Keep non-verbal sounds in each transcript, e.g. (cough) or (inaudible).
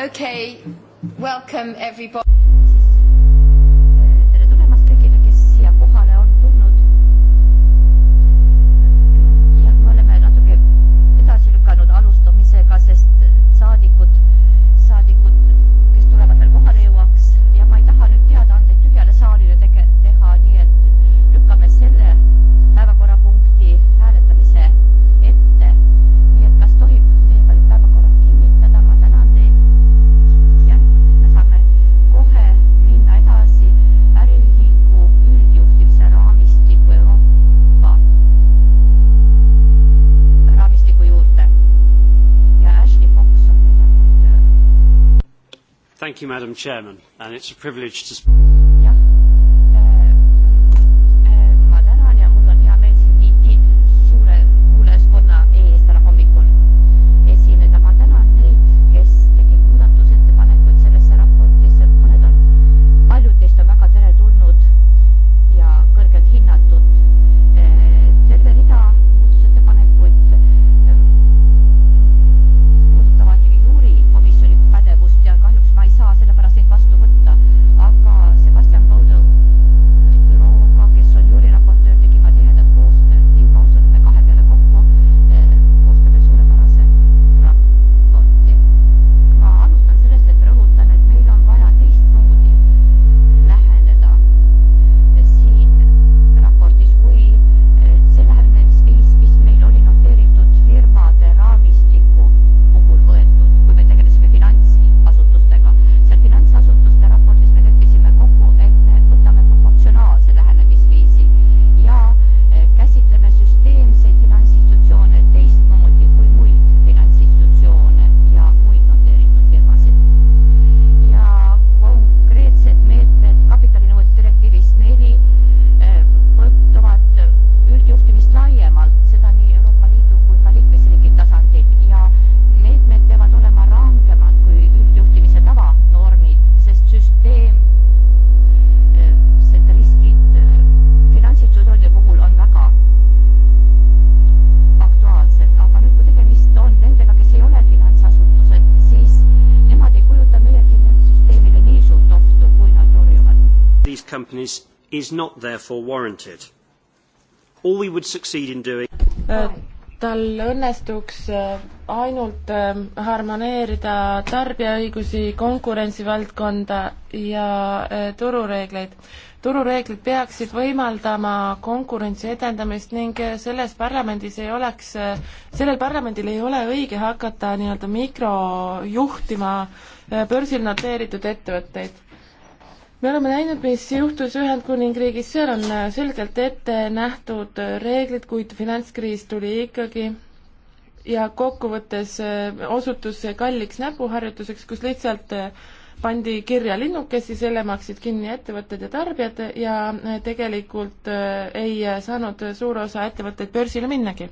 Okay, welcome everybody. Thank you, Madam Chairman, and it's a privilege to speak. is not therefore warranted. All we would succeed in doing äh, tal õnnestuks äh, ainult äh, harmoneerida tarbijaõigusi, konkurentsivaldkonda ja turureegleid. turureeglid peaksid võimaldama konkurentsi edendamist ning selles parlamendis ei oleks, sellel parlamendil ei ole õige hakata nii-öelda mikrojuhtima börsil noteeritud ettevõtteid me oleme näinud, mis juhtus Ühendkuningriigis, seal on äh, selgelt ette nähtud äh, reeglid, kuid finantskriis tuli ikkagi ja kokkuvõttes äh, osutus see kalliks näpuharjutuseks, kus lihtsalt pandi kirja linnukesi, selle maksid kinni ettevõtted ja tarbijad ja tegelikult ei saanud suur osa ettevõtteid börsile minnagi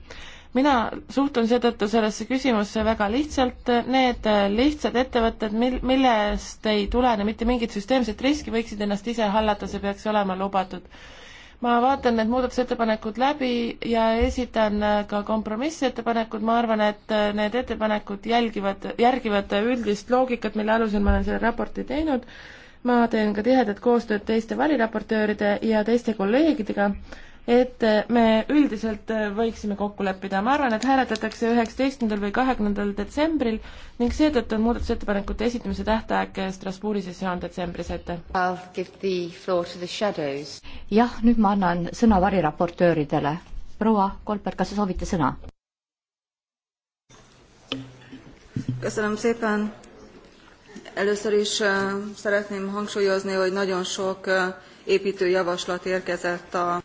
mina suhtun seetõttu sellesse küsimusse väga lihtsalt, need lihtsad ettevõtted, mil, millest ei tulene mitte mingit süsteemset riski, võiksid ennast ise hallata, see peaks olema lubatud. ma vaatan need muudatusettepanekud läbi ja esitan ka kompromissettepanekud, ma arvan, et need ettepanekud jälgivad, järgivad üldist loogikat, mille alusel ma olen selle raporti teinud, ma teen ka tihedat koostööd teiste variraportööride ja teiste kolleegidega, et me üldiselt võiksime kokku leppida. ma arvan, et hääletatakse üheksateistkümnendal või kahekümnendal detsembril ning seetõttu on muudatusettepanekute esitamise tähtaeg Strasbourgi sessioon detsembris ette. jah, nüüd ma annan sõna variraportööridele. proua Kolberg, kas te soovite sõna? Köszönöm szépen. Először is uh, szeretném hangsúlyozni, hogy nagyon sok uh, építő javaslat érkezett a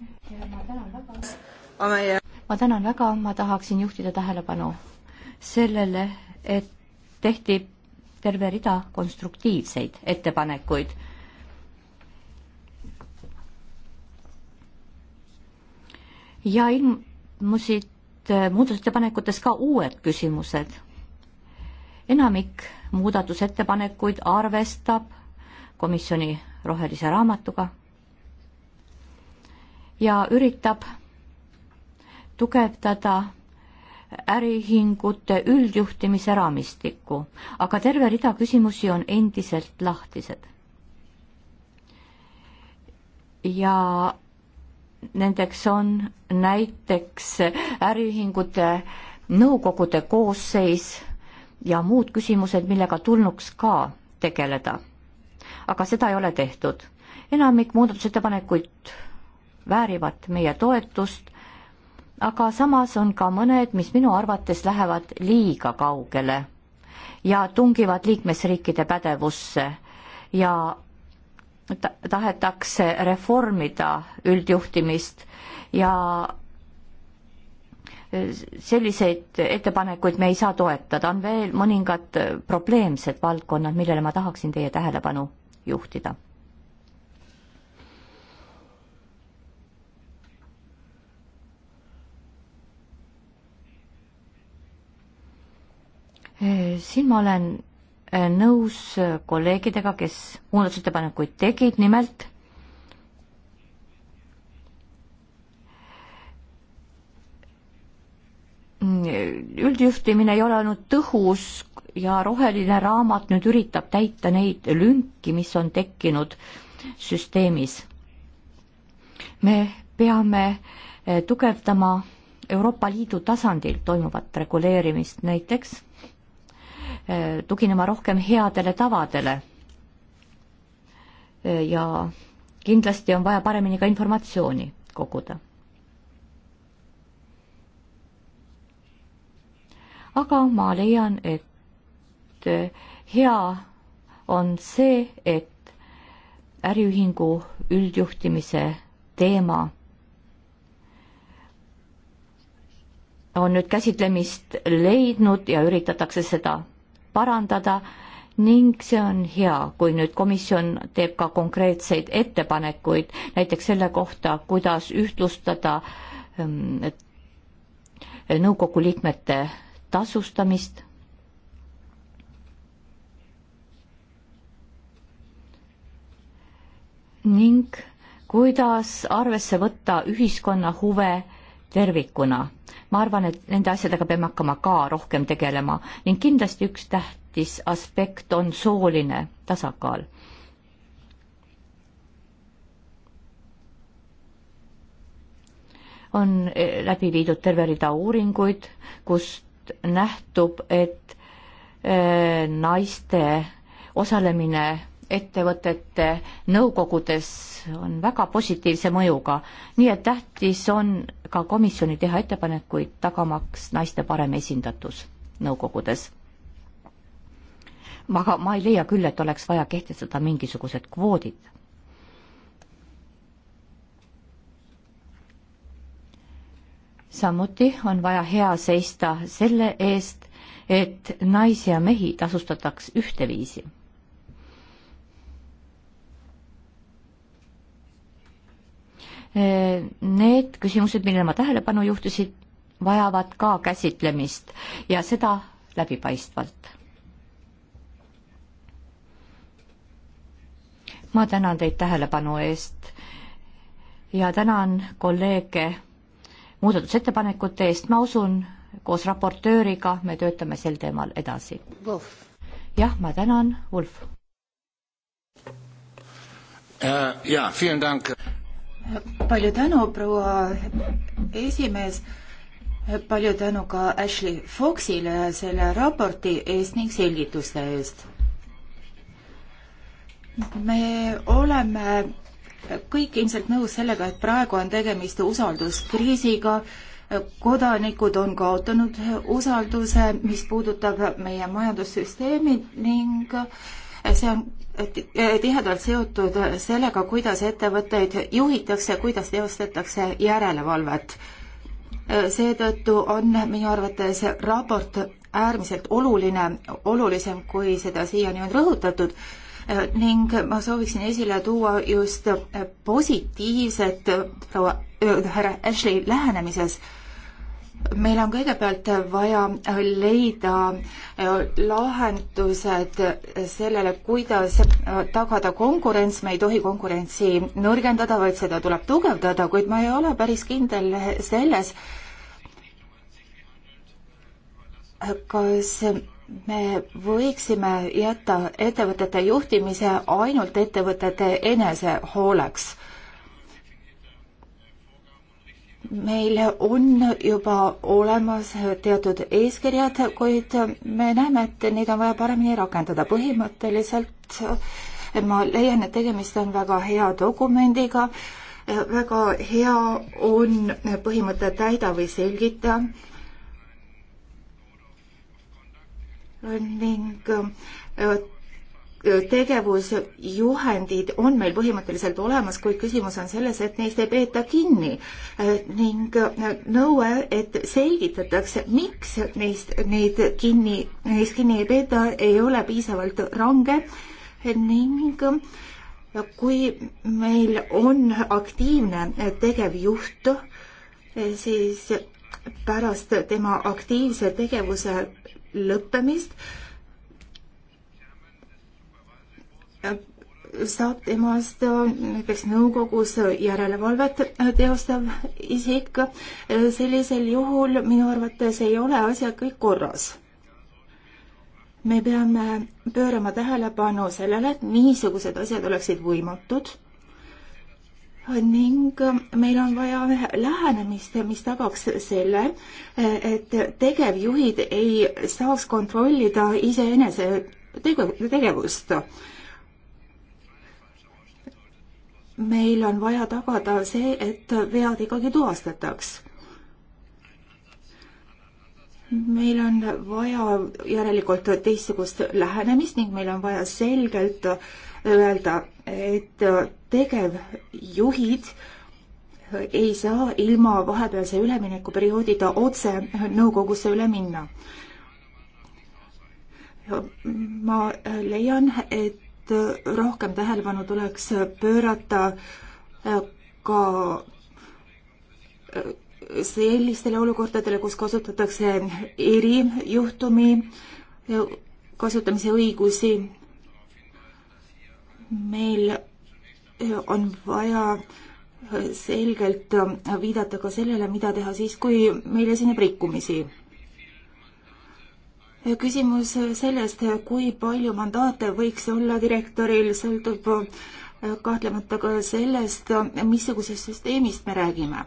ma tänan väga, ma tahaksin juhtida tähelepanu sellele, et tehti terve rida konstruktiivseid ettepanekuid. ja ilmusid äh, muudatusettepanekutes ka uued küsimused. enamik muudatusettepanekuid arvestab komisjoni rohelise raamatuga ja üritab tugevdada äriühingute üldjuhtimise raamistikku, aga terve rida küsimusi on endiselt lahtised. ja nendeks on näiteks äriühingute nõukogude koosseis ja muud küsimused, millega tulnuks ka tegeleda. aga seda ei ole tehtud. enamik muudatusettepanekuid väärivad meie toetust, aga samas on ka mõned, mis minu arvates lähevad liiga kaugele ja tungivad liikmesriikide pädevusse ja tahetakse reformida üldjuhtimist ja e, selliseid ettepanekuid me ei saa toetada, on veel mõningad e, probleemsed valdkonnad, millele ma tahaksin teie tähelepanu juhtida Äh, siin ma olen äh, nõus äh, kolleegidega, kes muudatusettepanekuid tegid, nimelt üldjuhtimine ei ole olnud tõhus ja roheline raamat nüüd üritab täita neid lünki, mis on tekkinud süsteemis. me peame tugevdama Euroopa Liidu tasandil toimuvat reguleerimist näiteks Eh, tuginema rohkem headele tavadele. Eh, ja kindlasti on vaja paremini ka informatsiooni koguda. aga ma leian, et eh, hea on see, et äriühingu üldjuhtimise teema on nüüd käsitlemist leidnud ja üritatakse seda parandada ning see on hea, kui nüüd komisjon teeb ka konkreetseid ettepanekuid, näiteks selle kohta, kuidas ühtlustada ähm, nõukogu liikmete tasustamist. ning kuidas arvesse võtta ühiskonna huve tervikuna. ma arvan, et nende asjadega peame hakkama ka rohkem tegelema ning kindlasti üks tähtis aspekt on sooline tasakaal. on eh, läbi viidud terve rida uuringuid, kust nähtub, et eh, naiste osalemine ettevõtete nõukogudes on väga positiivse mõjuga, nii et tähtis on ka komisjoni teha ettepanekuid, tagamaks naiste parem esindatus nõukogudes. aga ma ei leia küll, et oleks vaja kehtestada mingisugused kvoodid. samuti on vaja hea seista selle eest, et naisi ja mehi tasustataks ühteviisi need küsimused, millele ma tähelepanu juhtisin, vajavad ka käsitlemist ja seda läbipaistvalt. ma tänan teid tähelepanu eest ja tänan kolleege muudatusettepanekute eest, ma usun, koos raportööriga me töötame sel teemal edasi. jah, ma tänan, Wolf uh,. jaa, vielen dank palju tänu, proua esimees. palju tänu ka Ashley Foxile selle raporti eest ning selgituste eest. me oleme kõik ilmselt nõus sellega, et praegu on tegemist usalduskriisiga kodanikud on kaotanud usalduse, mis puudutab meie majandussüsteemi ning see on eh, tihedalt seotud sellega, kuidas ettevõtteid juhitakse, kuidas teostatakse järelevalvet. Eh, seetõttu on minu arvates raport äärmiselt oluline, olulisem, kui seda siiani on rõhutatud eh, ning ma sooviksin esile tuua just positiivset proua äh, härra Ashley lähenemises äh, meil on kõigepealt vaja leida äh, lahendused sellele, kuidas tagada konkurents, me ei tohi konkurentsi nõrgendada, vaid seda tuleb tugevdada, kuid ma ei ole päris kindel selles, kas me võiksime jätta ettevõtete juhtimise ainult ettevõtete enese hooleks meil on juba olemas teatud eeskirjad, kuid me näeme, et neid on vaja paremini rakendada. põhimõtteliselt ma leian, et tegemist on väga hea dokumendiga, väga hea on põhimõte täida või selgita ning tegevusjuhendid on meil põhimõtteliselt olemas, kuid küsimus on selles, et neist ei peeta kinni ning nõue, et selgitatakse, miks neist neid kinni, neist kinni ei peeta, ei ole piisavalt range ning kui meil on aktiivne tegevjuht, siis pärast tema aktiivse tegevuse lõppemist äh, saab temast äh, näiteks nõukogus järelevalvet äh, teostav isik. Äh, sellisel juhul minu arvates ei ole asjad kõik korras. me peame pöörama tähelepanu sellele, et niisugused asjad oleksid võimatud ning meil on vaja lähenemist, mis tagaks selle, et tegevjuhid ei saaks kontrollida iseenese tegevust meil on vaja tagada see, et vead ikkagi tuvastataks. meil on vaja järelikult teistsugust lähenemist ning meil on vaja selgelt öelda, et tegevjuhid ei saa ilma vahepealse üleminekuperioodita otse nõukogusse üle minna. ma leian, et et rohkem tähelepanu tuleks pöörata äh, ka äh, sellistele olukordadele, kus kasutatakse erijuhtumi äh, kasutamise õigusi. meil on vaja selgelt viidata ka sellele, mida teha siis, kui meil esineb rikkumisi küsimus sellest, kui palju mandaate võiks olla direktoril, sõltub äh, kahtlemata ka sellest, missugusest süsteemist me räägime.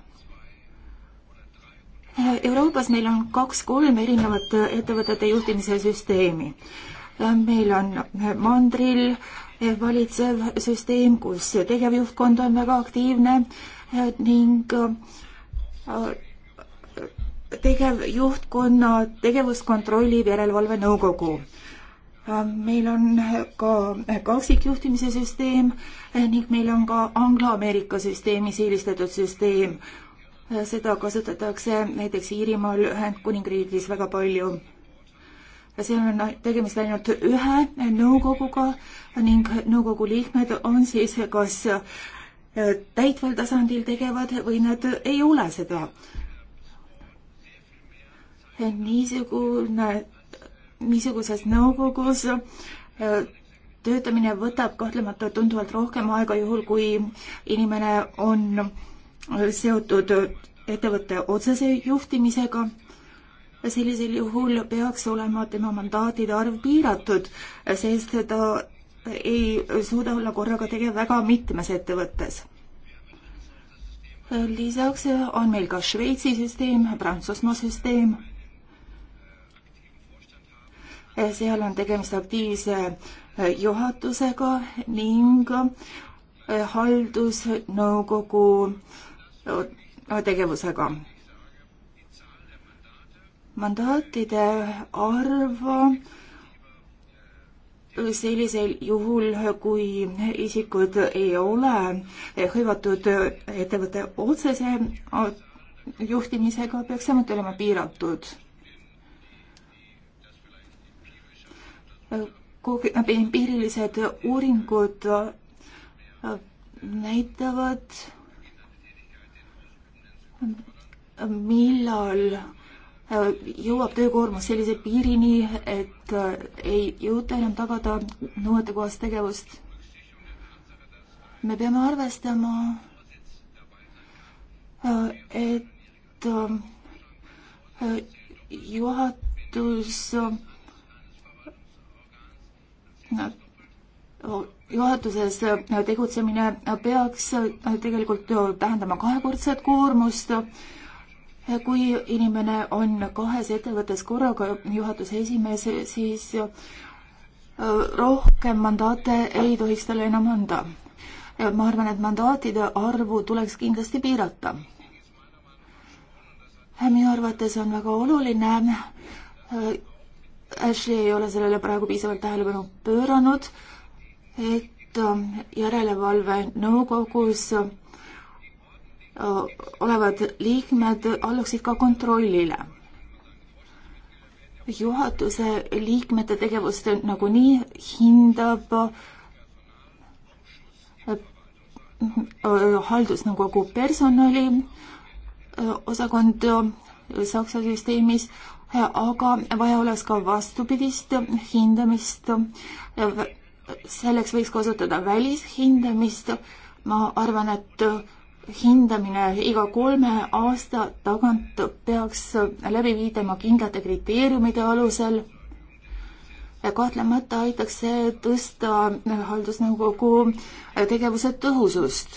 Euroopas meil on kaks-kolm erinevat ettevõtete juhtimise süsteemi. meil on mandril valitsev süsteem, kus tegevjuhtkond on väga aktiivne ning äh, tegevjuhtkonna tegevust kontrollib Järelevalvenõukogu. Ähm, meil on ka kaksikjuhtimise süsteem äh, ning meil on ka Anglo-Ameerika süsteemis eelistatud süsteem. Äh, seda kasutatakse näiteks Iirimaal, Ühendkuningriigis väga palju. seal on tegemist ainult ühe nõukoguga ning nõukogu liikmed on siis kas äh, täitval tasandil tegevad või nad ei ole seda niisugune, niisuguses nõukogus äh, töötamine võtab kahtlemata tunduvalt rohkem aega, juhul kui inimene on äh, seotud ettevõtte otsese juhtimisega. sellisel juhul peaks olema tema mandaatide arv piiratud, sest ta ei suuda olla korraga tegev väga mitmes ettevõttes. lisaks on meil ka Šveitsi süsteem, Prantsusmaa süsteem Eh, seal on tegemist aktiivse eh, juhatusega ning eh, haldusnõukogu tegevusega. mandaatide arv sellisel juhul, kui isikud ei ole hõivatud ettevõtte otsese juhtimisega, peaks samuti olema piiratud Äh, empiirilised uuringud äh, näitavad, millal äh, jõuab töökoormus sellise piirini, et ei jõuta enam tagada nõuetekohast tegevust. me peame arvestama, et juhatus juhatuses tegutsemine peaks tegelikult tähendama kahekordset koormust. kui inimene on kahes ettevõttes korraga juhatuse esimees, siis rohkem mandaate ei tohiks talle enam anda. ma arvan, et mandaatide arvu tuleks kindlasti piirata. minu arvates on väga oluline Ashley ei ole sellele praegu piisavalt tähelepanu pööranud, et ähm, järelevalve nõukogus äh, olevad liikmed alluksid ka kontrollile. juhatuse liikmete tegevust nagunii hindab äh, äh, haldusnõukogu personali osakond Saksa süsteemis, aga vaja oleks ka vastupidist hindamist. selleks võiks kasutada välishindamist. ma arvan, et hindamine iga kolme aasta tagant peaks läbi viidama kindlate kriteeriumide alusel. kahtlemata aitaks see tõsta haldusnõukogu tegevuse tõhusust.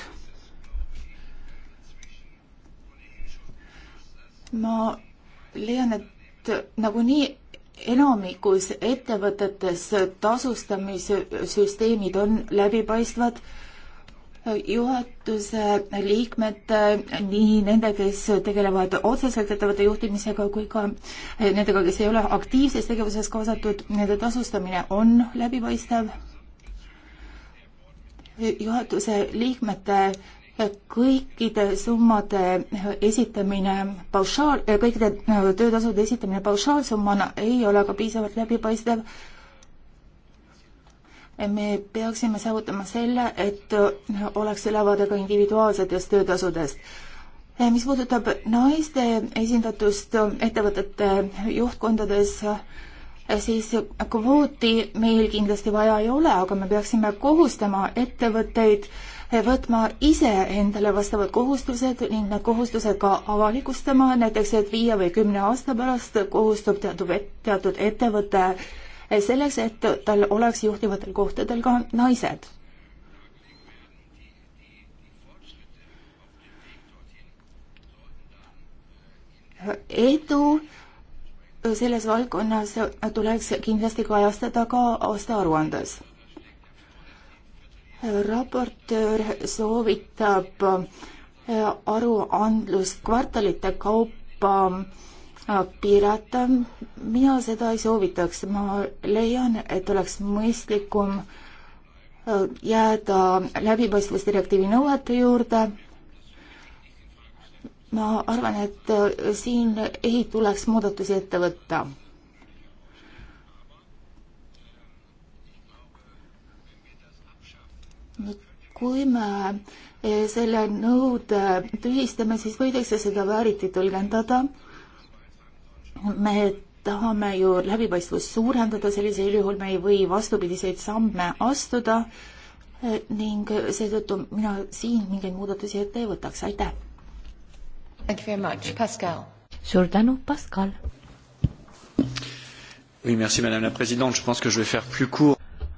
ma leian, et nagunii enamikus ettevõtetes tasustamissüsteemid on läbipaistvad juhatuse liikmete, nii nende, kes tegelevad otseselt ettevõtte juhtimisega, kui ka nendega, kes ei ole aktiivses tegevuses kaasatud, nende tasustamine on läbipaistev. juhatuse liikmete kõikide summade esitamine paušaal, äh, kõikide äh, töötasude esitamine paušaalsummana ei ole aga piisavalt läbipaistev. me peaksime saavutama selle, et äh, oleks ülevaade ka individuaalsetest töötasudest mis puudutab naiste esindatust ettevõtete juhtkondades, siis kvooti meil kindlasti vaja ei ole, aga me peaksime kohustama ettevõtteid äh, võtma ise endale vastavad kohustused ning need kohustused ka avalikustama, näiteks et viie või kümne aasta pärast kohustub teatud, teatud ettevõte selleks, et tal oleks juhtivatel kohtadel ka naised. edu selles valdkonnas tuleks kindlasti kajastada ka aastaaruandes raportöör soovitab äh, aruandlust kvartalite kaupa äh, piirata. mina seda ei soovitaks, ma leian, et oleks mõistlikum äh, jääda läbipaistvusdirektiivi nõuete juurde. ma arvan, et siin ei tuleks muudatusi ette võtta kui me eh, selle nõude eh, tühistame, siis võidakse seda vääriti tõlgendada. me tahame ju läbipaistvust suurendada, sellisel juhul me ei või vastupidiseid samme astuda eh, ning seetõttu mina siin mingeid muudatusi ette ei võtaks, aitäh! suur tänu, Pascal!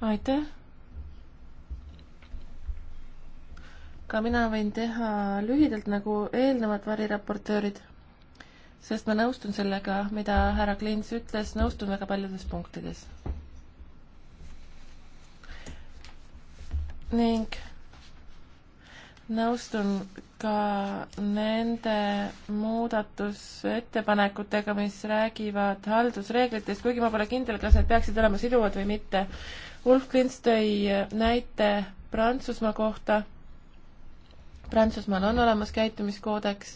aitäh, ka mina võin teha lühidalt nagu eelnevad variraportöörid, sest ma nõustun sellega, mida härra Klints ütles, nõustun väga paljudes punktides. ning nõustun ka nende muudatusettepanekutega, mis räägivad haldusreeglitest, kuigi ma pole kindel, kas need peaksid olema siduvad või mitte. Ulf Klints tõi näite Prantsusmaa kohta Prantsusmaal on olemas käitumiskoodeks,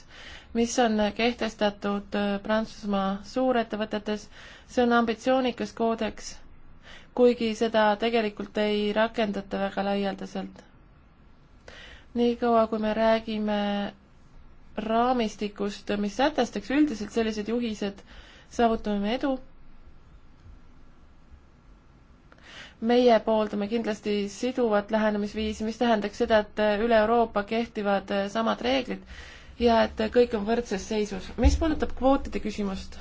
mis on kehtestatud äh, Prantsusmaa suurettevõtetes. see on ambitsioonikas koodeks, kuigi seda tegelikult ei rakendata väga laialdaselt. niikaua, kui me räägime raamistikust, mis sätestaks üldiselt sellised juhised, saavutame me edu meie pooldame kindlasti siduvat lähenemisviisi, mis tähendaks seda, et üle Euroopa kehtivad äh, samad reeglid ja et kõik on võrdses seisus. mis puudutab kvootide küsimust,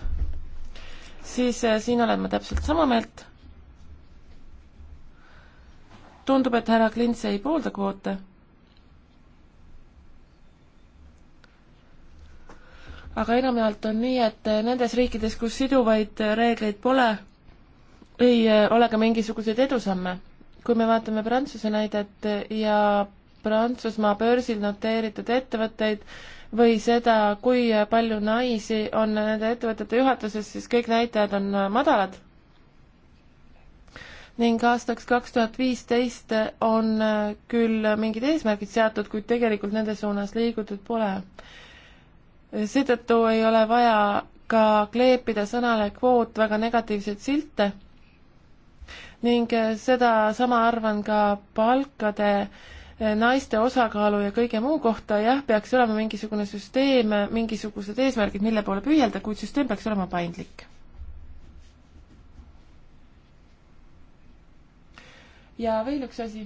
siis äh, siin olen ma täpselt sama meelt. tundub, et härra Klints ei poolda kvoote. aga enamjaolt on nii, et äh, nendes riikides, kus siduvaid reegleid pole, ei äh, ole ka mingisuguseid edusamme. kui me vaatame Prantsuse näidet ja Prantsusmaa börsil noteeritud ettevõtteid või seda, kui palju naisi on nende ettevõtete juhatuses, siis kõik näitajad on äh, madalad. ning aastaks kaks tuhat viisteist on äh, küll mingid eesmärgid seatud, kuid tegelikult nende suunas liigutud pole. seetõttu ei ole vaja ka kleepida sõnale kvoot väga negatiivseid silte ning äh, sedasama arvan ka palkade äh, naiste osakaalu ja kõige muu kohta, jah, peaks olema mingisugune süsteem, äh, mingisugused eesmärgid, mille poole püüelda, kuid süsteem peaks olema paindlik. ja veel üks asi.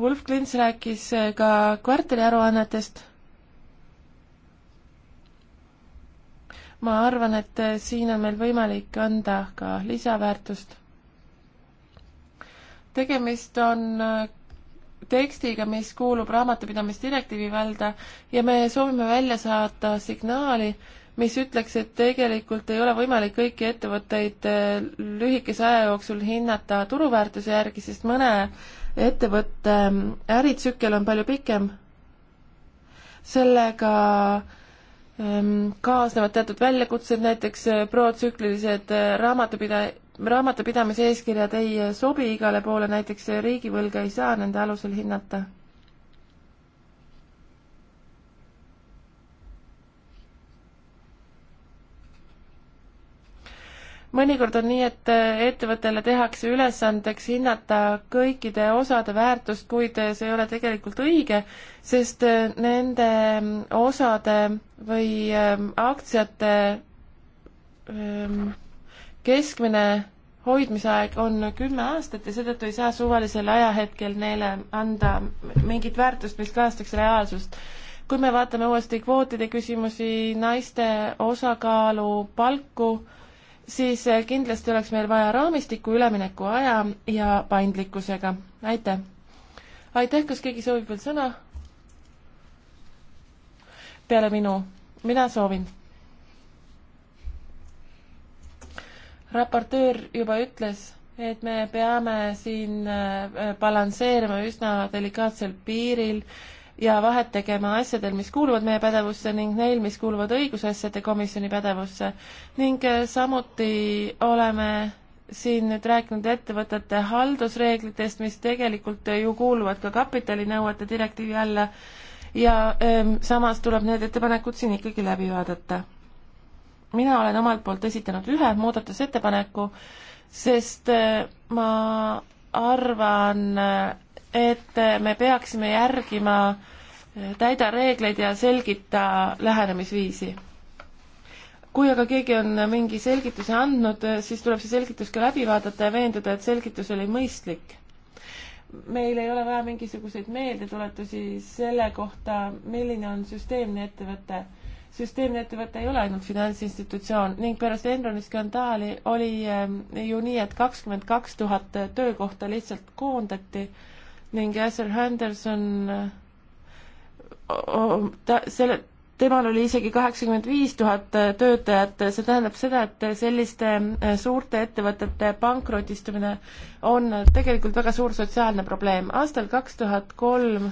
Wolf Klints rääkis ka kvartaliaruannetest ma arvan, et äh, siin on meil võimalik anda ka lisaväärtust. tegemist on äh, tekstiga, mis kuulub raamatupidamisdirektiivi valda ja me soovime välja saata signaali, mis ütleks, et tegelikult ei ole võimalik kõiki ettevõtteid äh, lühikese aja jooksul hinnata turuväärtuse järgi, sest mõne ettevõtte ähm, äritsükkel on palju pikem. sellega äh, Ehm, kaasnevad teatud väljakutsed, näiteks eh, protsüklilised eh, raamatupida-, raamatupidamise eeskirjad ei eh, sobi igale poole, näiteks riigivõlga ei saa nende alusel hinnata mõnikord on nii, et äh, ettevõttele tehakse ülesandeks hinnata kõikide osade väärtust, kuid äh, see ei ole tegelikult õige, sest äh, nende mm, osade või ähm, aktsiate ähm, keskmine hoidmisaeg on kümme aastat ja seetõttu ei saa suvalisel ajahetkel neile anda mingit väärtust, mis kajastaks reaalsust. kui me vaatame uuesti kvootide küsimusi, naiste osakaalu, palku, siis eh, kindlasti oleks meil vaja raamistiku ülemineku aja ja paindlikkusega. aitäh! aitäh, kas keegi soovib veel sõna? peale minu, mina soovin. raportöör juba ütles, et me peame siin eh, balansseerima üsna delikaatsel piiril äh, ja vahet tegema asjadel, mis kuuluvad meie pädevusse ning neil, mis kuuluvad õigusasjade komisjoni pädevusse. ning äh, samuti oleme siin nüüd rääkinud ettevõtete haldusreeglitest, mis tegelikult ju kuuluvad ka kapitalinõuete direktiivi alla ja öö, ähm, samas tuleb need ettepanekud siin ikkagi läbi vaadata. mina olen omalt poolt esitanud ühe muudatusettepaneku, sest öö, äh, ma arvan, äh, et me peaksime järgima täida reegleid ja selgita lähenemisviisi. kui aga keegi on mingi selgituse andnud, siis tuleb see selgitus ka läbi vaadata ja veenduda, et selgitus oli mõistlik meil ei ole vaja mingisuguseid meeldetuletusi selle kohta, milline on süsteemne ettevõte. süsteemne ettevõte ei ole ainult finantsinstitutsioon ning pärast Enroni skandaali oli eh, ju nii, et kakskümmend kaks tuhat töökohta lihtsalt koondati ning Asser Henderson, ta, selle, temal oli isegi kaheksakümmend viis tuhat äh, töötajat, see tähendab seda, et selliste äh, suurte ettevõtete pankrotistumine on tegelikult väga suur sotsiaalne probleem. aastal kaks tuhat kolm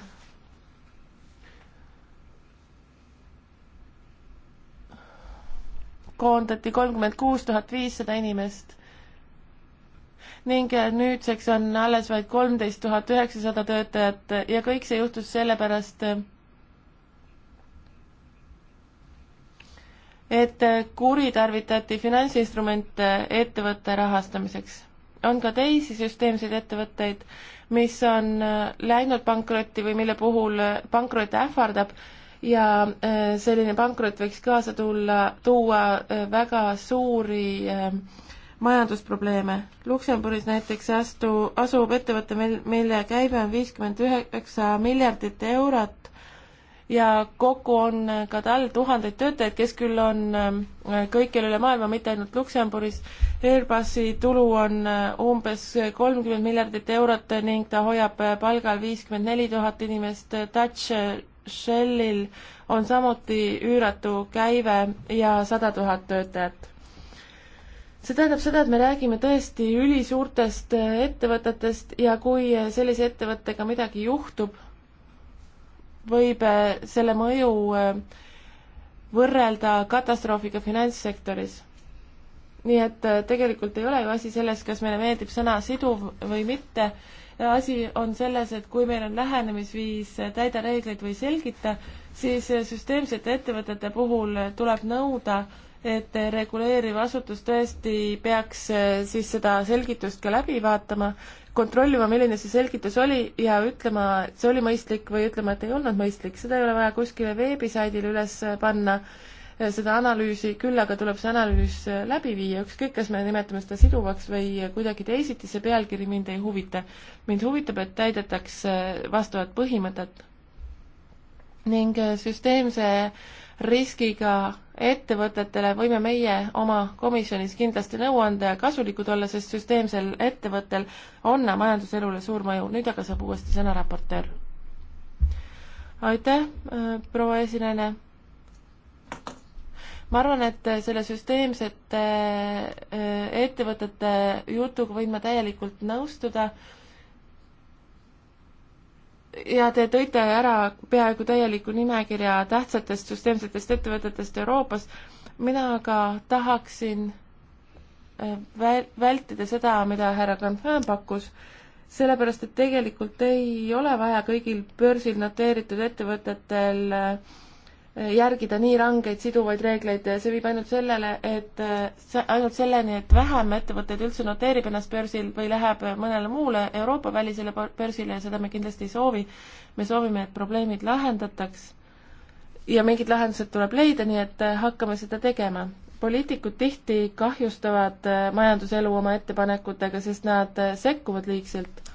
koondati kolmkümmend kuus tuhat viissada inimest ning äh, nüüdseks on alles vaid kolmteist tuhat üheksasada töötajat ja kõik see juhtus sellepärast, et äh, kuritarvitati finantsinstrumente äh, ettevõtte rahastamiseks. on ka teisi süsteemseid ettevõtteid, mis on läinud pankrotti või mille puhul pankrot ähvardab ja selline pankrot võiks kaasa tulla, tuua väga suuri äh, majandusprobleeme. Luksemburgis näiteks astu, asub ettevõte, mil, mille käive on viiskümmend üheksa miljardit eurot ja kokku on ka tal tuhandeid töötajaid, kes küll on äh, kõikjal üle maailma, mitte ainult Luksemburgis. Airbusi tulu on äh, umbes kolmkümmend miljardit eurot ning ta hoiab äh, palgal viiskümmend neli tuhat inimest. Dutch Shellil on samuti üüratu käive ja sada tuhat töötajat see tähendab seda, et me räägime tõesti ülisuurtest ettevõtetest ja kui sellise ettevõttega midagi juhtub, võib äh, selle mõju äh, võrrelda katastroofiga finantssektoris. nii et äh, tegelikult ei ole ju asi selles, kas meile meeldib sõna siduv või mitte, asi on selles, et kui meil on lähenemisviis täida reegleid või selgita, siis süsteemsete ettevõtete puhul tuleb nõuda äh, et reguleeriv asutus tõesti peaks äh, siis seda selgitust ka läbi vaatama, kontrollima, milline see selgitus oli ja ütlema, et see oli mõistlik või ütlema, et ei olnud mõistlik, seda ei ole vaja kuskile veebisaidile üles panna, äh, seda analüüsi, küll aga tuleb see analüüs äh, läbi viia, ükskõik, kas me nimetame seda siduvaks või kuidagi teisiti, see pealkiri mind ei huvita. mind huvitab, et täidetaks vastavad põhimõtted ning süsteemse riskiga ettevõtetele võime meie oma komisjonis kindlasti nõuande ja kasulikud olla, sest süsteemsel ettevõttel on majanduselule suur mõju. nüüd aga saab uuesti sõna raportöör. aitäh, äh, proua esinejana. ma arvan, et selle süsteemsete äh, ettevõtete jutuga võin ma täielikult nõustuda ja te tõite ära peaaegu täieliku nimekirja tähtsatest süsteemsetest ettevõtetest Euroopas. mina aga tahaksin äh, väl-, vältida seda, mida härra Canfin pakkus, sellepärast et tegelikult ei ole vaja kõigil börsil noteeritud ettevõtetel äh, järgida nii rangeid siduvaid reegleid, see viib ainult sellele, et äh, ainult selleni, et vähem ettevõtteid üldse noteerib ennast börsil või läheb mõnele muule Euroopa välisele börsile ja seda me kindlasti ei soovi. me soovime, et probleemid lahendataks ja mingid lahendused tuleb leida, nii et äh, hakkame seda tegema. poliitikud tihti kahjustavad äh, majanduselu oma ettepanekutega, sest nad sekkuvad liigselt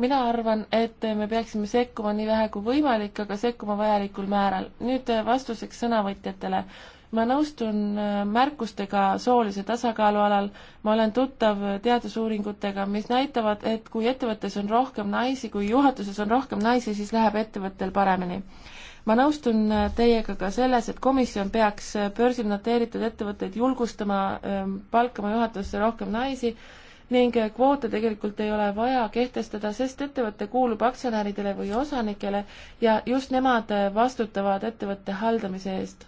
mina arvan, et me peaksime sekkuma nii vähe kui võimalik, aga sekkuma vajalikul määral. nüüd äh, vastuseks sõnavõtjatele. ma nõustun äh, märkustega soolise tasakaalu alal, ma olen tuttav äh, teadusuuringutega, mis näitavad, et kui ettevõttes on rohkem naisi, kui juhatuses on rohkem naisi, siis läheb ettevõttel paremini ma nõustun teiega ka selles, et komisjon peaks börsil noteeritud ettevõtteid julgustama, ähm, palkama juhatusse rohkem naisi ning kvoote tegelikult ei ole vaja kehtestada, sest ettevõte kuulub aktsionäridele või osanikele ja just nemad vastutavad ettevõtte haldamise eest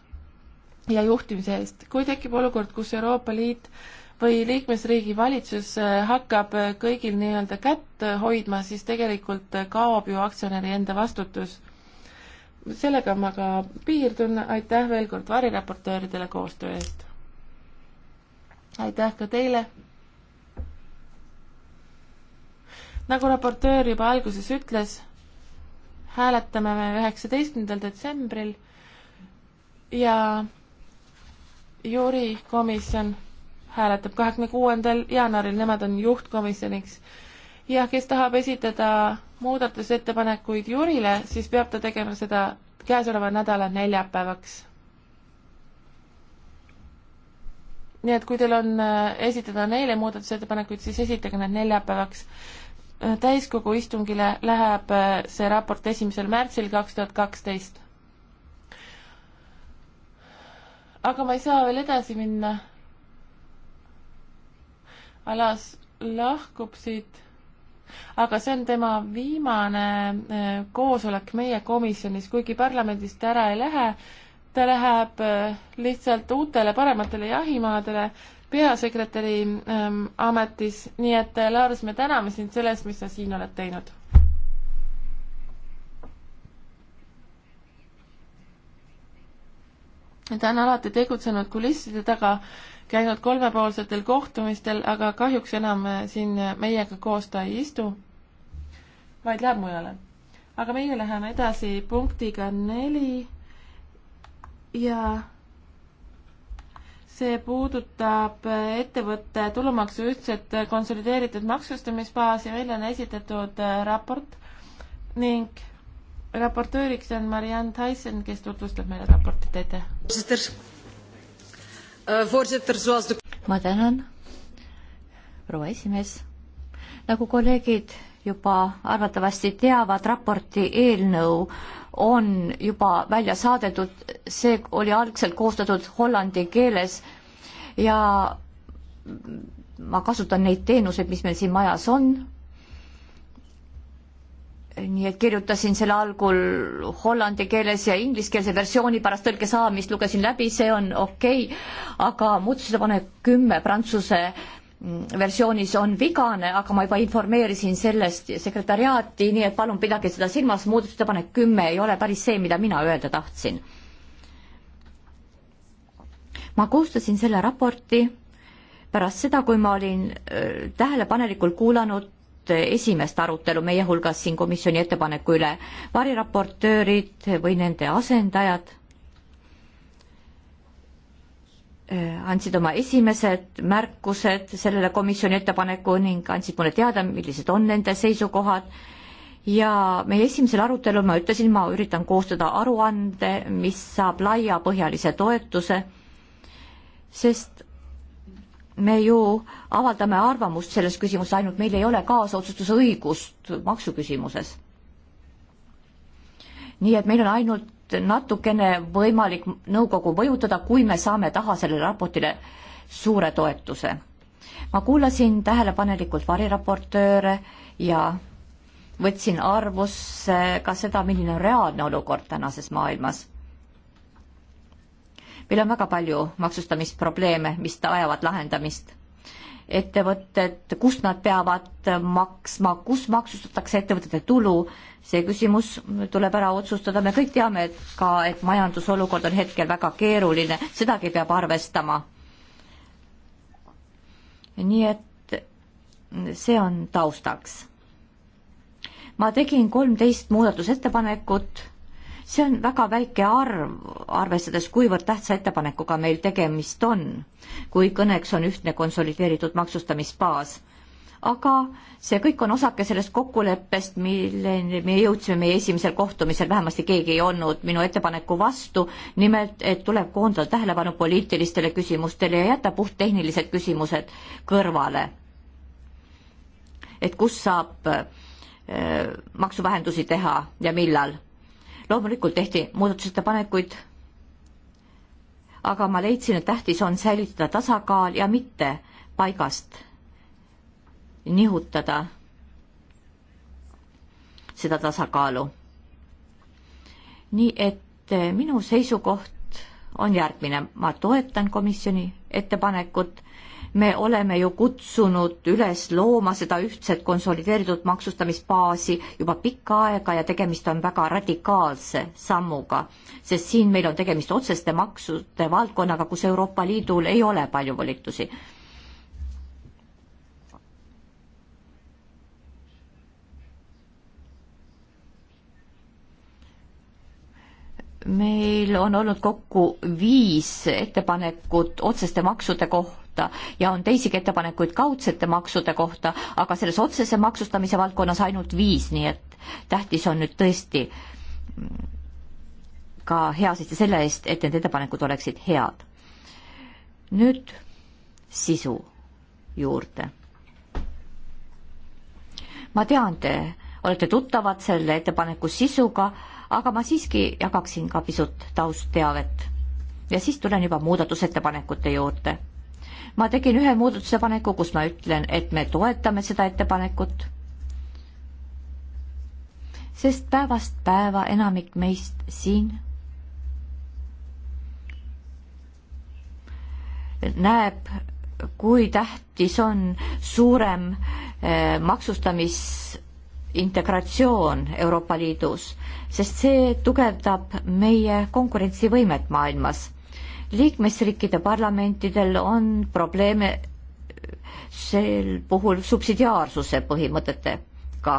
ja juhtimise eest. kui tekib olukord, kus Euroopa Liit või liikmesriigi valitsus hakkab kõigil nii-öelda kätt hoidma, siis tegelikult kaob ju aktsionäri enda vastutus. sellega ma ka piirdun, aitäh veel kord variraportööridele koostöö eest! aitäh ka teile! nagu raportöör juba alguses ütles, hääletame me üheksateistkümnendal detsembril ja juurikomisjon hääletab kahekümne kuuendal jaanuaril, nemad on juhtkomisjoniks. ja kes tahab esitada muudatusettepanekuid Jurile, siis peab ta tegema seda käesoleva nädala neljapäevaks. nii et kui teil on äh, esitada neile muudatusettepanekuid, siis esitage need neljapäevaks täiskogu istungile läheb äh, see raport esimesel märtsil kaks tuhat kaksteist. aga ma ei saa veel edasi minna. Alas lahkub siit, aga see on tema viimane äh, koosolek meie komisjonis, kuigi parlamendist ära ei lähe ta läheb äh, lihtsalt uutele parematele jahimaadele peasekretäri ähm, ametis, nii et äh, Lars, me täname sind selle eest, mis sa siin oled teinud. ta on alati tegutsenud kulisside taga, käinud kolmepoolsetel kohtumistel, aga kahjuks enam äh, siin äh, meiega koos ta ei istu, vaid läheb mujale. aga meie läheme edasi punktiga neli ja see puudutab ettevõtte tulumaksu ühtset konsolideeritud maksustamisbaasi, välja on esitatud äh, raport ning raportööriks on Marianne Tyson, kes tutvustab meile raportit, aitäh! Eh, ma tänan, proua esimees. nagu kolleegid juba arvatavasti teavad, raporti eelnõu on juba välja saadetud, see oli algselt koostatud hollandi keeles ja ma kasutan neid teenuseid, mis meil siin majas on. nii et kirjutasin selle algul hollandi keeles ja ingliskeelse versiooni pärast tõlke saamist lugesin läbi, see on okei okay,, aga muudatusettepanek kümme prantsuse äh, versioonis on vigane, aga ma juba informeerisin sellest sekretäriaati, nii et palun pidage seda silmas, muudatusettepanek kümme ei ole päris see, mida mina öelda tahtsin. ma koostasin selle raporti pärast seda, kui ma olin äh, tähelepanelikult kuulanud äh, esimest arutelu meie hulgas siin komisjoni ettepaneku üle, variraportöörid või nende asendajad Äh, andsid oma esimesed märkused sellele komisjoni ettepaneku ning andsid mulle teada, millised on nende seisukohad ja meie esimesel arutelul ma ütlesin, ma üritan koostada aruande, mis saab laiapõhjalise toetuse, sest me ju avaldame arvamust selles küsimuses, ainult meil ei ole kaasotsustusõigust maksuküsimuses. nii et meil on ainult natukene võimalik nõukogu mõjutada, kui me saame taha sellele raportile suure toetuse. ma kuulasin tähelepanelikult variraportööre ja võtsin arvusse ka seda, milline on reaalne olukord tänases maailmas. meil on väga palju maksustamisprobleeme, mis vajavad lahendamist ettevõtted, kust nad peavad maksma, kus maksustatakse ettevõtete tulu, see küsimus tuleb ära otsustada, me kõik teame, et ka, et majandusolukord on hetkel väga keeruline, sedagi peab arvestama. nii et see on taustaks. ma tegin kolmteist muudatusettepanekut, see on väga väike arv, arvestades, kuivõrd tähtsa ettepanekuga meil tegemist on, kui kõneks on ühtne konsolideeritud maksustamisbaas aga see kõik on osake sellest kokkuleppest, milleni me jõudsime meie esimesel kohtumisel, vähemasti keegi ei olnud minu ettepaneku vastu, nimelt et tuleb koondada tähelepanu poliitilistele küsimustele ja jätta puhttehnilised küsimused kõrvale. et kus saab äh, maksuvähendusi teha ja millal. loomulikult tehti muudatusettepanekuid, aga ma leidsin, et tähtis on säilitada tasakaal ja mitte paigast nihutada seda tasakaalu. nii et eh, minu seisukoht on järgmine, ma toetan komisjoni ettepanekut, me oleme ju kutsunud üles looma seda ühtset konsolideeritud maksustamisbaasi juba pikka aega ja tegemist on väga radikaalse sammuga, sest siin meil on tegemist otseste maksude valdkonnaga, kus Euroopa Liidul ei ole palju volitusi meil on olnud kokku viis ettepanekut otseste maksude kohta ja on teisigi ettepanekuid kaudsete maksude kohta, aga selles otsese maksustamise valdkonnas ainult viis, nii et tähtis on nüüd tõesti ka hea seista selle eest, et need ettepanekud oleksid head. nüüd sisu juurde. ma tean, te olete tuttavad selle ettepaneku sisuga aga ma siiski jagaksin ka pisut taustteavet. ja siis tulen juba muudatusettepanekute juurde. ma tegin ühe muudatusepaneku, kus ma ütlen, et me toetame seda ettepanekut, sest päevast päeva enamik meist siin näeb, kui tähtis on suurem eh, maksustamis integratsioon Euroopa Liidus, sest see tugevdab meie konkurentsivõimet maailmas. liikmesriikide parlamentidel on probleeme sel puhul subsidiaarsuse põhimõtetega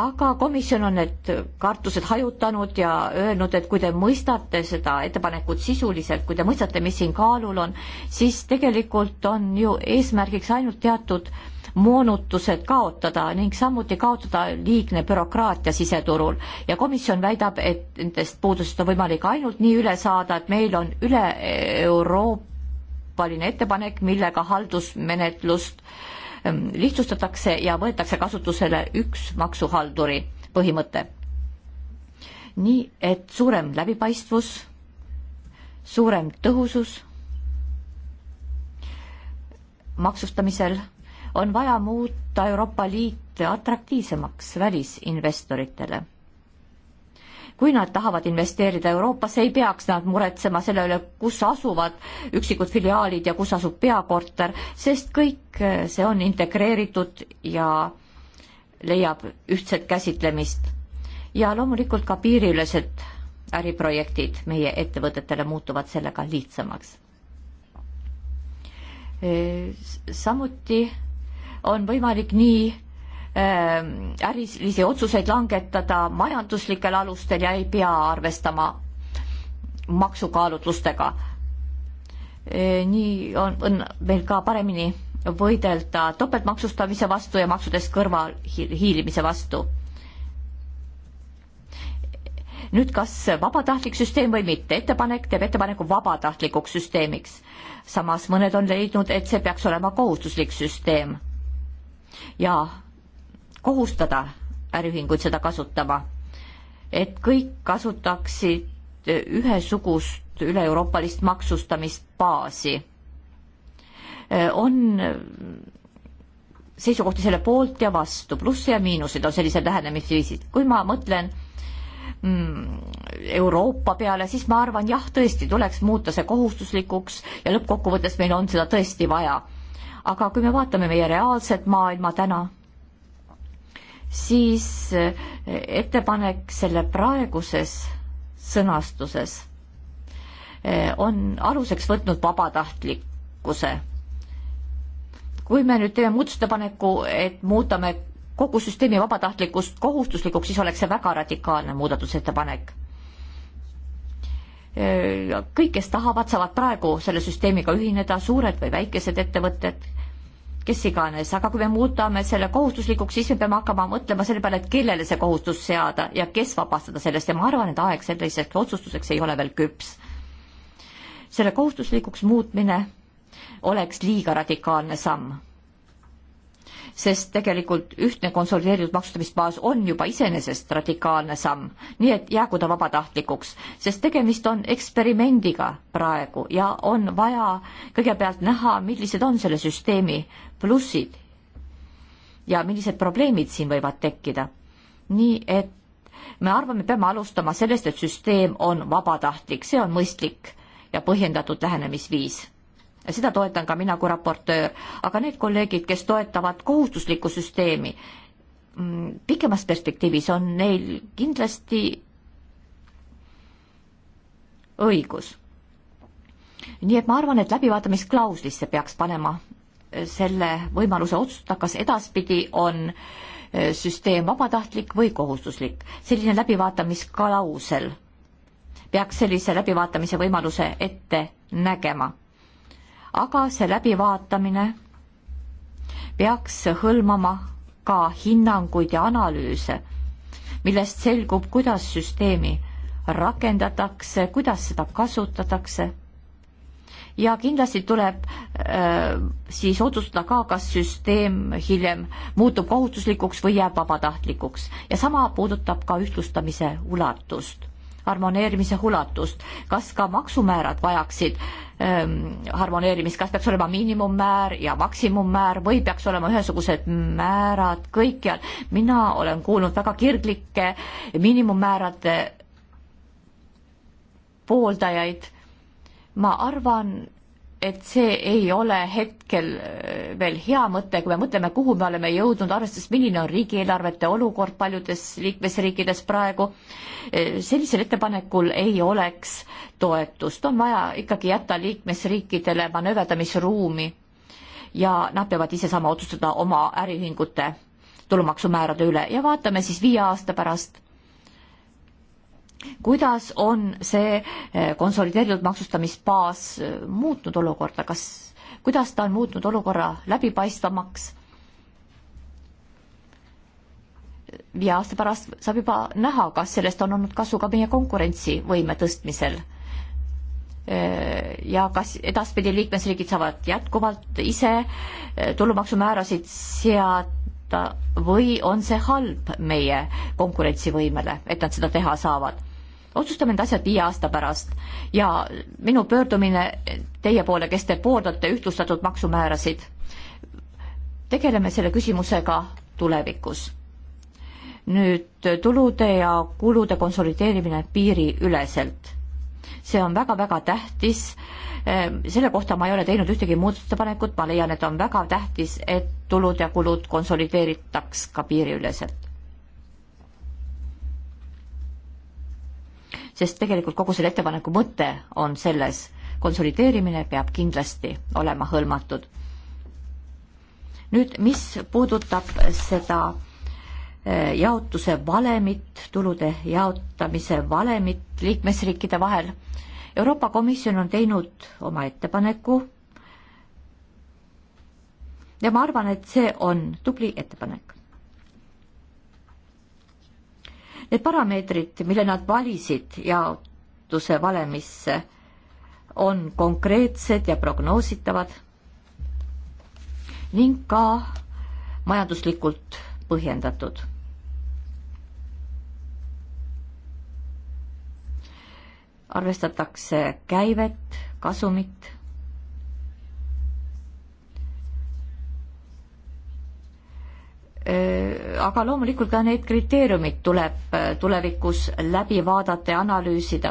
aga komisjon on need kartused hajutanud ja öelnud, et kui te mõistate seda ettepanekut sisuliselt, kui te mõistate, mis siin kaalul on, siis tegelikult on ju eesmärgiks ainult teatud moonutused kaotada ning samuti kaotada liigne bürokraatia siseturul ja komisjon väidab, et nendest puudustest on võimalik ainult nii üle saada, et meil on üle Euroopaline ettepanek, millega haldusmenetlust äh, Ähm, lihtsustatakse ja võetakse kasutusele üks maksuhalduri põhimõte. nii et suurem läbipaistvus, suurem tõhusus maksustamisel on vaja muuta Euroopa Liit atraktiivsemaks välisinvestoritele kui nad tahavad investeerida Euroopasse, ei peaks nad muretsema selle üle, kus asuvad üksikud filiaalid ja kus asub peakorter, sest kõik eh, see on integreeritud ja leiab ühtset käsitlemist. ja loomulikult ka piiriülesed äriprojektid meie ettevõtetele muutuvad sellega lihtsamaks. Eh, samuti on võimalik nii Ähm, ärilisi otsuseid langetada majanduslikel alustel ja ei pea arvestama maksukaalutlustega. nii on, on meil ka paremini võidelda topeltmaksustamise vastu ja maksudest kõrval hiilimise vastu. nüüd, kas vabatahtlik süsteem või mitte, ettepanek teeb ettepaneku vabatahtlikuks süsteemiks. samas mõned on leidnud, et see peaks olema kohustuslik süsteem. jaa kohustada äriühinguid seda kasutama, et kõik kasutaksid ühesugust üle-euroopalist maksustamist baasi. on seisukohti selle poolt ja vastu, plusse ja miinuseid on sellised lähenemisviisid. kui ma mõtlen mm, Euroopa peale, siis ma arvan, jah, tõesti tuleks muuta see kohustuslikuks ja lõppkokkuvõttes meil on seda tõesti vaja. aga kui me vaatame meie reaalset maailma täna siis eh, ettepanek selle praeguses sõnastuses eh, on aluseks võtnud vabatahtlikkuse. kui me nüüd teeme muudatusettepaneku, et muudame kogu süsteemi vabatahtlikust kohustuslikuks, siis oleks see väga radikaalne muudatusettepanek. Eh, kõik, kes tahavad, saavad praegu selle süsteemiga ühineda, suured või väikesed ettevõtted kes iganes, aga kui me muudame selle kohustuslikuks, siis me peame hakkama mõtlema selle peale, et kellele see kohustus seada ja kes vabastada sellest ja ma arvan, et aeg selliseks otsustuseks ei ole veel küps. selle kohustuslikuks muutmine oleks liiga radikaalne samm sest tegelikult ühtne konsolideeritud maksustamisbaas on juba iseenesest radikaalne samm, nii et jäägu ta vabatahtlikuks, sest tegemist on eksperimendiga praegu ja on vaja kõigepealt näha, millised on selle süsteemi plussid ja millised probleemid siin võivad tekkida. nii et me arvame, peame alustama sellest, et süsteem on vabatahtlik, see on mõistlik ja põhjendatud lähenemisviis seda toetan ka mina kui raportöör, aga need kolleegid, kes toetavad kohustuslikku süsteemi, mm, pikemas perspektiivis on neil kindlasti õigus. nii et ma arvan, et läbivaatamisklauslisse peaks panema äh, selle võimaluse otsustada, kas edaspidi on äh, süsteem vabatahtlik või kohustuslik. selline läbivaatamisklausel peaks sellise läbivaatamise võimaluse ette nägema aga see läbivaatamine peaks hõlmama ka hinnanguid ja analüüse, millest selgub, kuidas süsteemi rakendatakse, kuidas seda kasutatakse. ja kindlasti tuleb äh, siis otsustada ka, kas süsteem hiljem muutub kohustuslikuks või jääb vabatahtlikuks ja sama puudutab ka ühtlustamise ulatust harmoneerimise ulatust, kas ka maksumäärad vajaksid ähm, harmoneerimist, kas peaks olema miinimummäär ja maksimummäär või peaks olema ühesugused määrad kõikjal. mina olen kuulnud väga kirglikke miinimummäärade pooldajaid. ma arvan, et see ei ole hetkel äh, veel hea mõte, kui me mõtleme, kuhu me oleme jõudnud, arvestades, milline on riigieelarvete olukord paljudes liikmesriikides praegu, äh, sellisel ettepanekul ei oleks toetust, on vaja ikkagi jätta liikmesriikidele manööverdamisruumi ja nad peavad ise saama otsustada oma äriühingute tulumaksumäärade üle ja vaatame siis viie aasta pärast kuidas on see eh, konsolideeritud maksustamisbaas eh, muutnud olukorda, kas, kuidas ta on muutnud olukorra läbipaistvamaks? viie aasta pärast saab juba näha, kas sellest on olnud kasu ka meie konkurentsivõime tõstmisel. Eh, ja kas edaspidi liikmesriigid saavad jätkuvalt ise tulumaksumäärasid seada või on see halb meie konkurentsivõimele, et nad seda teha saavad otsustame need asjad viie aasta pärast ja minu pöördumine teie poole, kes te pooldate ühtlustatud maksumäärasid, tegeleme selle küsimusega tulevikus. nüüd tulude ja kulude konsolideerimine piiriüleselt. see on väga-väga tähtis, ehm, selle kohta ma ei ole teinud ühtegi muudatusettepanekut, ma leian, et on väga tähtis, et tulud ja kulud konsolideeritaks ka piiriüleselt sest tegelikult kogu selle ettepaneku mõte on selles, konsolideerimine peab kindlasti olema hõlmatud. nüüd, mis puudutab seda eh, jaotuse valemit, tulude jaotamise valemit liikmesriikide vahel, Euroopa Komisjon on teinud oma ettepaneku ja ma arvan, et see on tubli ettepanek Need parameetrid, mille nad valisid jaotuse valemisse, on konkreetsed ja prognoositavad ning ka majanduslikult põhjendatud. arvestatakse käivet, kasumit Äh, aga loomulikult ka need kriteeriumid tuleb äh, tulevikus läbi vaadata ja analüüsida.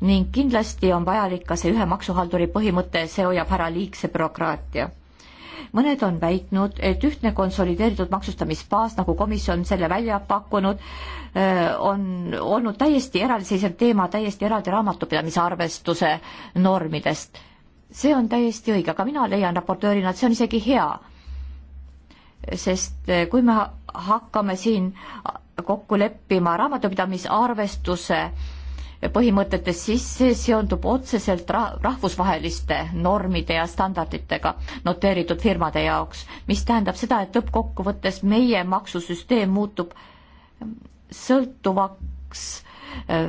ning kindlasti on vajalik ka see ühe maksuhalduri põhimõte, see hoiab ära liigse bürokraatia mõned on väitnud, et ühtne konsolideeritud maksustamisbaas, nagu komisjon selle välja pakkunud, äh, on olnud täiesti eraldiseisev teema, täiesti eraldi raamatupidamise arvestuse normidest. see on täiesti õige, aga mina leian raportöörina, et see on isegi hea sest eh, kui me hakkame siin kokku leppima raamatupidamisarvestuse põhimõtetes, siis see seondub otseselt rahvusvaheliste normide ja standarditega noteeritud firmade jaoks, mis tähendab seda, et lõppkokkuvõttes meie maksusüsteem muutub sõltuvaks eh,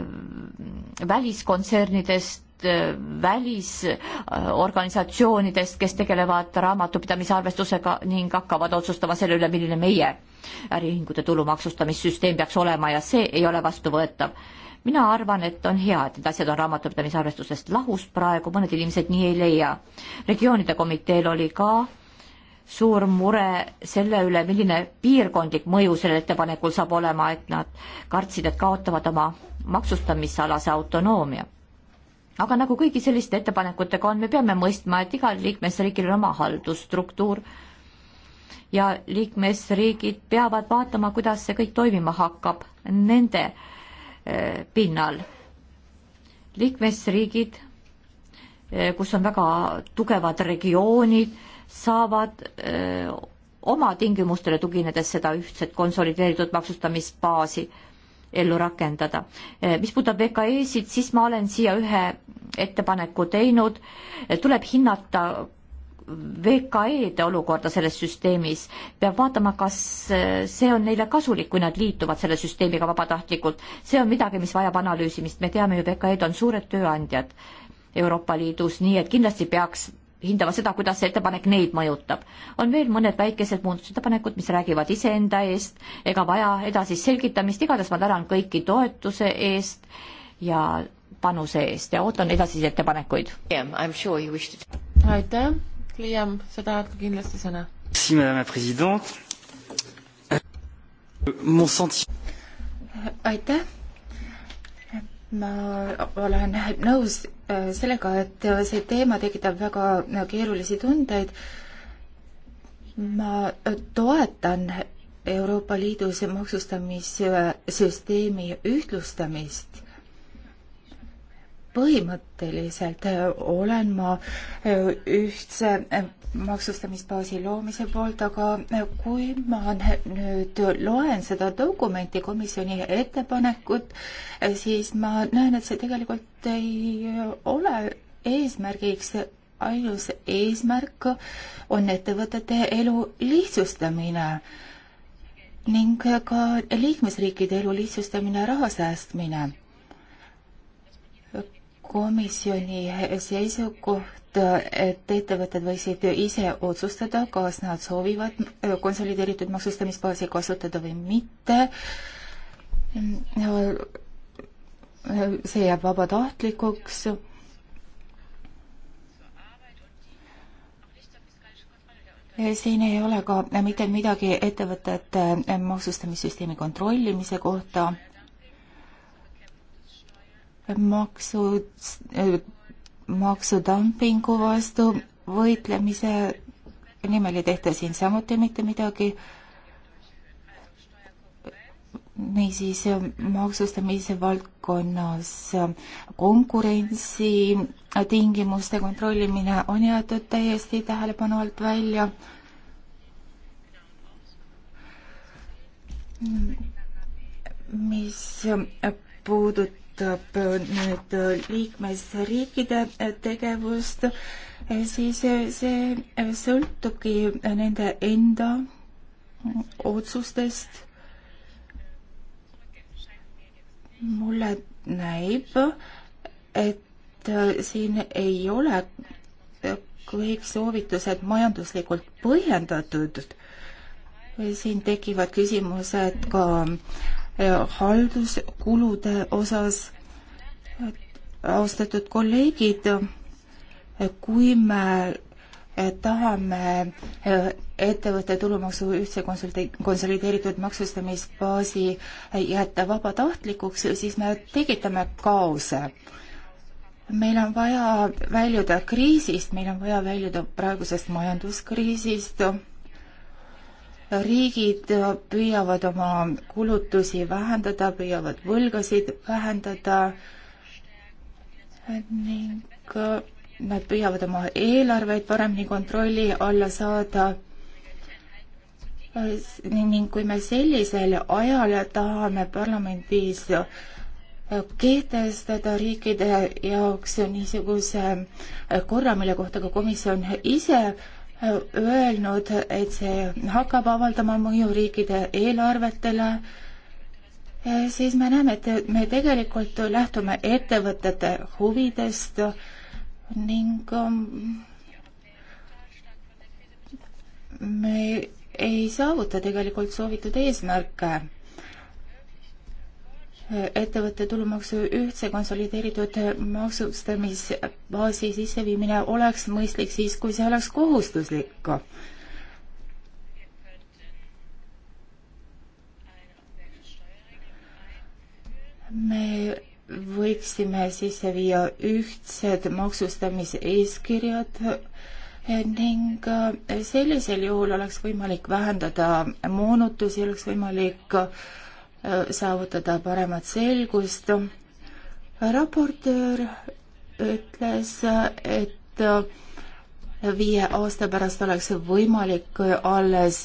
väliskontsernidest Äh, välisorganisatsioonidest, kes tegelevad raamatupidamise arvestusega ning hakkavad otsustama selle üle, milline meie äriühingute tulumaksustamissüsteem peaks olema ja see ei ole vastuvõetav. mina arvan, et on hea, et need asjad on raamatupidamise arvestusest lahus praegu, mõned inimesed nii ei leia. regioonide komiteel oli ka suur mure selle üle, milline piirkondlik mõju sellel ettepanekul saab olema, et nad kartsid, et kaotavad oma maksustamisalase autonoomia aga nagu kõigi selliste ettepanekutega on, me peame mõistma, et igal liikmesriigil on oma haldusstruktuur ja liikmesriigid peavad vaatama, kuidas see kõik toimima hakkab nende eh, pinnal. liikmesriigid, eh, kus on väga tugevad regioonid, saavad öö, eh, oma tingimustele tuginedes seda ühtset konsolideeritud maksustamisbaasi ellu rakendada. Eh, mis puudutab VKE-sid, siis ma olen siia ühe ettepaneku teinud, eh, tuleb hinnata VKE-de olukorda selles süsteemis, peab vaatama, kas eh, see on neile kasulik, kui nad liituvad selle süsteemiga vabatahtlikult. see on midagi, mis vajab analüüsimist, me teame ju, VKE-d on suured tööandjad Euroopa Liidus, nii et kindlasti peaks hindama seda, kuidas see ettepanek neid mõjutab. on veel mõned väikesed muudatusettepanekud, mis räägivad iseenda eest ega vaja edasist selgitamist, igatahes ma tänan kõiki toetuse eest ja panuse eest ja ootan edasisi ettepanekuid. aitäh, Liam, sa tahad ka kindlasti sõna? Euh, aitäh ma olen nõus äh, sellega, et äh, see teema tekitab väga äh, keerulisi tundeid. ma toetan Euroopa Liidus maksustamissüsteemi ühtlustamist. põhimõtteliselt olen ma ühtse maksustamisbaasi loomise poolt, aga kui ma nüüd loen seda dokumenti, komisjoni ettepanekut, siis ma näen, et see tegelikult ei ole eesmärgiks, ainus eesmärk on ettevõtete elu lihtsustamine ning ka liikmesriikide elu lihtsustamine ja raha säästmine komisjoni seisukoht, et ettevõtted võisid ise otsustada, kas nad soovivad konsolideeritud maksustamisbaasi kasutada või mitte. see jääb vabatahtlikuks. siin ei ole ka mitte midagi ettevõtete maksustamissüsteemi kontrollimise kohta maksud, maksudumpingu vastu võitlemise nimel ei tehta siin samuti mitte midagi. niisiis maksustamise valdkonnas konkurentsi tingimuste kontrollimine on jäetud täiesti tähelepanu alt välja. mis puudutab puudutab äh, nüüd äh, liikmesriikide äh, tegevust, siis see sõltubki nende enda otsustest. mulle näib, et siin ei ole kõik soovitused majanduslikult põhjendatud. siin tekivad küsimused ka äh, Äh, halduskulude osas. austatud kolleegid, äh, kui me äh, tahame ettevõtte tulumaksu ühtse konsolideeritud maksustamisbaasi jätta vabatahtlikuks, siis me tekitame kaose. meil on vaja väljuda kriisist, meil on vaja väljuda praegusest majanduskriisist riigid püüavad oma kulutusi vähendada, püüavad võlgasid vähendada ning nad püüavad oma eelarveid paremini kontrolli alla saada. ning kui me sellisel ajal tahame parlamendis kehtestada riikide jaoks niisuguse korra, mille kohta ka komisjon ise öelnud, et see hakkab avaldama mõju riikide eelarvetele, siis me näeme, et me tegelikult lähtume ettevõtete huvidest ning um, me ei saavuta tegelikult soovitud eesmärke ettevõtte tulumaksu ühtse konsolideeritud maksustamisbaasi sisseviimine oleks mõistlik siis, kui see oleks kohustuslik. me võiksime sisse viia ühtsed maksustamiseeskirjad ning sellisel juhul oleks võimalik vähendada moonutusi, oleks võimalik äh, Äh, saavutada paremat selgust. raportöör ütles, et äh, viie aasta pärast oleks võimalik alles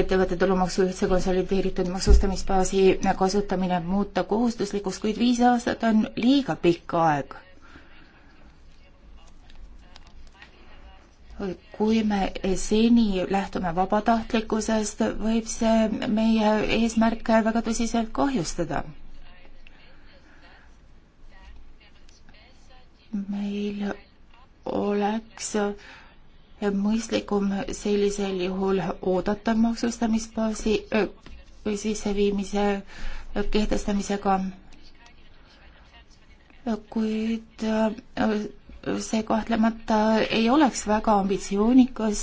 ettevõtte tulumaksu ühtse konsolideeritud maksustamisbaasi kasutamine muuta kohustuslikuks, kuid viis aastat on liiga pikk aeg kui me seni lähtume vabatahtlikkusest, võib see meie eesmärke väga tõsiselt kahjustada. meil oleks mõistlikum sellisel juhul oodata maksustamisbaasi äh, sisseviimise äh, kehtestamisega, kuid äh, see kahtlemata ei oleks väga ambitsioonikas,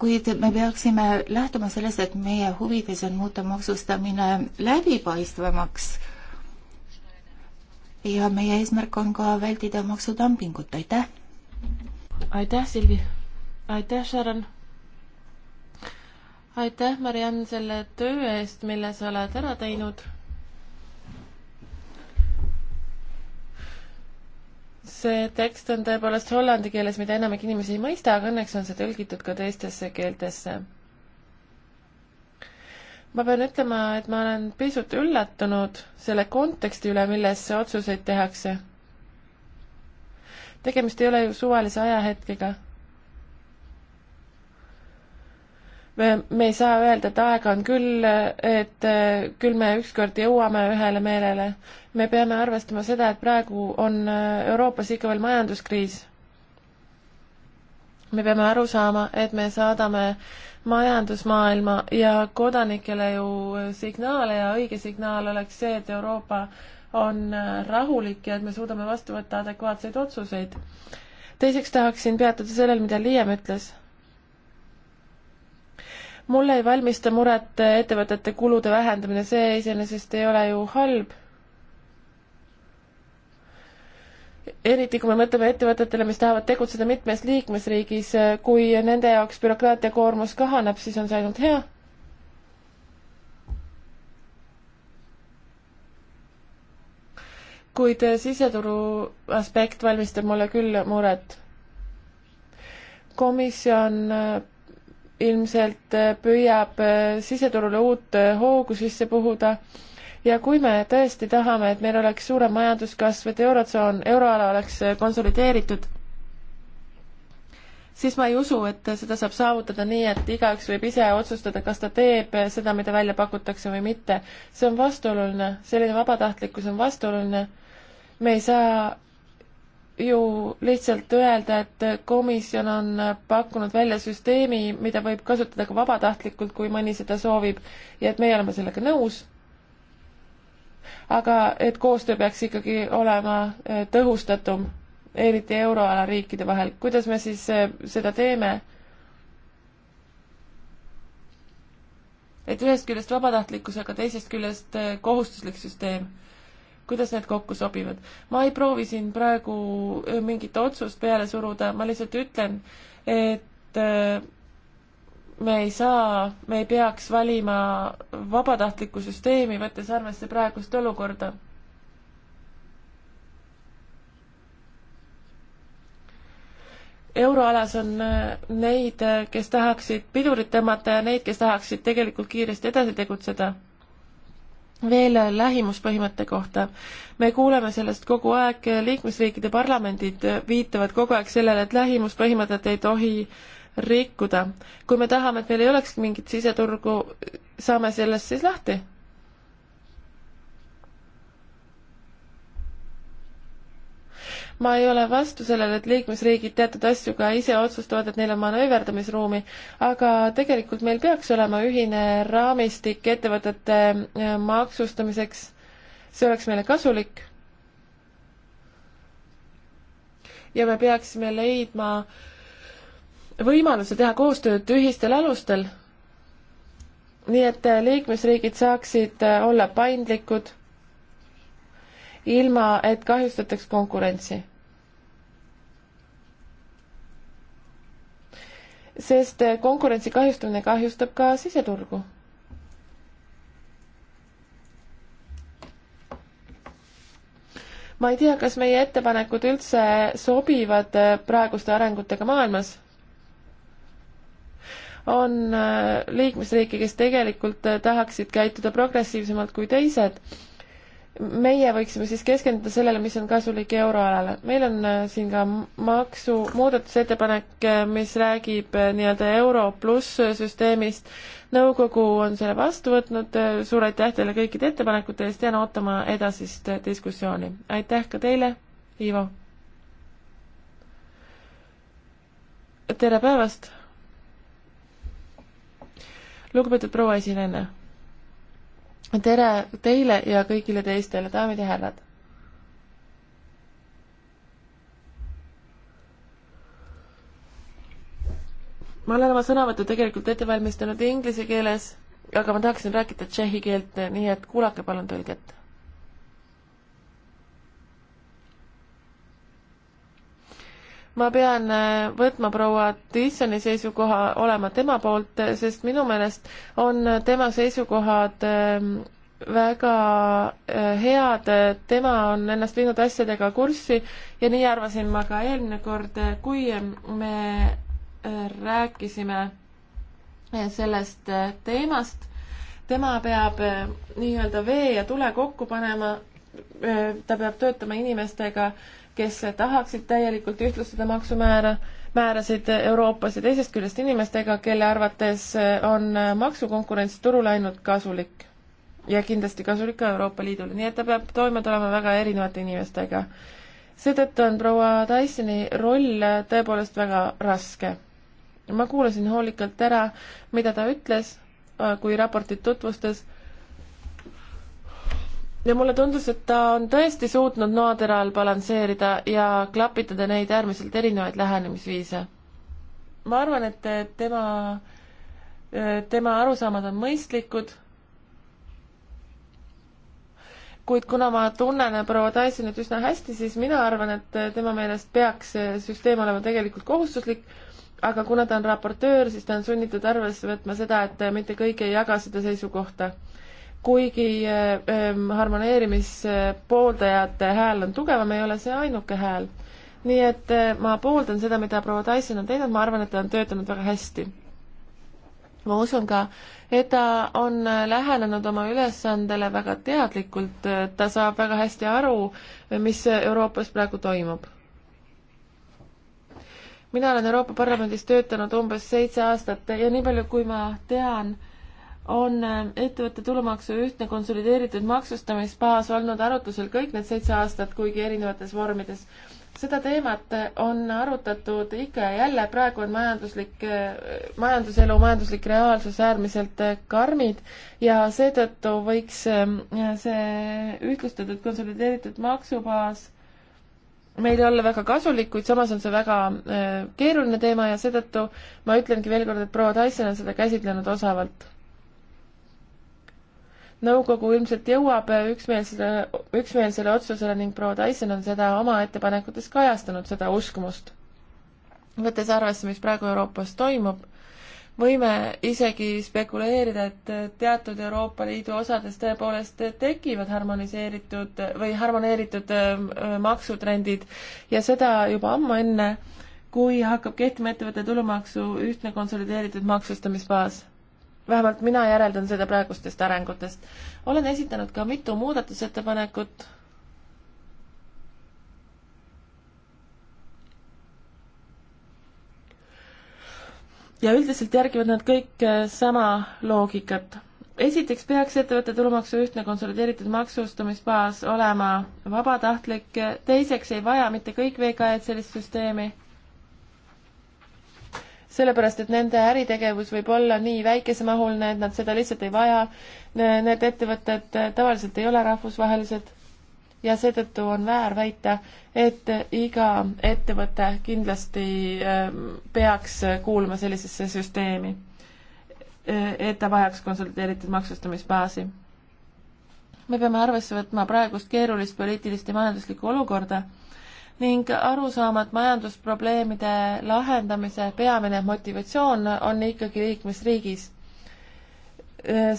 kuid me peaksime lähtuma sellest, et meie huvides on muuta maksustamine läbipaistvamaks ja meie eesmärk on ka vältida maksudumpingut, aitäh! aitäh, Silvi! aitäh, Sharon! aitäh, Mariann, selle töö eest, mille sa oled ära teinud see tekst on tõepoolest hollandi keeles, mida enamik inimesi ei mõista, aga õnneks on see tõlgitud ka teistesse keeltesse. ma pean ütlema, et ma olen pisut üllatunud selle konteksti üle, milles otsuseid tehakse. tegemist ei ole ju suvalise ajahetkega me ei saa öelda, et aega on küll, et küll me ükskord jõuame ühele meelele. me peame arvestama seda, et praegu on Euroopas ikka veel majanduskriis. me peame aru saama, et me saadame majandusmaailma ja kodanikele ju signaale ja õige signaal oleks see, et Euroopa on rahulik ja et me suudame vastu võtta adekvaatseid otsuseid. teiseks tahaksin peatuda sellel, mida Liam ütles mulle ei valmista muret ettevõtete kulude vähendamine, see iseenesest ei ole ju halb. eriti, kui me mõtleme ettevõtetele, mis tahavad tegutseda mitmes liikmesriigis, kui nende jaoks bürokraatia koormus kahaneb, siis on see ainult hea kuid siseturu aspekt valmistab mulle küll muret. komisjon ilmselt äh, püüab äh, siseturule uut äh, hoogu sisse puhuda ja kui me tõesti tahame, et meil oleks suurem majanduskasv, et eurotsoon, euroala oleks konsolideeritud, siis ma ei usu, et seda saab saavutada nii, et igaüks võib ise otsustada, kas ta teeb seda, mida välja pakutakse või mitte. see on vastuoluline, selline vabatahtlikkus on vastuoluline. me ei saa ju lihtsalt öelda, et komisjon on pakkunud välja süsteemi, mida võib kasutada ka vabatahtlikult, kui mõni seda soovib ja et meie oleme sellega nõus. aga et koostöö peaks ikkagi olema eh, tõhustatum, eriti euroala riikide vahel. kuidas me siis eh, seda teeme? et ühest küljest vabatahtlikkus, aga teisest küljest eh, kohustuslik süsteem kuidas need kokku sobivad. ma ei proovi siin praegu äh, mingit otsust peale suruda, ma lihtsalt ütlen, et äh, me ei saa, me ei peaks valima vabatahtlikku süsteemi, võttes arvesse praegust olukorda. euroalas on äh, neid, kes tahaksid pidurit tõmmata ja neid, kes tahaksid tegelikult kiiresti edasi tegutseda veel lähimuspõhimõtte kohta. me kuuleme sellest kogu aeg, liikmesriikide parlamendid viitavad kogu aeg sellele, et lähimuspõhimõtet ei tohi rikkuda. kui me tahame, et meil ei oleks mingit siseturgu, saame sellest siis lahti ma ei ole vastu sellele, et liikmesriigid teatud asju ka ise otsustavad, et neil on manööverdamisruumi, aga tegelikult meil peaks olema ühine raamistik ettevõtete äh, maksustamiseks. see oleks meile kasulik. ja me peaksime leidma võimaluse teha koostööd ühistel alustel. nii et äh, liikmesriigid saaksid äh, olla paindlikud ilma et kahjustataks konkurentsi. sest konkurentsi kahjustamine kahjustab ka siseturgu ma ei tea, kas meie ettepanekud üldse sobivad praeguste arengutega maailmas. on liikmesriike, kes tegelikult tahaksid käituda progressiivsemalt kui teised meie võiksime siis keskenduda sellele, mis on kasulik euroalale. meil on äh, siin ka maksu muudatusettepanek, äh, mis räägib äh, nii-öelda euro pluss süsteemist. nõukogu on selle vastu võtnud, suur aitäh teile kõikide ettepanekute eest, jään ootama edasist diskussiooni. aitäh ka teile, Ivo! tere päevast! lugupeetud proua esinaine tere teile ja kõigile teistele, daamid ja härrad! ma olen oma sõnavõttu tegelikult ette valmistanud inglise keeles, aga ma tahaksin rääkida tšehhi keelt, nii et kuulake palun tõlget ma pean äh, võtma proua Tissoni seisukoha olema tema poolt, äh, sest minu meelest on äh, tema seisukohad ähm, väga head, tema on ennast viinud asjadega kurssi ja nii arvasin ma ka eelmine kord, kui ähm, me rääkisime sellest teemast. tema peab nii-öelda vee ja tule kokku panema, ta peab töötama inimestega kes tahaksid täielikult ühtlustada maksumäära, määrasid Euroopas ja teisest küljest inimestega, kelle arvates on maksukonkurents turul ainult kasulik. ja kindlasti kasulik ka Euroopa Liidule, nii et ta peab toime tulema väga erinevate inimestega. seetõttu on proua Dysoni roll tõepoolest väga raske. ma kuulasin hoolikalt ära, mida ta ütles, äh, kui raportit tutvustas ja mulle tundus, et ta on tõesti suutnud noateral balansseerida ja klapitada neid äärmiselt erinevaid lähenemisviise. ma arvan, et tema, tema arusaamad on mõistlikud, kuid kuna ma tunnen proua Tysonit üsna hästi, siis mina arvan, et tema meelest peaks see süsteem olema tegelikult kohustuslik, aga kuna ta on raportöör, siis ta on sunnitud arvesse võtma seda, et mitte kõik ei jaga seda seisukohta kuigi äh, ähm, harmoneerimispooldajate hääl on tugevam, ei ole see ainuke hääl. nii et äh, ma pooldan seda, mida proua Tyson on teinud, ma arvan, et ta on töötanud väga hästi. ma usun ka, et ta on äh, lähenenud oma ülesandele väga teadlikult, ta saab väga hästi aru, mis Euroopas praegu toimub mina olen Euroopa Parlamendis töötanud umbes seitse aastat ja nii palju, kui ma tean äh, on ähm, ettevõtte tulumaksu ühtne konsolideeritud maksustamisbaas olnud arutusel kõik need seitse aastat, kuigi erinevates vormides. seda teemat äh, on arutatud ikka ja jälle, praegu on majanduslik, äh, majanduselu, majanduslik reaalsus äärmiselt äh, karmid ja seetõttu võiks ähm, see ühtlustatud konsolideeritud maksubaas meile olla väga kasulik, kuid samas on see väga keeruline teema ja seetõttu ma ütlengi veel kord, et proua Tyson on seda käsitlenud osavalt nõukogu ilmselt jõuab üksmeelsele, üksmeelsele otsusele ning proua Tyson on seda oma ettepanekutes kajastanud, seda uskumust. võttes arvesse, mis praegu Euroopas toimub, võime isegi spekuleerida, et teatud Euroopa Liidu osades tõepoolest tekivad harmoniseeritud või harmoneeritud ähm, äh, maksutrendid ja seda juba ammu enne, kui hakkab kehtima ettevõtte tulumaksu ühtne konsolideeritud maksustamisbaas vähemalt mina järeldan seda praegustest arengutest. olen esitanud ka mitu muudatusettepanekut. ja üldiselt järgivad nad kõik äh, sama loogikat. esiteks peaks ettevõtte tulumaksu ühtne konsolideeritud maksustamisbaas olema vabatahtlik, teiseks ei vaja mitte kõik VKE-d sellist süsteemi sellepärast et nende äritegevus võib olla nii väikesemahuline, et nad seda lihtsalt ei vaja. Need ettevõtted tavaliselt ei ole rahvusvahelised ja seetõttu on väär väita, et iga ettevõte kindlasti ähm, peaks kuuluma sellisesse süsteemi, et ta vajaks konsolideeritud maksustamisbaasi. me peame arvesse võtma praegust keerulist poliitilist ja majanduslikku olukorda ning aru saama, et majandusprobleemide lahendamise peamine motivatsioon on ikkagi liikmesriigis.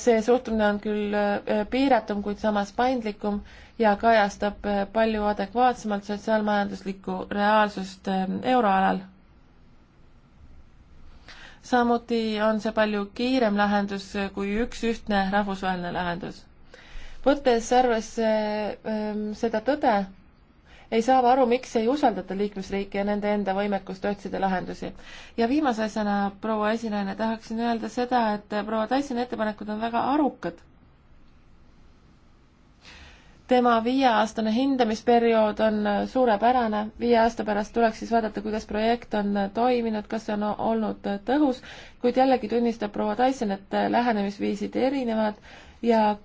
see suhtumine on küll äh, piiratum, kuid samas paindlikum ja kajastab äh, palju adekvaatsemalt sotsiaalmajanduslikku reaalsust ähm, euroalal. samuti on see palju kiirem lahendus äh, kui üks ühtne rahvusvaheline lahendus. võttes arvesse ähm, seda tõde, ei saa aru, miks ei usaldata liikmesriike ja nende enda võimekust otsida lahendusi. ja viimase asjana, proua esinaine, tahaksin öelda seda, et eh, proua Tysoni ettepanekud on väga arukad. tema viieaastane hindamisperiood on eh, suurepärane, viie aasta pärast tuleks siis vaadata, kuidas projekt on eh, toiminud, kas see on olnud tõhus, kuid jällegi tunnistab proua Tyson, et lähenemisviisid erinevad ja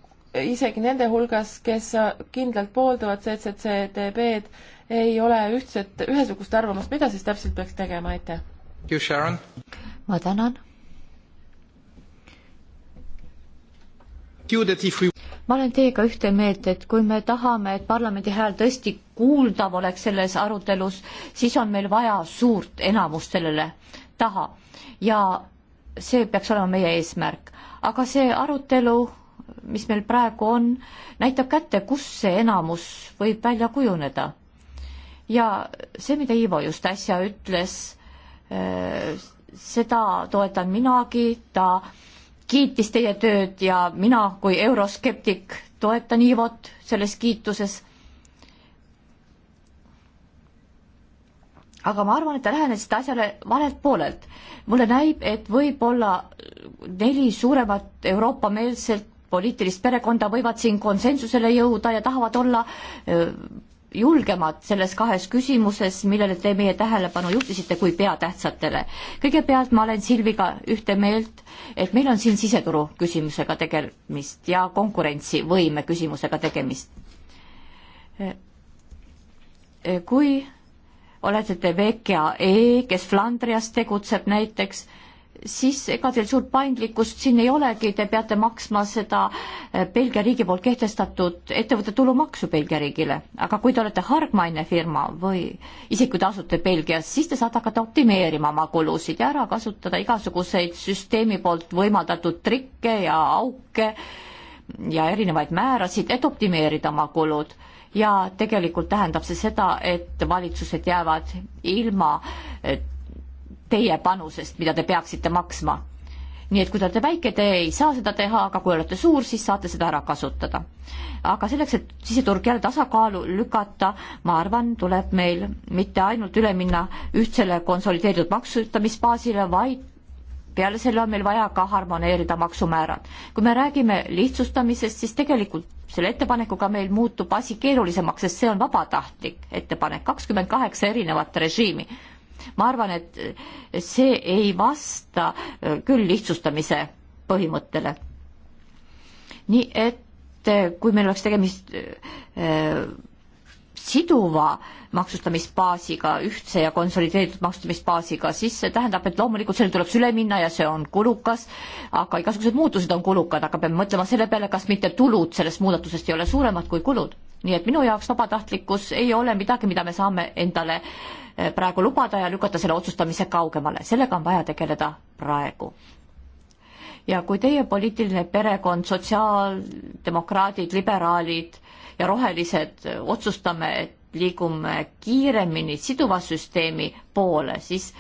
isegi nende hulgas, kes kindlalt pooldavad CCCTB-d, ei ole ühtset, ühesugust arvamust, mida siis täpselt peaks tegema, aitäh! ma tänan! ma olen teiega ühte meelt, et kui me tahame, et parlamendi hääl tõesti kuuldav oleks selles arutelus, siis on meil vaja suurt enamust sellele taha ja see peaks olema meie eesmärk. aga see arutelu mis meil praegu on, näitab kätte, kus see enamus võib välja kujuneda. ja see, mida Ivo just äsja ütles, äh, seda toetan minagi, ta kiitis teie tööd ja mina kui euroskeptik toetan Ivot selles kiituses. aga ma arvan, et te lähenesite asjale valelt poolelt. mulle näib, et võib-olla neli suuremat Euroopa-meelset poliitilist perekonda võivad siin konsensusele jõuda ja tahavad olla julgemad selles kahes küsimuses, millele te meie tähelepanu juhtisite kui peatähtsatele. kõigepealt ma olen Silviga ühte meelt, et meil on siin siseturu küsimusega tegemist ja konkurentsivõime küsimusega tegemist. kui olete te VKE, kes Flandrias tegutseb näiteks, siis ega teil suurt paindlikkust siin ei olegi, te peate maksma seda eh, Belgia riigi poolt kehtestatud ettevõtte tulumaksu Belgia riigile. aga kui te olete hargmaine firma või isegi kui te asute Belgias, siis te saate hakata optimeerima oma kulusid ja ära kasutada igasuguseid süsteemi poolt võimaldatud trikke ja auke ja erinevaid määrasid, et optimeerida oma kulud ja tegelikult tähendab see seda, et valitsused jäävad ilma eh, teie panusest, mida te peaksite maksma. nii et kui te olete väike, te ei saa seda teha, aga kui olete suur, siis saate seda ära kasutada. aga selleks, et siseturg jälle tasakaalu lükata, ma arvan, tuleb meil mitte ainult üle minna ühtsele konsolideeritud maksustamisbaasile, vaid peale selle on meil vaja ka harmoneerida maksumäärad. kui me räägime lihtsustamisest, siis tegelikult selle ettepanekuga meil muutub asi keerulisemaks, sest see on vabatahtlik ettepanek, kakskümmend kaheksa erinevat režiimi ma arvan, et see ei vasta äh, küll lihtsustamise põhimõttele. nii et äh, kui meil oleks tegemist äh, siduva maksustamisbaasiga, ühtse ja konsolideeritud maksustamisbaasiga, siis see tähendab, et loomulikult sellele tuleb üle minna ja see on kulukas, aga igasugused muutused on kulukad, aga peame mõtlema selle peale, kas mitte tulud sellest muudatusest ei ole suuremad kui kulud. nii et minu jaoks vabatahtlikkus ei ole midagi, mida me saame endale eh, praegu lubada ja lükata selle otsustamise kaugemale, sellega on vaja tegeleda praegu ja kui teie poliitiline perekond, sotsiaaldemokraadid, liberaalid äh, ja rohelised otsustame, et liigume kiiremini siduva süsteemi poole, siis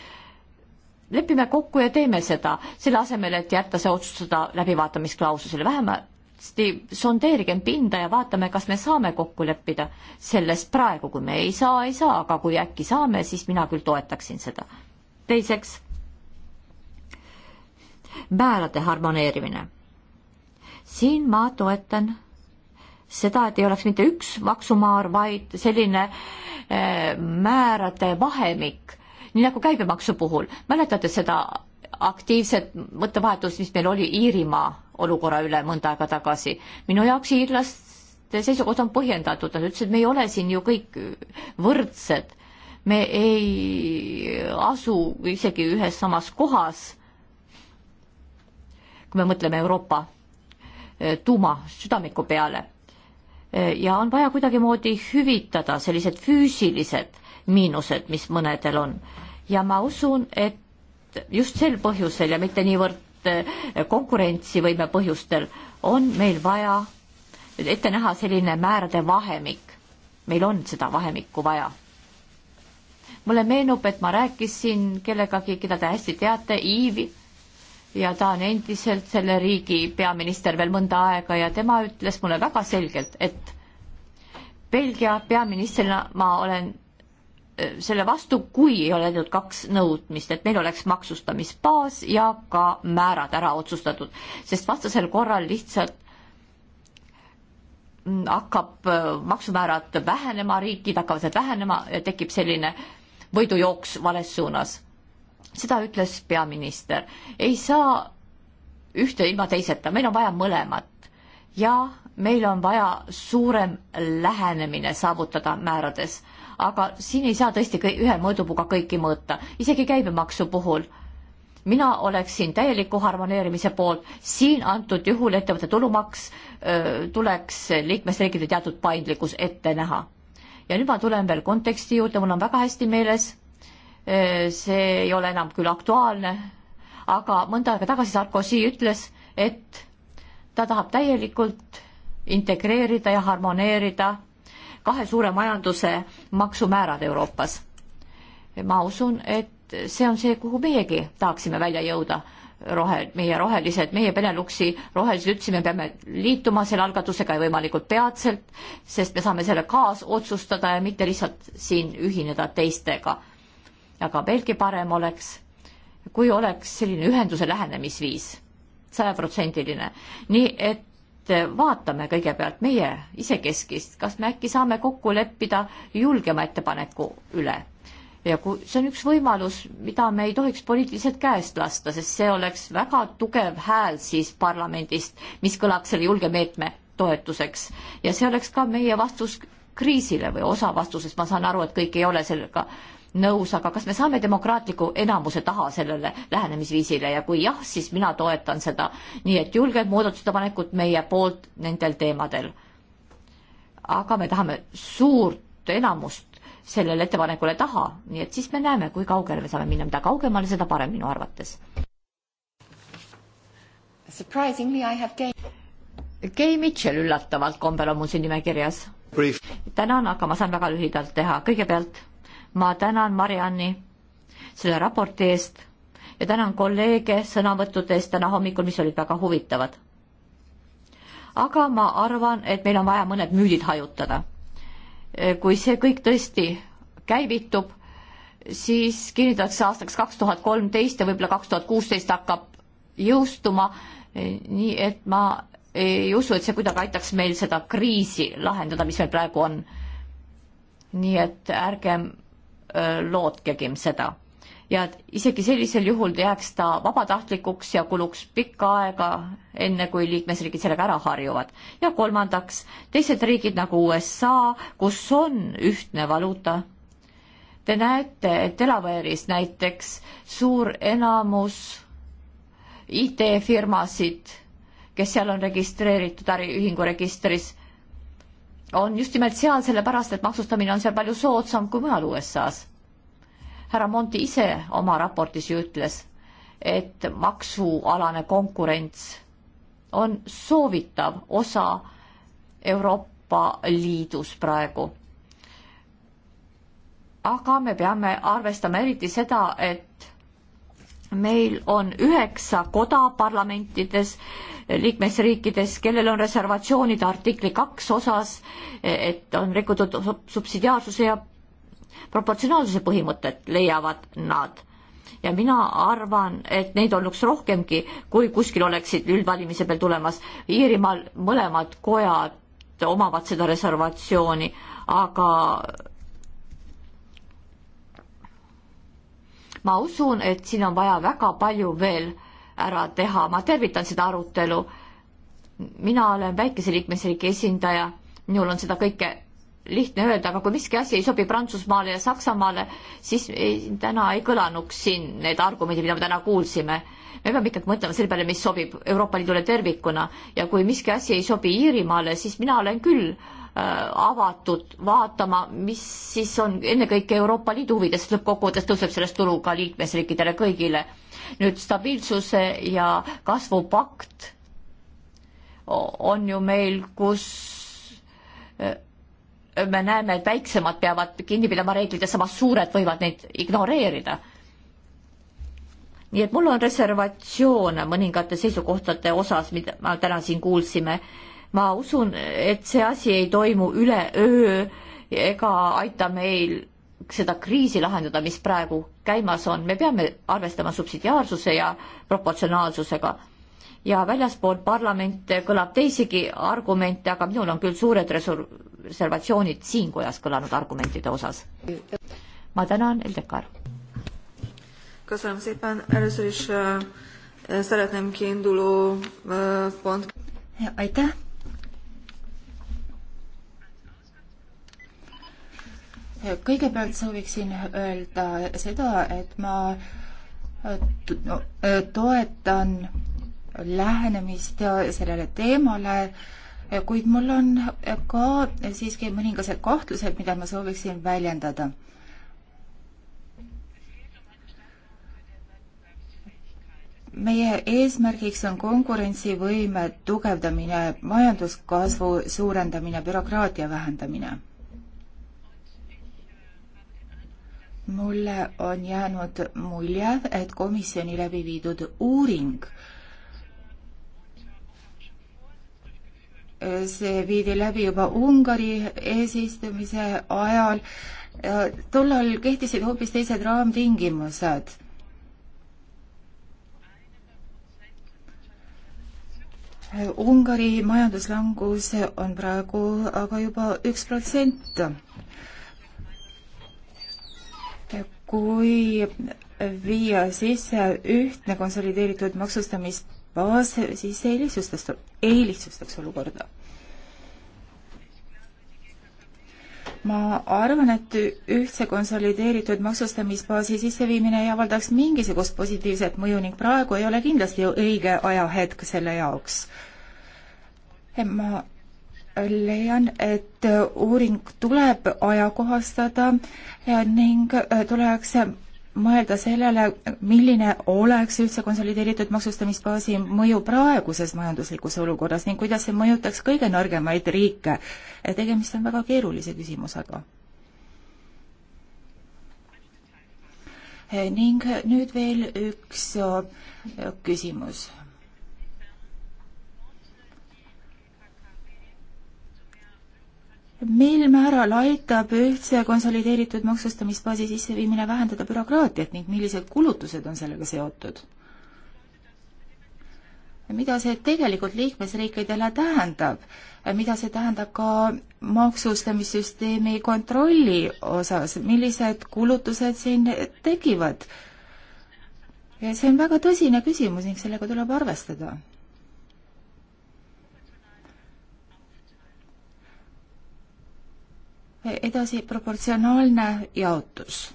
lepime kokku ja teeme seda, selle asemel, et jätta see otsustada läbivaatamisklaususele, vähemasti sondeerigem pinda ja vaatame, kas me saame kokku leppida selles praegu, kui me ei saa, ei saa, aga kui äkki saame, siis mina küll toetaksin seda. teiseks, määrade harmoneerimine. siin ma toetan seda, et ei oleks mitte üks maksumäär, vaid selline eh, määrade vahemik, nii nagu käibemaksu puhul. mäletate seda aktiivset mõttevahetust, mis meil oli Iirimaa olukorra üle mõnda aega tagasi? minu jaoks iirlaste seisukoht on põhjendatud, nad ütlesid, me ei ole siin ju kõik võrdsed, me ei asu isegi ühes samas kohas, kui me mõtleme Euroopa eh, tuuma südamiku peale ja on vaja kuidagimoodi hüvitada sellised füüsilised miinused, mis mõnedel on. ja ma usun, et just sel põhjusel ja mitte niivõrd eh, konkurentsivõime põhjustel on meil vaja ette näha selline määrade vahemik. meil on seda vahemikku vaja. mulle meenub, et ma rääkisin kellegagi, keda te hästi teate, Iivi ja ta on endiselt selle riigi peaminister veel mõnda aega ja tema ütles mulle väga selgelt, et Belgia peaministrina ma olen äh, selle vastu, kui ei ole teinud kaks nõudmist, et meil oleks maksustamisbaas ja ka määrad ära otsustatud, sest vastasel korral lihtsalt mm, hakkab äh, maksumäärad vähenema, riikid hakkavad vähenema ja tekib selline võidujooks vales suunas seda ütles peaminister. ei saa ühte ilma teiseta, meil on vaja mõlemat ja meil on vaja suurem lähenemine saavutada määrades, aga siin ei saa tõesti kõi, ühe mõõdupuuga kõiki mõõta, isegi käibemaksu puhul. mina oleksin täieliku harmoneerimise poolt, siin antud juhul ettevõtte tulumaks öö, tuleks liikmesriikide teatud paindlikkus ette näha. ja nüüd ma tulen veel konteksti juurde, mul on väga hästi meeles Äh, see ei ole enam küll aktuaalne, aga mõnda aega tagasi Sarkozy ütles, et ta tahab täielikult integreerida ja harmoneerida kahe suure majanduse maksumäärad Euroopas. ma usun, et see on see, kuhu meiegi tahaksime välja jõuda, rohe, meie rohelised, meie Beneluxi rohelised ütlesime, peame liituma selle algatusega ja võimalikult peatselt, sest me saame selle kaasotsustada ja mitte lihtsalt siin ühineda teistega aga veelgi parem oleks, kui oleks selline ühenduse lähenemisviis, sajaprotsendiline, nii et vaatame kõigepealt meie isekeskist, kas me äkki saame kokku leppida julgema ettepaneku üle. ja kui see on üks võimalus, mida me ei tohiks poliitiliselt käest lasta, sest see oleks väga tugev hääl siis parlamendist, mis kõlaks selle julge meetme toetuseks ja see oleks ka meie vastus kriisile või osa vastusest, ma saan aru, et kõik ei ole sellega äh, nõus, aga kas me saame demokraatliku enamuse taha sellele lähenemisviisile ja kui jah, siis mina toetan seda. nii et julged muudatusettepanekud meie poolt nendel teemadel. aga me tahame suurt enamust sellele ettepanekule taha, nii et siis me näeme, kui kaugele me saame minna, mida kaugemale, seda parem minu arvates. Surprisingly I have gained Kei Mitchell üllatavalt kombel on mul siin nimekirjas. tänan, aga ma saan väga lühidalt teha. kõigepealt ma tänan Marianni selle raporti eest ja tänan kolleege sõnavõttude eest täna hommikul, mis olid väga huvitavad. aga ma arvan, et meil on vaja mõned müüdid hajutada. kui see kõik tõesti käivitub, siis kinnitatakse aastaks kaks tuhat kolmteist ja võib-olla kaks tuhat kuusteist hakkab jõustuma, nii et ma ei usu, et see kuidagi aitaks meil seda kriisi lahendada, mis meil praegu on. nii et ärgem lootkem seda. ja et isegi sellisel juhul jääks ta vabatahtlikuks ja kuluks pikka aega, enne kui liikmesriigid sellega ära harjuvad. ja kolmandaks, teised riigid nagu USA, kus on ühtne valuuta, Te näete, et Delaware'is näiteks suur enamus IT-firmasid, kes seal on registreeritud äriühingu registris, on just nimelt seal, sellepärast et maksustamine on seal palju soodsam kui mujal USA-s. härra Monti ise oma raportis ju ütles, et maksualane konkurents on soovitav osa Euroopa Liidus praegu. aga me peame arvestama eriti seda, et meil on üheksa koda parlamentides liikmesriikides, kellel on reservatsioonid artikli kaks osas, et on rikutud subsidiaarsuse ja proportsionaalsuse põhimõtet, leiavad nad. ja mina arvan, et neid olnuks rohkemgi, kui kuskil oleksid üldvalimise peal tulemas. Iirimaal mõlemad kojad omavad seda reservatsiooni, aga ma usun, et siin on vaja väga palju veel ära teha, ma tervitan seda arutelu. mina olen väikese liikmesriigi esindaja, minul on seda kõike lihtne öelda, aga kui miski asi ei sobi Prantsusmaale ja Saksamaale, siis ei, täna ei kõlanuks siin need argumendid, mida me täna kuulsime. me peame ikkagi mõtlema selle peale, mis sobib Euroopa Liidule tervikuna ja kui miski asi ei sobi Iirimaale, siis mina olen küll äh, avatud vaatama, mis siis on ennekõike Euroopa Liidu huvides, lõppkokkuvõttes tõuseb sellest tulu ka liikmesriikidele kõigile nüüd stabiilsuse ja kasvupakt on ju meil, kus eh, me näeme, et väiksemad peavad kinni pidama reeglid ja samas suured võivad neid ignoreerida. nii et mul on reservatsioone mõningate seisukohtade osas, mida me täna siin kuulsime. ma usun, et see asi ei toimu üleöö ega aita meil seda kriisi lahendada, mis praegu käimas on, me peame arvestama subsidiaarsuse ja proportsionaalsusega. ja väljaspool parlamente kõlab teisigi argumente, aga minul on küll suured reservatsioonid siin kojas kõlanud argumentide osas. ma tänan, Eldekar. köszönöm szépen, először is äh, szeretném kiinduló äh, pont. aitäh kõigepealt sooviksin öelda seda, et ma toetan lähenemist sellele teemale, kuid mul on ka siiski mõningased kahtlused, mida ma sooviksin väljendada. meie eesmärgiks on konkurentsivõime tugevdamine, majanduskasvu suurendamine, bürokraatia vähendamine mulle on jäänud mulje, et komisjoni läbi viidud uuring see viidi läbi juba Ungari eesistumise ajal. tollal kehtisid hoopis teised raamtingimused. Ungari majanduslangus on praegu aga juba üks protsent kui viia sisse ühtne konsolideeritud maksustamisbaas, siis see ei lihtsustaks, ei lihtsustaks olukorda. ma arvan, et ühtse konsolideeritud maksustamisbaasi sisseviimine ei avaldaks mingisugust positiivset mõju ning praegu ei ole kindlasti õige ajahetk selle jaoks. ma leian, et uuring tuleb ajakohastada ning äh, tuleks mõelda sellele, milline oleks üldse konsolideeritud maksustamisbaasi mõju praeguses majanduslikus olukorras ning kuidas see mõjutaks kõige nõrgemaid riike. tegemist on väga keerulise küsimusega. Äh, ning nüüd veel üks äh, küsimus mil määral aitab ühtse konsolideeritud maksustamisbaasi sisseviimine vähendada bürokraatiat ning millised kulutused on sellega seotud? mida see tegelikult liikmesriikidele tähendab, mida see tähendab ka maksustamissüsteemi kontrolli osas, millised kulutused siin tekivad? see on väga tõsine küsimus ning sellega tuleb arvestada edasi proportsionaalne jaotus.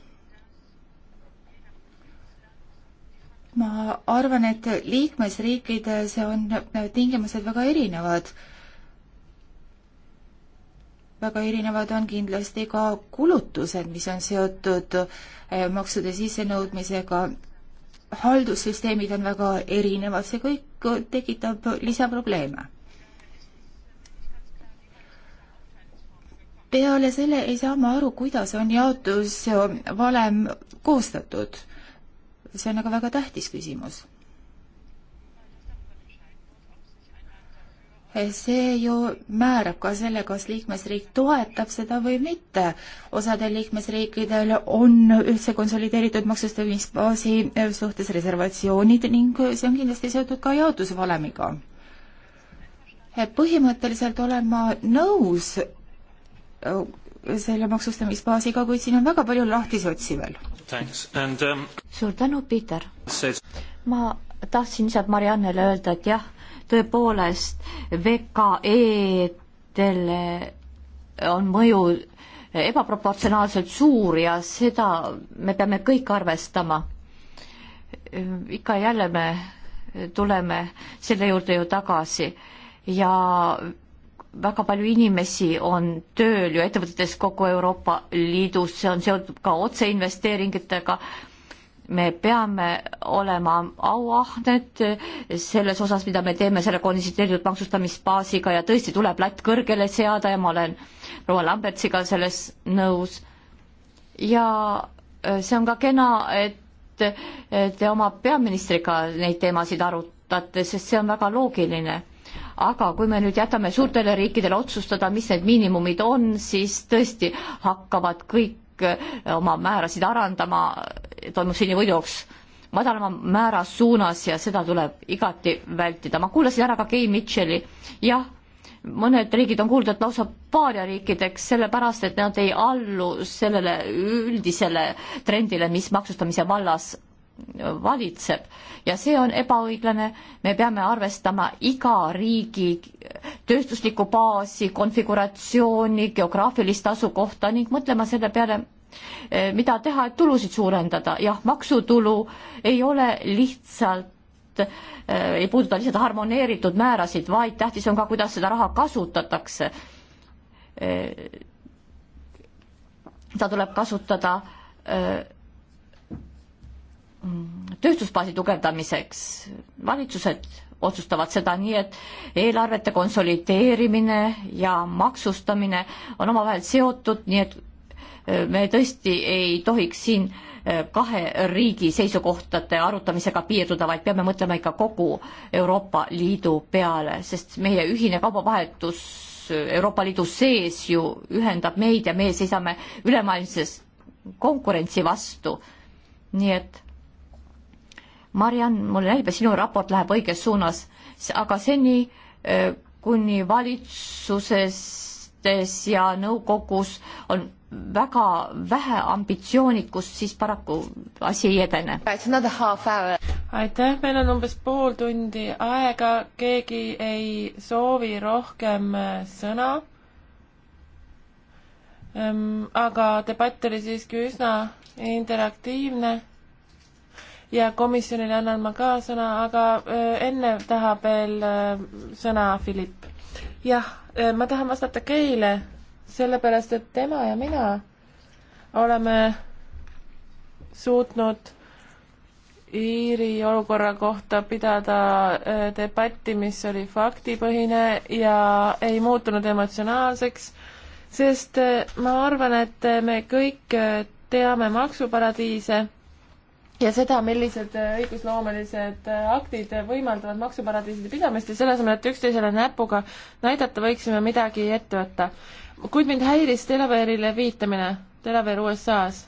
ma arvan, et liikmesriikides on tingimused väga erinevad. väga erinevad on kindlasti ka kulutused, mis on seotud eh, maksude sissenõudmisega. haldussüsteemid on väga erinevad, see kõik tekitab lisaprobleeme peale selle ei saa ma aru, kuidas on jaotusvalem äh, koostatud. see on aga väga tähtis küsimus. see ju määrab ka selle, kas liikmesriik toetab seda või mitte. osadel liikmesriikidel on ühtse konsolideeritud maksustamisbaasi suhtes reservatsioonid ning see on kindlasti seotud ka jaotusvalemiga põhimõtteliselt olen ma nõus selle maksustamisbaasiga, kuid siin on väga palju lahtisi otsi veel. Um... suur tänu, Peeter Says...! ma tahtsin lihtsalt Mariannele öelda, et jah, tõepoolest VKE-dele on mõju ebaproportsionaalselt suur ja seda me peame kõik arvestama. ikka ja jälle me tuleme selle juurde ju tagasi ja väga palju inimesi on tööl ju ettevõtetes kogu Euroopa Liidus, see on seotud ka otseinvesteeringutega. me peame olema auahned selles osas, mida me teeme selle konsolideeritud maksustamisbaasiga ja tõesti tuleb latt kõrgele seada ja ma olen proua Lambertsiga selles nõus. ja äh, see on ka kena, et äh, te oma peaministriga neid teemasid arutate, sest see on väga loogiline aga kui me nüüd jätame suurtele riikidele otsustada, mis need miinimumid on, siis tõesti hakkavad kõik eh, oma määrasid arendama, toimub selline võidujooks madalama määra suunas ja seda tuleb igati vältida. ma kuulasin ära ka Kay Mitchell'i, jah, mõned riigid on kuuldud lausa paariariikideks, sellepärast et nad ei allu sellele üldisele trendile, mis maksustamise vallas valitseb ja see on ebaõiglane. me peame arvestama iga riigi tööstuslikku baasi, konfiguratsiooni, geograafilist asukohta ning mõtlema selle peale, eh, mida teha, et tulusid suurendada. jah, maksutulu ei ole lihtsalt eh, ei puuduta lihtsalt harmoneeritud määrasid, vaid tähtis on ka, kuidas seda raha kasutatakse. Eh, seda tuleb kasutada öö, tööstusbaasi tugevdamiseks. valitsused otsustavad seda nii, et eelarvete konsolideerimine ja maksustamine on omavahel seotud, nii et äh, me tõesti ei tohiks siin äh, kahe riigi seisukohtade arutamisega piirduda, vaid peame mõtlema ikka kogu Euroopa Liidu peale, sest meie ühine kaubavahetus äh, Euroopa Liidu sees ju ühendab meid ja meie seisame ülemaailmses konkurentsi vastu. nii et Mariann, mulle näib, et sinu raport läheb õiges suunas, aga seni, kuni valitsustes ja nõukogus on väga vähe ambitsioonikust, siis paraku asi ei edene. aitäh, meil on umbes pool tundi aega, keegi ei soovi rohkem äh, sõna. Ehm, aga debatt oli siiski üsna interaktiivne ja komisjonile annan ma ka sõna, aga äh, enne tahab veel äh, sõna Philipp. jah, äh, ma tahan vastata Keile, sellepärast et tema ja mina oleme suutnud Iiri olukorra kohta pidada debatti, mis oli faktipõhine ja ei muutunud emotsionaalseks, sest ma arvan, et me kõik teame maksuparadiise ja seda, millised äh, õigusloomelised äh, aktid äh, võimaldavad maksuparadiiside pidamist ja selle asemel, et üksteisele näpuga näidata, võiksime midagi ette võtta. kuid mind häiris Delaware'ile viitamine, Delaware USA-s.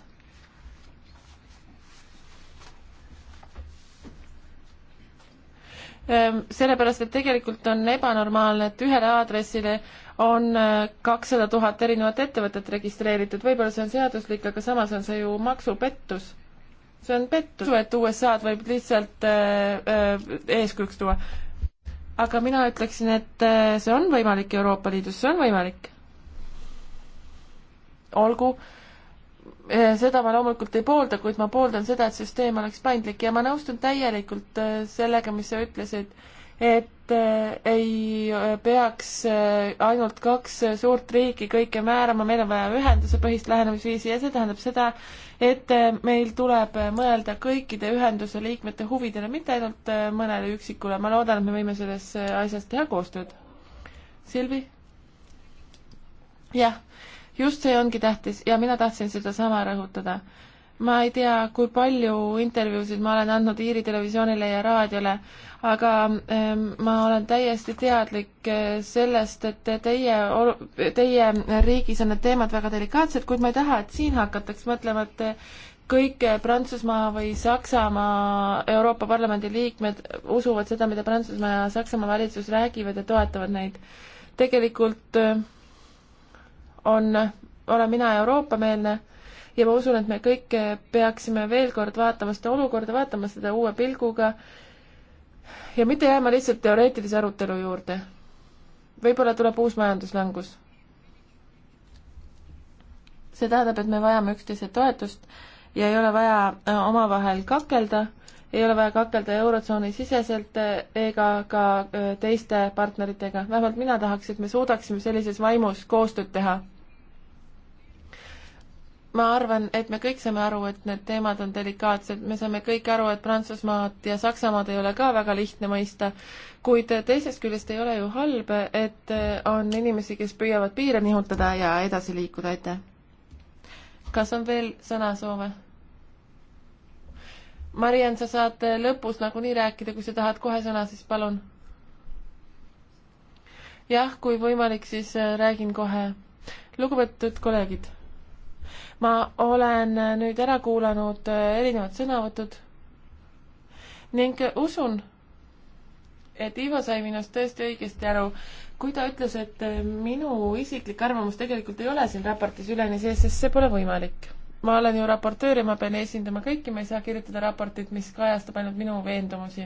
Ehm, sellepärast, et tegelikult on ebanormaalne, et ühele aadressile on kakssada tuhat erinevat ettevõtet registreeritud, võib-olla see on seaduslik, aga samas on see ju maksupettus see on pettus, et USA-d võib lihtsalt äh, äh, eeskujuks tuua. aga mina ütleksin, et äh, see on võimalik Euroopa Liidus, see on võimalik. olgu, äh, seda ma loomulikult ei poolda, kuid ma pooldan seda, et süsteem oleks paindlik ja ma nõustun täielikult sellega, mis sa ütlesid, et äh, ei ei peaks äh, ainult kaks äh, suurt riiki kõike määrama, meil on vaja ühendusepõhist lähenemisviisi ja see tähendab seda, et äh, meil tuleb mõelda kõikide ühenduse liikmete huvidele, mitte ainult mõnele üksikule. ma loodan, et me võime selles asjas teha koostööd. Silvi? jah, just see ongi tähtis ja mina tahtsin sedasama rõhutada ma ei tea, kui palju intervjuusid ma olen andnud Iiri televisioonile ja raadiole, aga ehm, ma olen täiesti teadlik eh, sellest, et teie, teie riigis on need teemad väga delikaatsed, kuid ma ei taha, et siin hakataks mõtlema, et kõik Prantsusmaa või Saksamaa Euroopa Parlamendi liikmed usuvad seda, mida Prantsusmaa ja Saksamaa valitsus räägivad ja toetavad neid. tegelikult eh, on, olen mina Euroopa-meelne ja ma usun, et me kõik peaksime veel kord vaatama seda olukorda, vaatama seda uue pilguga ja mitte jääma lihtsalt teoreetilise arutelu juurde. võib-olla tuleb uus majanduslangus. see tähendab, et me vajame üksteise toetust ja ei ole vaja äh, omavahel kakelda, ei ole vaja kakelda Eurotsooni siseselt äh, ega ka äh, teiste partneritega. vähemalt mina tahaks, et me suudaksime sellises vaimus koostööd teha ma arvan, et me kõik saame aru, et need teemad on delikaatsed, me saame kõik aru, et Prantsusmaad ja Saksamaad ei ole ka väga lihtne mõista, kuid teisest küljest ei ole ju halb, et on inimesi, kes püüavad piire nihutada ja edasi liikuda, aitäh. kas on veel sõnasoove? Mariann, sa saad lõpus nagunii rääkida, kui sa tahad kohe sõna, siis palun. jah, kui võimalik, siis räägin kohe. lugupeetud kolleegid ma olen nüüd ära kuulanud äh, erinevad sõnavõtud ning usun, et Ivo sai minust tõesti õigesti aru, kui ta ütles, et äh, minu isiklik arvamus tegelikult ei ole siin raportis üleni sees, sest see pole võimalik. ma olen ju raportöör ja ma pean esindama kõiki, ma ei saa kirjutada raportit, mis kajastab ainult minu veendumusi.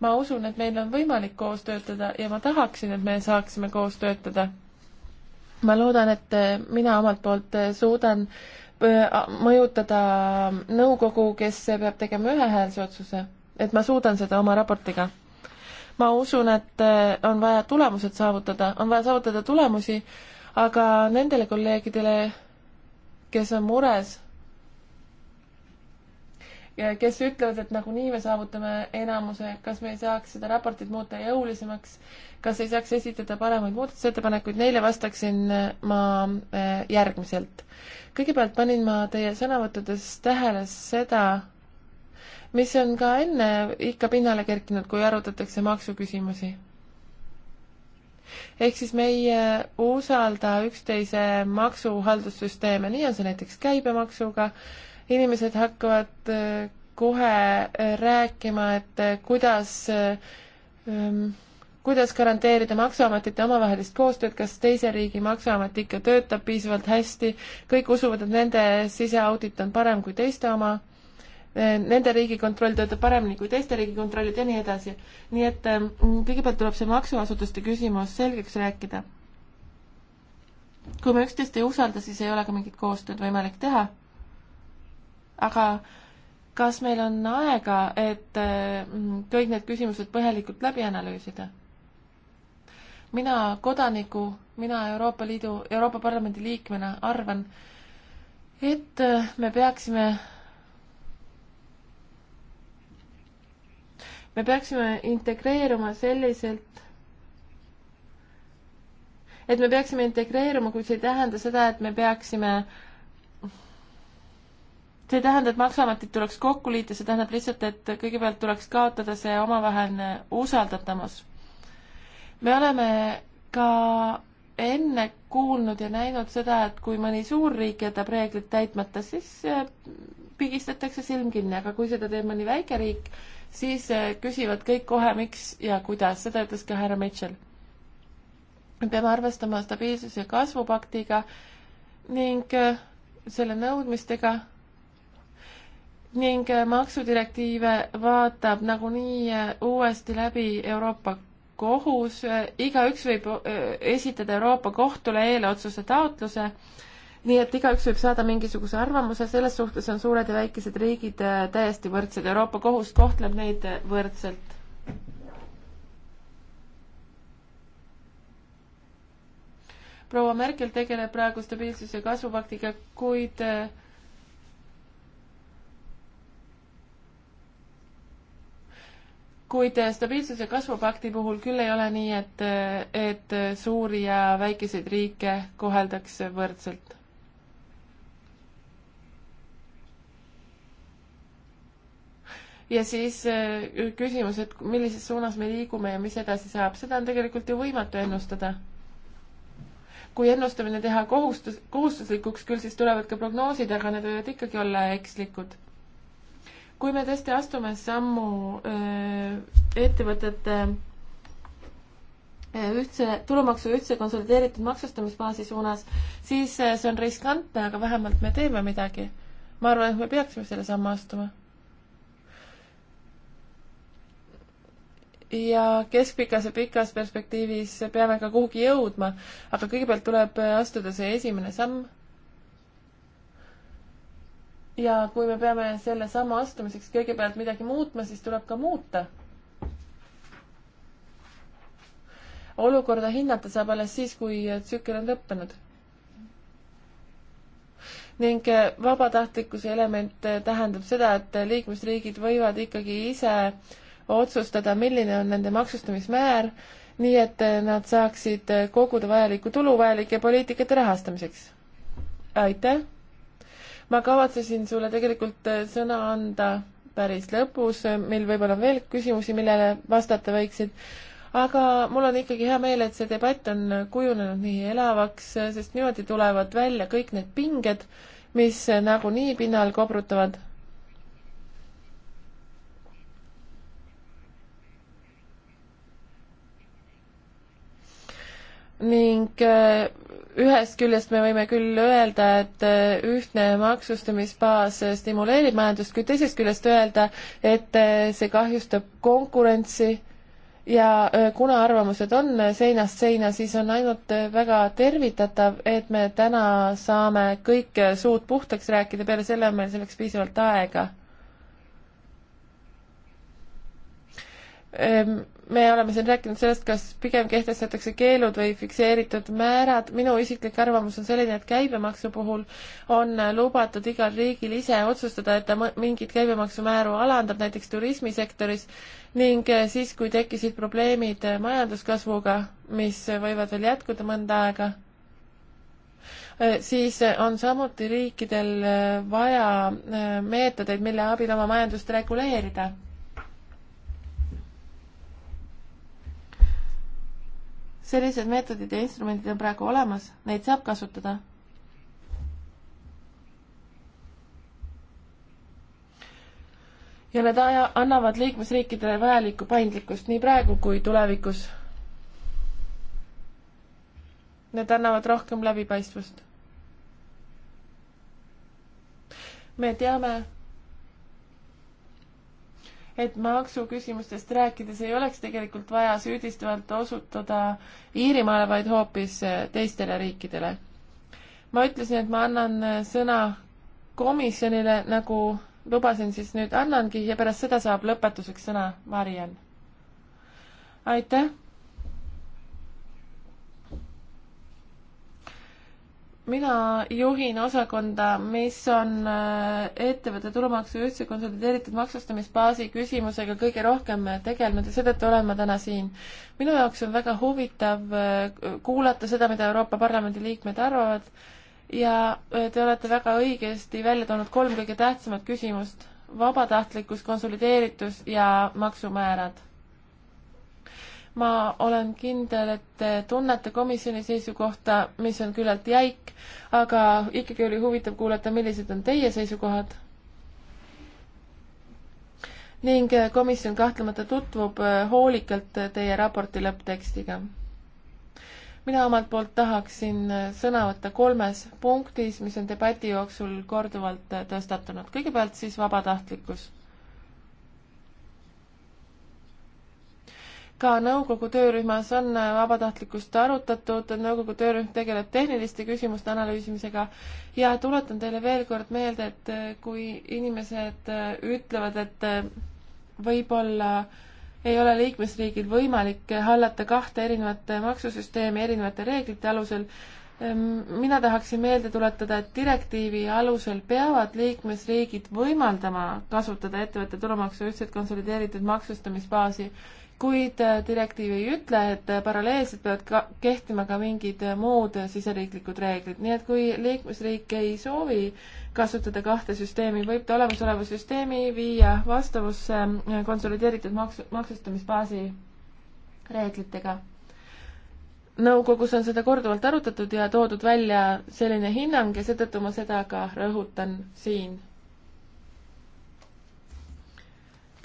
ma usun, et meil on võimalik koos töötada ja ma tahaksin, et me saaksime koos töötada ma loodan, et mina omalt poolt suudan äh, mõjutada nõukogu, kes peab tegema ühehäälse otsuse, et ma suudan seda oma raportiga. ma usun, et äh, on vaja tulemused saavutada, on vaja saavutada tulemusi, aga nendele kolleegidele, kes on mures kes ütlevad, et nagunii me saavutame enamuse, kas me ei saaks seda raportit muuta jõulisemaks, kas ei saaks esitada paremaid muudatusettepanekuid, neile vastaksin ma eh, järgmiselt. kõigepealt panin ma teie sõnavõttudes tähele seda, mis on ka enne ikka pinnale kerkinud, kui arutatakse maksuküsimusi ehk siis me ei usalda üksteise maksuhaldussüsteeme, nii on see näiteks käibemaksuga inimesed hakkavad äh, kohe äh, rääkima, et äh, kuidas, ähm, kuidas garanteerida Maksuametite omavahelist koostööd, kas teise riigi Maksuamet ikka töötab piisavalt hästi, kõik usuvad, et nende siseaudit on parem kui teiste oma, nende riigikontroll töötab paremini kui teiste riigikontrollid ja nii edasi. nii et ähm, kõigepealt tuleb see maksuasutuste küsimus selgeks rääkida. kui me üksteist ei usalda, siis ei ole ka mingit koostööd võimalik teha aga kas meil on aega, et äh, kõik need küsimused põhjalikult läbi analüüsida? mina kodaniku, mina Euroopa Liidu, Euroopa Parlamendi liikmena arvan, et äh, me peaksime, me peaksime integreeruma selliselt, et me peaksime integreeruma, kuid see ei tähenda seda, et me peaksime äh, see ei tähenda, et maksuametit tuleks kokku liita, see tähendab lihtsalt, et kõigepealt tuleks kaotada see omavaheline usaldatamas. me oleme ka enne kuulnud ja näinud seda, et kui mõni suurriik jätab reeglid täitmata, siis eh, pigistatakse silm kinni, aga kui seda teeb mõni väikeriik, siis eh, küsivad kõik kohe, miks ja kuidas, seda ütles ka härra Mitchell. me peame arvestama stabiilsuse kasvupaktiga ning eh, selle nõudmistega ning äh, maksudirektiive vaatab nagunii äh, uuesti läbi Euroopa kohus, igaüks võib äh, esitada Euroopa kohtule eelotsuse taotluse, nii et igaüks võib saada mingisuguse arvamuse, selles suhtes on suured ja väikesed riigid täiesti võrdsed, Euroopa kohus kohtleb neid võrdselt. proua Merkel tegeleb praegu stabiilsuse kasvupaktiga, kuid äh, kuid äh, stabiilsuse kasvupakti puhul küll ei ole nii, et, äh, et äh, suuri ja väikeseid riike koheldakse võrdselt. ja siis küsimus, et millises suunas me liigume ja mis edasi saab, seda on tegelikult ju võimatu ennustada kui ennustamine teha kohustus, kohustuslikuks küll, siis tulevad ka prognoosid, aga need võivad ikkagi olla ekslikud kui me tõesti astume sammu ettevõtete ühtse, tulumaksu ühtse konsolideeritud maksustamisbaasi suunas, siis see on riskantne, aga vähemalt me teeme midagi. ma arvan, et me peaksime selle sammu astuma. ja keskpikas ja pikas perspektiivis peame ka kuhugi jõudma, aga kõigepealt tuleb astuda see esimene samm ja kui me peame selle sammu astumiseks kõigepealt midagi muutma, siis tuleb ka muuta. olukorda hinnata saab alles siis, kui tsükkel on lõppenud. ning eh, vabatahtlikkuse element eh, tähendab seda, et liikmesriigid võivad ikkagi ise otsustada, milline on nende maksustamismäär, nii et eh, nad saaksid koguda vajalikku tulu vajalike poliitikate rahastamiseks. aitäh! ma kavatsesin sulle tegelikult äh, sõna anda päris lõpus, äh, meil võib-olla on veel küsimusi, millele vastata võiksid, aga mul on ikkagi hea meel, et see debatt on kujunenud nii elavaks, äh, sest niimoodi tulevad välja kõik need pinged, mis nagunii pinnal kobrutavad. ning ühest küljest me võime küll öelda, et äh, ühtne maksustamisbaas stimuleerib majandust, kuid teisest küljest öelda, et äh, see kahjustab konkurentsi ja äh, kuna arvamused on seinast seina, siis on ainult väga tervitatav, et me täna saame kõik suud puhtaks rääkida, peale selle on meil selleks piisavalt aega Ehm, me oleme siin rääkinud sellest, kas pigem kehtestatakse keelud või fikseeritud määrad. minu isiklik arvamus on selline, et käibemaksu puhul on lubatud igal riigil ise otsustada, et ta mingit käibemaksumääru alandab, näiteks turismisektoris ning eh, siis, kui tekkisid probleemid eh, majanduskasvuga, mis võivad veel jätkuda mõnda aega, eh, siis on samuti riikidel vaja meetodeid, mille abil oma majandust reguleerida sellised meetodid ja instrumendid on praegu olemas, neid saab kasutada. ja need aja, annavad liikmesriikidele vajalikku paindlikkust nii praegu kui tulevikus. Need annavad rohkem läbipaistvust. me teame, et maksuküsimustest rääkides ei oleks tegelikult vaja süüdistavalt osutada Iirimaale, vaid hoopis äh, teistele riikidele. ma ütlesin, et ma annan äh, sõna komisjonile, nagu lubasin, siis nüüd annangi ja pärast seda saab lõpetuseks sõna Mariann. aitäh mina juhin osakonda, mis on äh, ettevõtte tulumaksu ühtse konsolideeritud maksustamisbaasi küsimusega kõige rohkem tegelenud ja seetõttu olen ma täna siin. minu jaoks on väga huvitav äh, kuulata seda, mida Euroopa Parlamendi liikmed arvavad ja äh, te olete väga õigesti välja toonud kolm kõige tähtsamat küsimust, vabatahtlikkus, konsolideeritus ja maksumäärad ma olen kindel, et te tunnete komisjoni seisukohta, mis on küllalt jäik, aga ikkagi oli huvitav kuulata, millised on teie seisukohad. ning komisjon kahtlemata tutvub äh, hoolikalt teie raporti lõpptekstiga. mina omalt poolt tahaksin äh, sõna võtta kolmes punktis, mis on debati jooksul korduvalt äh, tõstatunud. kõigepealt siis vabatahtlikkus ka nõukogu töörühmas on vabatahtlikkust arutatud, nõukogu töörühm tegeleb tehniliste küsimuste analüüsimisega ja tuletan teile veel kord meelde, et kui inimesed ütlevad, et võib-olla ei ole liikmesriigil võimalik hallata kahte erinevat maksusüsteemi erinevate reeglite alusel, ehm, mina tahaksin meelde tuletada, et direktiivi alusel peavad liikmesriigid võimaldama kasutada ettevõtte tulumaksu ühtset konsolideeritud maksustamisbaasi kuid äh, direktiiv ei ütle, et äh, paralleelselt peavad ka kehtima ka mingid äh, muud siseriiklikud reeglid, nii et kui liikmesriik ei soovi kasutada kahte süsteemi, võib ta olemasoleva süsteemi viia vastavusse konsolideeritud maksu, maksustamisbaasi reeglitega. nõukogus on seda korduvalt arutatud ja toodud välja selline hinnang ja seetõttu ma seda ka rõhutan siin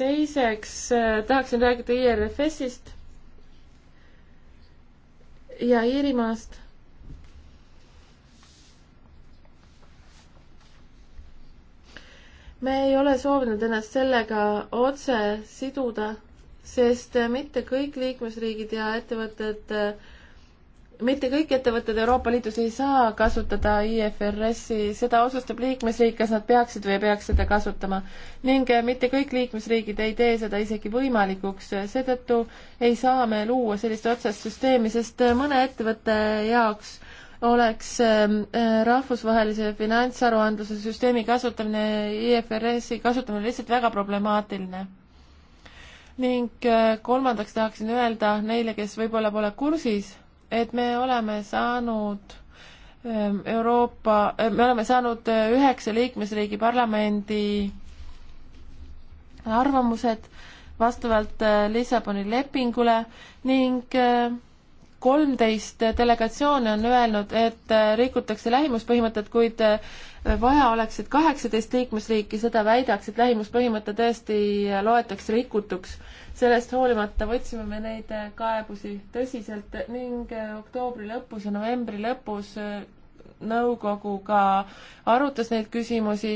teiseks äh, tahaksin rääkida IRFS-ist ja Iirimaast. me ei ole soovinud ennast sellega otse siduda, sest äh, mitte kõik liikmesriigid ja ettevõtted et äh, mitte kõik ettevõtted Euroopa Liidus ei saa kasutada IFRS-i, seda otsustab liikmesriik, kas nad peaksid või ei peaks seda kasutama. ning eh, mitte kõik liikmesriigid ei tee seda isegi võimalikuks, eh, seetõttu ei saa me luua sellist otsest süsteemi, sest eh, mõne ettevõtte jaoks oleks rahvusvahelise finantsaruandluse süsteemi kasutamine, IFRS-i kasutamine lihtsalt väga problemaatiline ning kolmandaks tahaksin öelda neile, kes võib-olla pole kursis, et me oleme saanud ähm, Euroopa, äh, me oleme saanud äh, üheksa liikmesriigi parlamendi arvamused vastavalt äh, Lissaboni lepingule ning kolmteist delegatsioone on öelnud, et äh, rikutakse lähimuspõhimõtet, kuid äh, vaja oleks, et kaheksateist liikmesriiki seda väidaks, et lähimuspõhimõte tõesti äh, loetakse rikutuks. sellest hoolimata võtsime me neid kaebusi tõsiselt ning oktoobri lõpus ja novembri lõpus nõukogu ka arutas neid küsimusi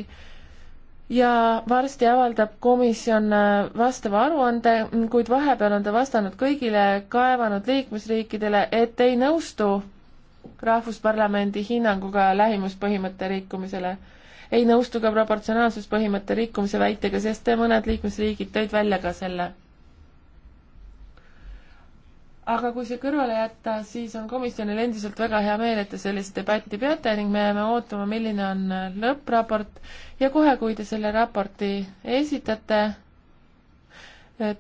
ja varsti avaldab komisjon äh, vastava aruande, kuid vahepeal on ta vastanud kõigile kaevanud liikmesriikidele, et ei nõustu Rahvusparlamendi hinnanguga lähimuspõhimõtte rikkumisele. ei nõustu ka proportsionaalsuspõhimõtte rikkumise väitega, sest mõned liikmesriigid tõid välja ka selle aga kui see kõrvale jätta, siis on komisjonil endiselt väga hea meel, et te sellist debatti peate ning me jääme ootama, milline on lõppraport ja kohe, kui te selle raporti esitate,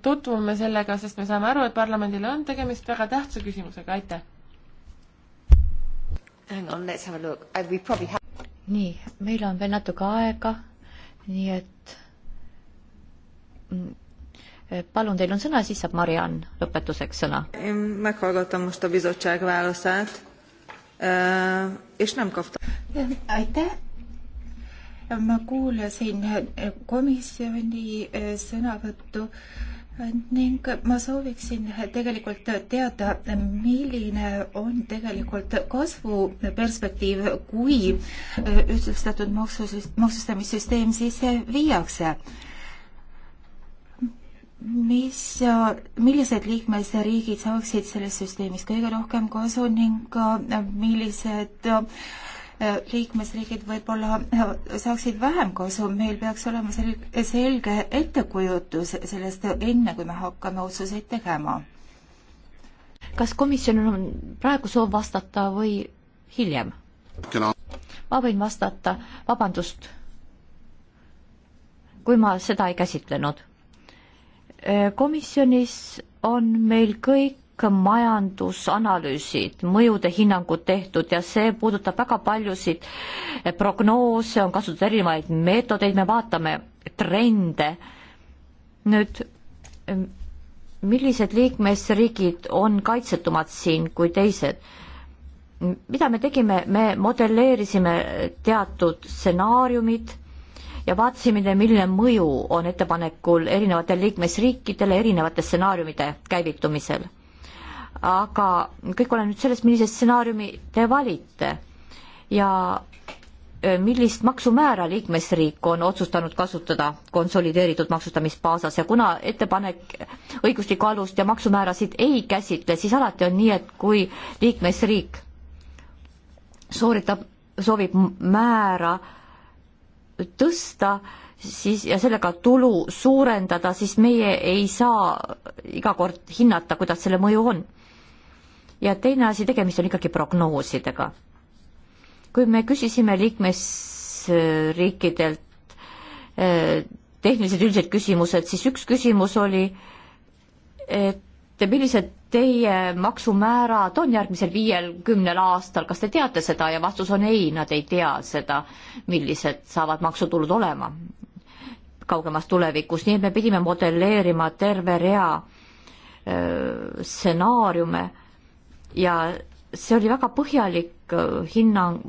tutvume sellega, sest me saame aru, et parlamendile on tegemist väga tähtsa küsimusega, aitäh! Uh, nii, meil on veel natuke aega, nii et mm, Eh, palun, teil on sõna, siis saab Mariann lõpetuseks sõna. Eh, eh, aitäh. ma kuulasin komisjoni sõnavõttu ning ma sooviksin tegelikult teada, milline on tegelikult kasvuperspektiiv, kui ühtlustatud maksusüst-, maksustamissüsteem sisse viiakse mis, millised liikmesriigid saaksid sellest süsteemist kõige rohkem kasu ning millised äh, liikmesriigid võib-olla äh, saaksid vähem kasu, meil peaks olema sel-, selge ettekujutus sellest, enne kui me hakkame otsuseid tegema. kas komisjonil on praegu soov vastata või hiljem? ma võin vastata, vabandust, kui ma seda ei käsitlenud Äh, komisjonis on meil kõik majandusanalüüsid, mõjude hinnangud tehtud ja see puudutab väga paljusid äh, prognoose, on kasutatud erinevaid meetodeid, me vaatame trende. nüüd ähm, millised liikmesriigid on kaitsetumad siin kui teised? mida me tegime, me modelleerisime teatud stsenaariumid ja vaatasime, milline mõju on ettepanekul erinevatele liikmesriikidele erinevate stsenaariumide käivitumisel. aga kõik oleneb nüüd sellest, millise stsenaariumi te valite ja millist maksumäära liikmesriik on otsustanud kasutada konsolideeritud maksustamisbaasas ja kuna ettepanek õiguslikku alust ja maksumäärasid ei käsitle, siis alati on nii, et kui liikmesriik sooritab, soovib määra tõsta, siis ja sellega tulu suurendada, siis meie ei saa iga kord hinnata, kuidas selle mõju on. ja teine asi, tegemist on ikkagi prognoosidega. kui me küsisime liikmesriikidelt eh, tehnilised üldised küsimused, siis üks küsimus oli, et et millised teie maksumäärad on järgmisel viiel-kümnel aastal, kas te teate seda ja vastus on ei, nad ei tea seda, millised saavad maksutulud olema kaugemas tulevikus, nii et me pidime modelleerima terve rea stsenaariume ja see oli väga põhjalik hinnang,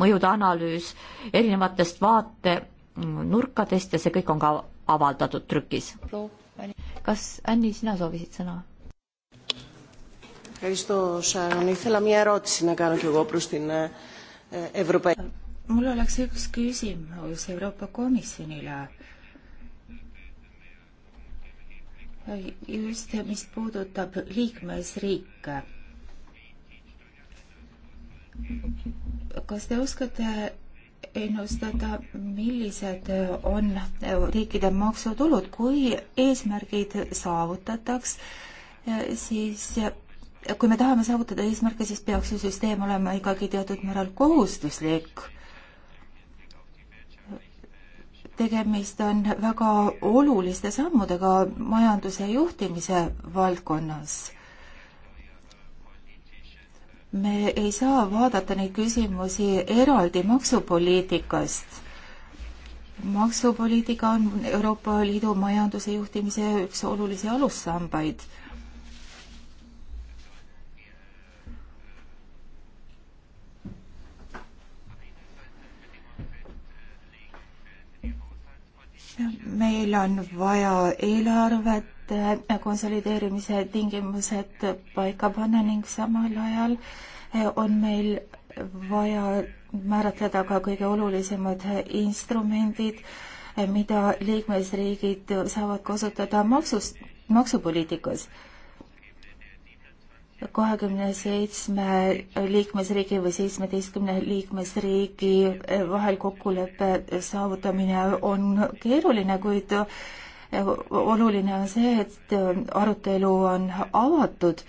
mõjude analüüs erinevatest vaatenurkadest ja see kõik on ka avaldatud trükis no kas Anni, sina soovisid sõna? mul oleks üks küsimus Euroopa Komisjonile. just, mis puudutab liikmesriike. kas te oskate ennustada, millised on riikide maksutulud, kui eesmärgid saavutataks, siis kui me tahame saavutada eesmärke, siis peaks ju süsteem olema ikkagi teatud määral kohustuslik. tegemist on väga oluliste sammudega majanduse juhtimise valdkonnas me ei saa vaadata neid küsimusi eraldi maksupoliitikast. maksupoliitika on Euroopa Liidu majanduse juhtimise üks olulisi alussambaid meil on vaja eelarvet konsolideerimise tingimused paika panna ning samal ajal eh, on meil vaja määratleda ka kõige olulisemad instrumendid, eh, mida liikmesriigid saavad kasutada maksust, maksupoliitikas kahekümne seitsme liikmesriigi või seitsmeteistkümne liikmesriigi vahel kokkuleppe saavutamine on keeruline, kuid oluline on see, et arutelu on avatud.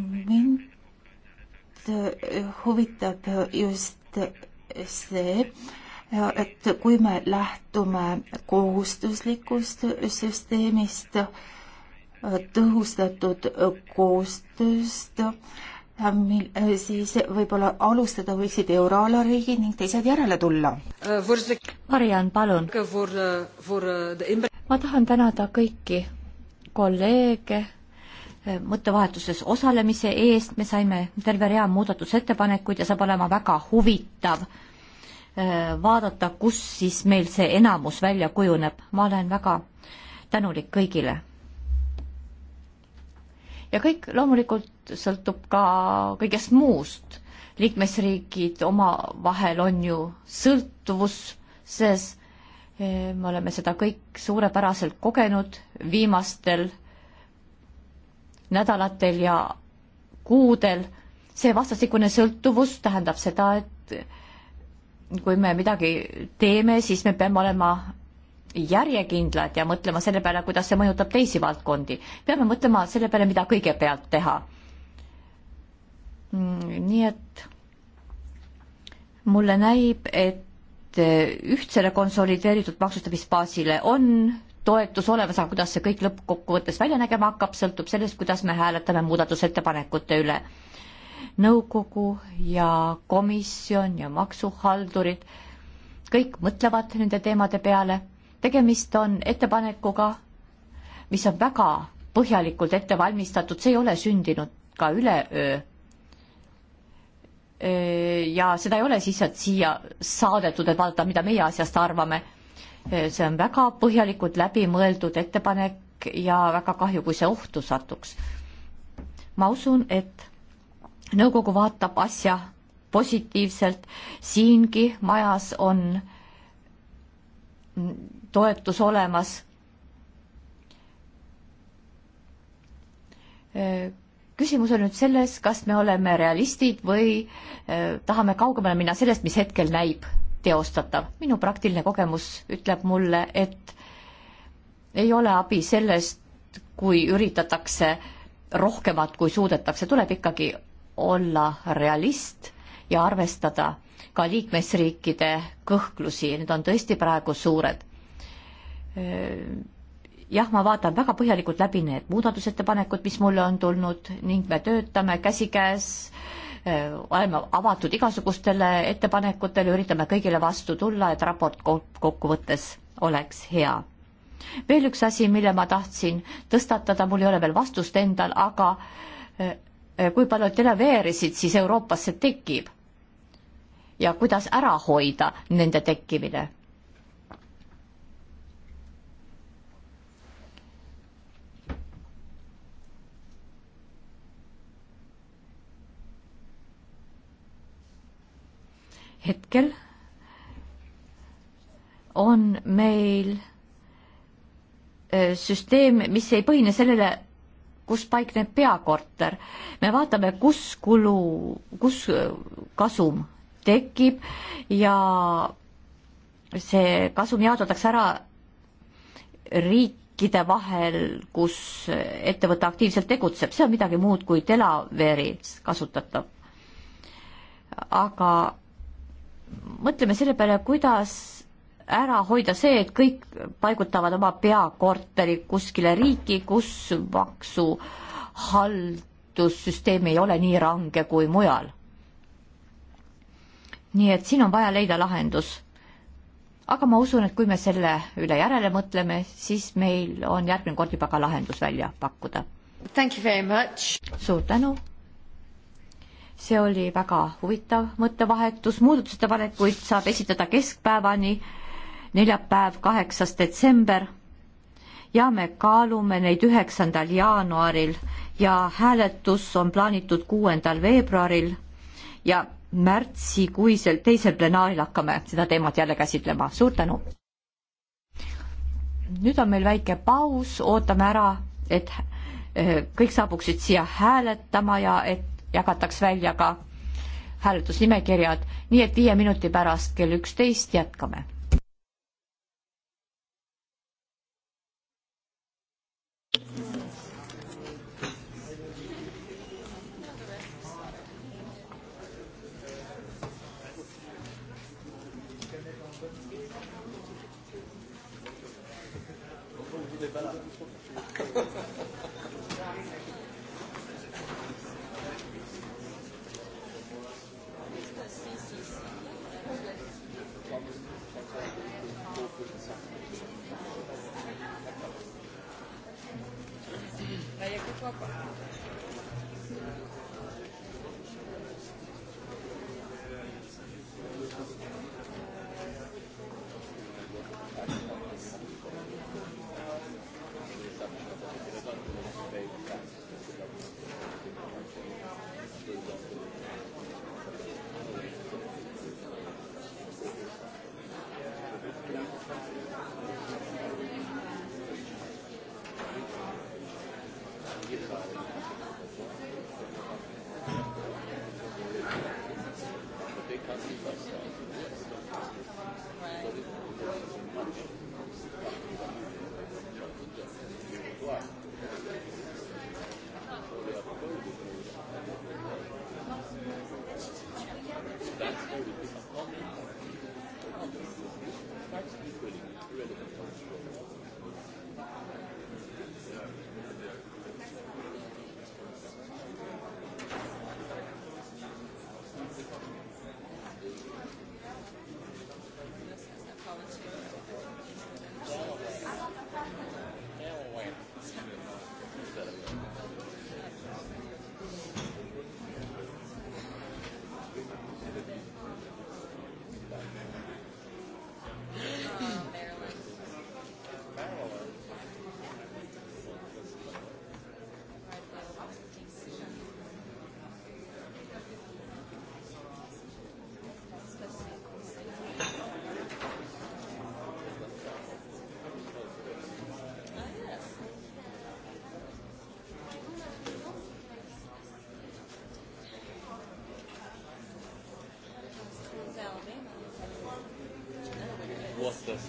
mind huvitab just see, et kui me lähtume kohustuslikust süsteemist, tõhustatud koostööst, mil siis võib-olla alustada võiksid euroala riigid ning teised järele tulla. Mariann, palun. ma tahan tänada kõiki kolleege mõttevahetuses osalemise eest, me saime terve rea muudatusettepanekuid ja saab olema väga huvitav vaadata, kus siis meil see enamus välja kujuneb. ma olen väga tänulik kõigile. ja kõik loomulikult sõltub ka kõigest muust. liikmesriigid omavahel on ju sõltuvuses, me oleme seda kõik suurepäraselt kogenud viimastel nädalatel ja kuudel. see vastastikune sõltuvus tähendab seda, et kui me midagi teeme, siis me peame olema järjekindlad ja mõtlema selle peale, kuidas see mõjutab teisi valdkondi. peame mõtlema selle peale, mida kõigepealt teha. Mm, nii et mulle näib, et ühtsele konsolideeritud maksustamisbaasile on toetus olemas, aga kuidas see kõik lõppkokkuvõttes välja nägema hakkab, sõltub sellest, kuidas me hääletame muudatusettepanekute üle nõukogu ja komisjon ja maksuhaldurid kõik mõtlevad nende teemade peale. tegemist on ettepanekuga, mis on väga põhjalikult ette valmistatud, see ei ole sündinud ka üleöö. ja seda ei ole lihtsalt siia saadetud, et vaadata, mida meie asjast arvame. see on väga põhjalikult läbimõeldud ettepanek ja väga kahju, kui see ohtu satuks. ma usun, et nõukogu vaatab asja positiivselt, siingi majas on toetus olemas. küsimus on nüüd selles, kas me oleme realistid või eh, tahame kaugemale minna sellest, mis hetkel näib teostatav. minu praktiline kogemus ütleb mulle, et ei ole abi sellest, kui üritatakse rohkemat, kui suudetakse, tuleb ikkagi olla realist ja arvestada ka liikmesriikide kõhklusi, need on tõesti praegu suured. jah, ma vaatan väga põhjalikult läbi need muudatusettepanekud, mis mulle on tulnud ning me töötame käsikäes, äh, oleme avatud igasugustele ettepanekutele, üritame kõigile vastu tulla, et raport kokkuvõttes oleks hea veel üks asi, mille ma tahtsin tõstatada, mul ei ole veel vastust endal, aga äh, Eh, kui palju televeerisid siis Euroopasse tekib ja kuidas ära hoida nende tekkimine. hetkel on meil eh, süsteem, mis ei põhine sellele, kus paikneb peakorter. me vaatame, kus kulu, kus äh, kasum tekib ja see kasum jaotatakse ära riikide vahel, kus ettevõte aktiivselt tegutseb, see on midagi muud kui Delaware'is kasutatav. aga mõtleme selle peale, kuidas ära hoida see, et kõik paigutavad oma peakorteri kuskile riiki, kus maksuhaldussüsteem ei ole nii range kui mujal. nii et siin on vaja leida lahendus. aga ma usun, et kui me selle üle järele mõtleme, siis meil on järgmine kord juba ka lahendus välja pakkuda. suur tänu see oli väga huvitav mõttevahetus, muudatusettepanekuid saab esitada keskpäevani neljapäev, kaheksas detsember ja me kaalume neid üheksandal jaanuaril ja hääletus on plaanitud kuuendal veebruaril ja märtsikuisel teisel plenaaril hakkame seda teemat jälle käsitlema. suur tänu! nüüd on meil väike paus, ootame ära, et eh, kõik saabuksid siia hääletama ja et jagataks välja ka hääletusnimekirjad, nii et viie minuti pärast kell üksteist jätkame was das?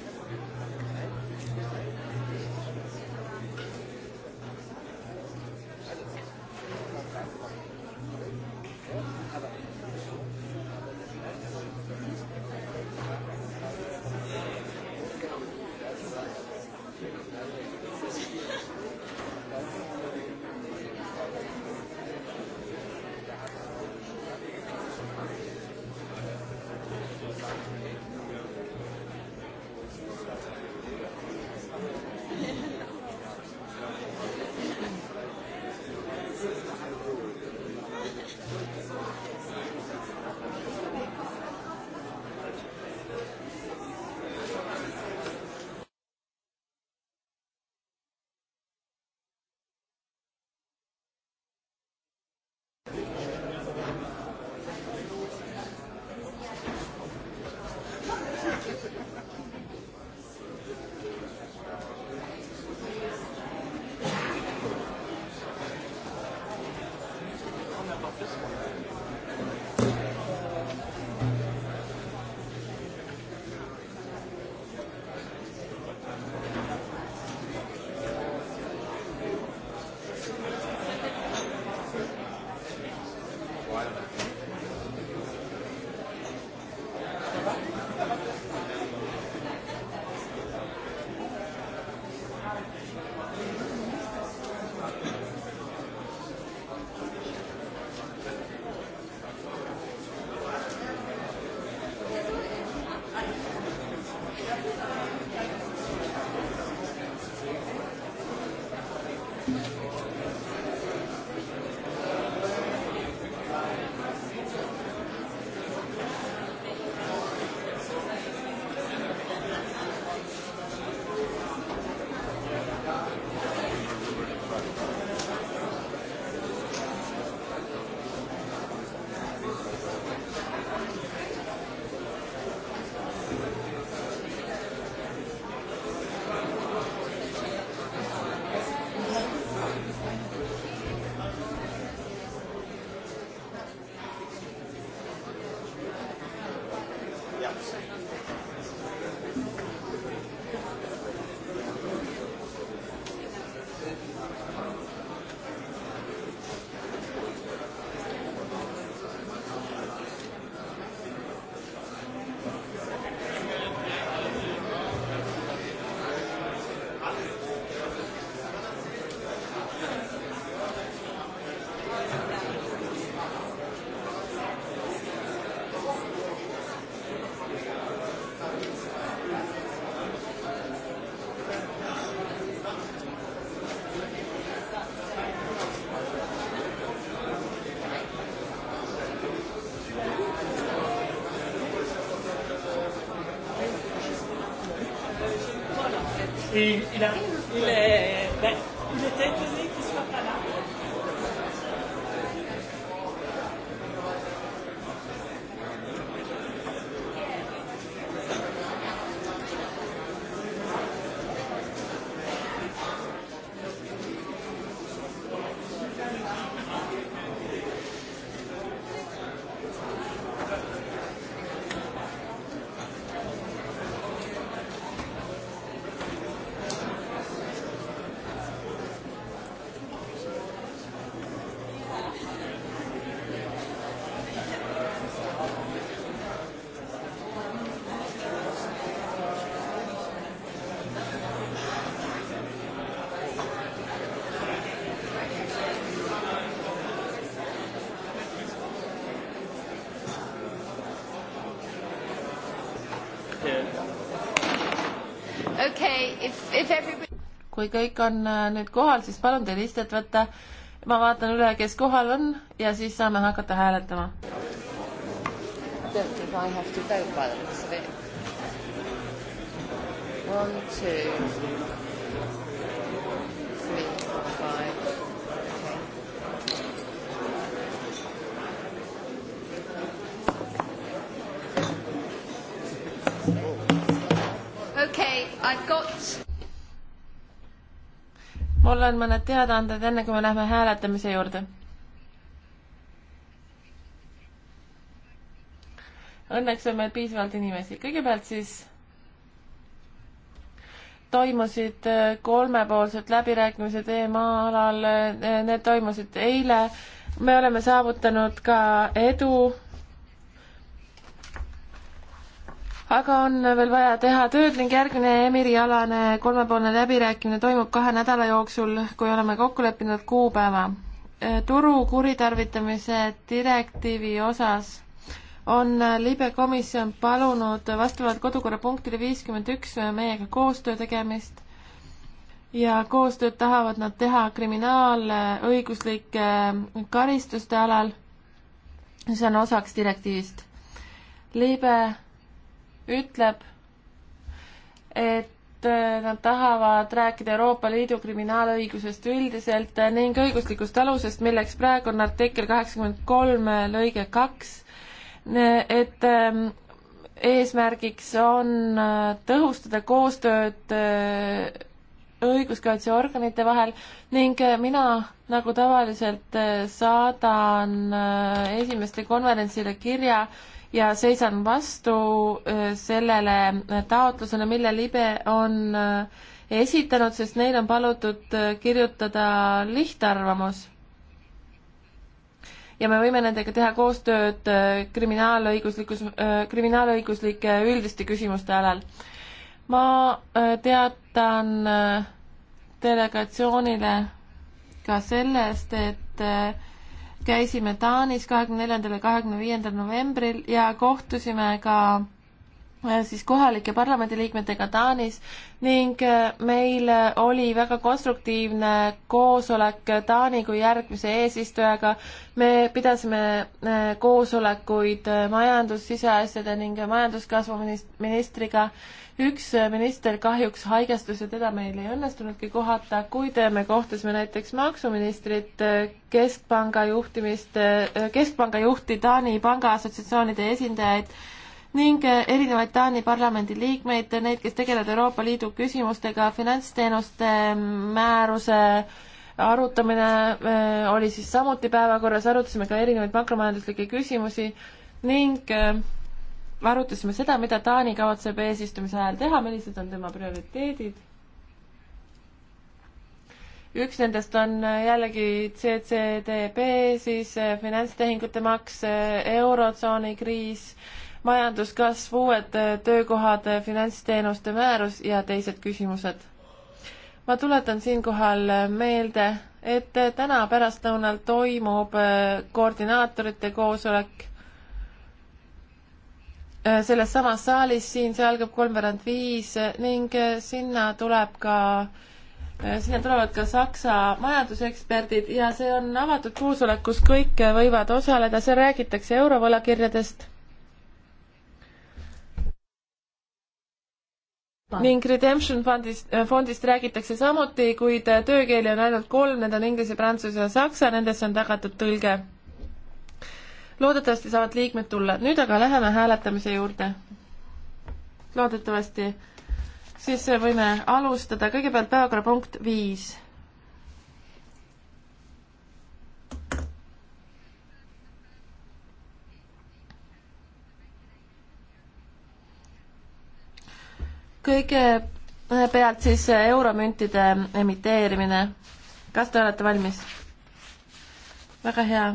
Et il arrive kui kõik on äh, nüüd kohal, siis palun teil istet võtta. ma vaatan üle, kes kohal on ja siis saame hakata hääletama. One, two. on mõned teadaanded, enne kui me läheme hääletamise juurde. Õnneks on meil piisavalt inimesi. kõigepealt siis toimusid äh, kolmepoolsed läbirääkimised EMA-alal, äh, need toimusid eile. me oleme saavutanud ka edu aga on veel vaja teha tööd ning järgmine emirialane kolmepoolne läbirääkimine toimub kahe nädala jooksul, kui oleme kokku leppinud kuupäeva. Äh, turu kuritarvitamise direktiivi osas on libe komisjon palunud vastavalt kodukorra punktile viiskümmend üks meiega koostöö tegemist ja koostööd tahavad nad teha kriminaalõiguslike karistuste alal, see on osaks direktiivist. libe ütleb, et äh, nad tahavad rääkida Euroopa Liidu kriminaalõigusest üldiselt äh, ning õiguslikust alusest, milleks praegu on artikkel kaheksakümmend kolm äh, lõige kaks, et ähm, eesmärgiks on tõhustada koostööd õiguskaitseorganite vahel ning äh, mina nagu tavaliselt äh, saadan äh, esimeste konverentsile kirja ja seisan vastu sellele taotlusele, mille libe on esitanud, sest neil on palutud kirjutada lihtarvamus. ja me võime nendega teha koostööd kriminaalõiguslikus, kriminaalõiguslike üldiste küsimuste alal ma äh, teatan äh, delegatsioonile ka sellest, et äh, käisime Taanis kahekümne neljandal ja kahekümne viiendal novembril ja kohtusime ka Äh, siis kohalike parlamendiliikmetega Taanis ning äh, meil oli väga konstruktiivne koosolek Taani kui järgmise eesistujaga. me pidasime äh, koosolekuid majandus, siseasjade ning majanduskasvu ministriga. üks minister kahjuks haigestus ja teda meil ei õnnestunudki kohata, kuid me kohtasime näiteks maksuministrit, keskpanga juhtimist, keskpanga juhti, Taani pangaassotsiatsioonide esindajaid ning eh, erinevaid Taani parlamendi liikmeid, neid, kes tegelevad Euroopa Liidu küsimustega, finantsteenuste mm, määruse arutamine eh, oli siis samuti päevakorras, arutasime ka erinevaid makromajanduslikke küsimusi ning eh, arutasime seda, mida Taani kavatseb eesistumise ajal teha, millised on tema prioriteedid üks nendest on jällegi CCDB, siis finantstehingute maks, eurotsooni kriis majanduskasv, uued äh, töökohad, äh, finantsteenuste määrus ja teised küsimused. ma tuletan siinkohal äh, meelde, et täna pärastlõunal toimub koordinaatorite koosolek selles samas saalis, siin see algab kolmveerand viis ning sinna tuleb ka sinna tulevad ka Saksa majanduseksperdid ja see on avatud koosolek, kus kõik võivad osaleda, seal räägitakse eurovõlakirjadest ning Redemption fondist, äh, fondist räägitakse samuti, kuid äh, töökeeli on ainult kolm, need on inglise, prantsuse ja saksa, nendesse on tagatud tõlge. loodetavasti saavad liikmed tulla, nüüd aga läheme hääletamise juurde. loodetavasti siis äh, võime alustada, kõigepealt päevakorrapunkt viis kõigepealt siis äh, euromüntide emiteerimine. kas te olete valmis? väga hea.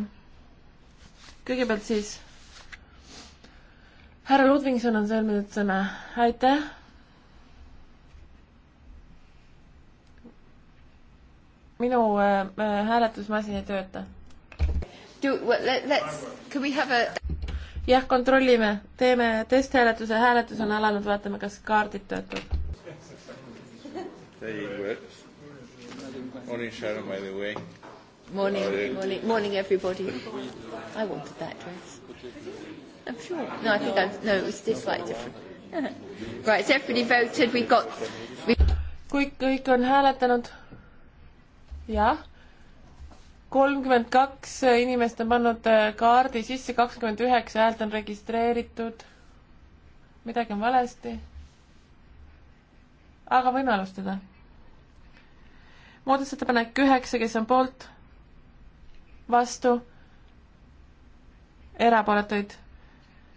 kõigepealt siis härra Ludvingson on sõlminud sõna, aitäh. minu äh, äh, hääletusmasin äh, ei tööta. Do, let, let's, can we have a jah, kontrollime, teeme testhääletuse, hääletus on alanud, vaatame, kas kaardid töötavad. Morning, Sharon, by the way. Morning, morning, morning, everybody. I wanted that dress. I'm sure. No, I think I've, no, it was just slightly different. (laughs) right, so everybody voted, we got... We... kui kõik on hääletanud? jah kolmkümmend kaks inimest on pannud äh, kaardi sisse, kakskümmend üheksa häält on registreeritud. midagi on valesti. aga võime alustada. muudatusettepanek üheksa, kes on poolt? vastu? erapooletuid?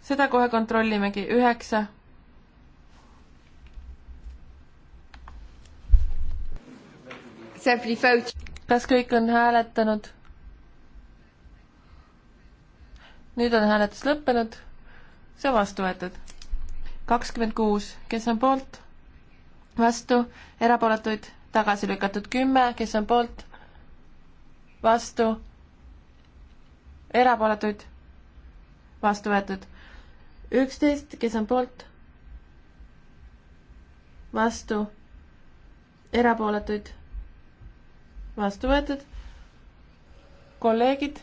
seda kohe kontrollimegi, üheksa Simply vote kas kõik on hääletanud? nüüd on hääletus lõppenud, see on vastu võetud. kakskümmend kuus, kes on poolt? vastu, erapooletuid tagasi lükatud kümme, kes on poolt? vastu, erapooletuid vastu võetud üksteist, kes on poolt? vastu, erapooletuid vastu võetud. kolleegid,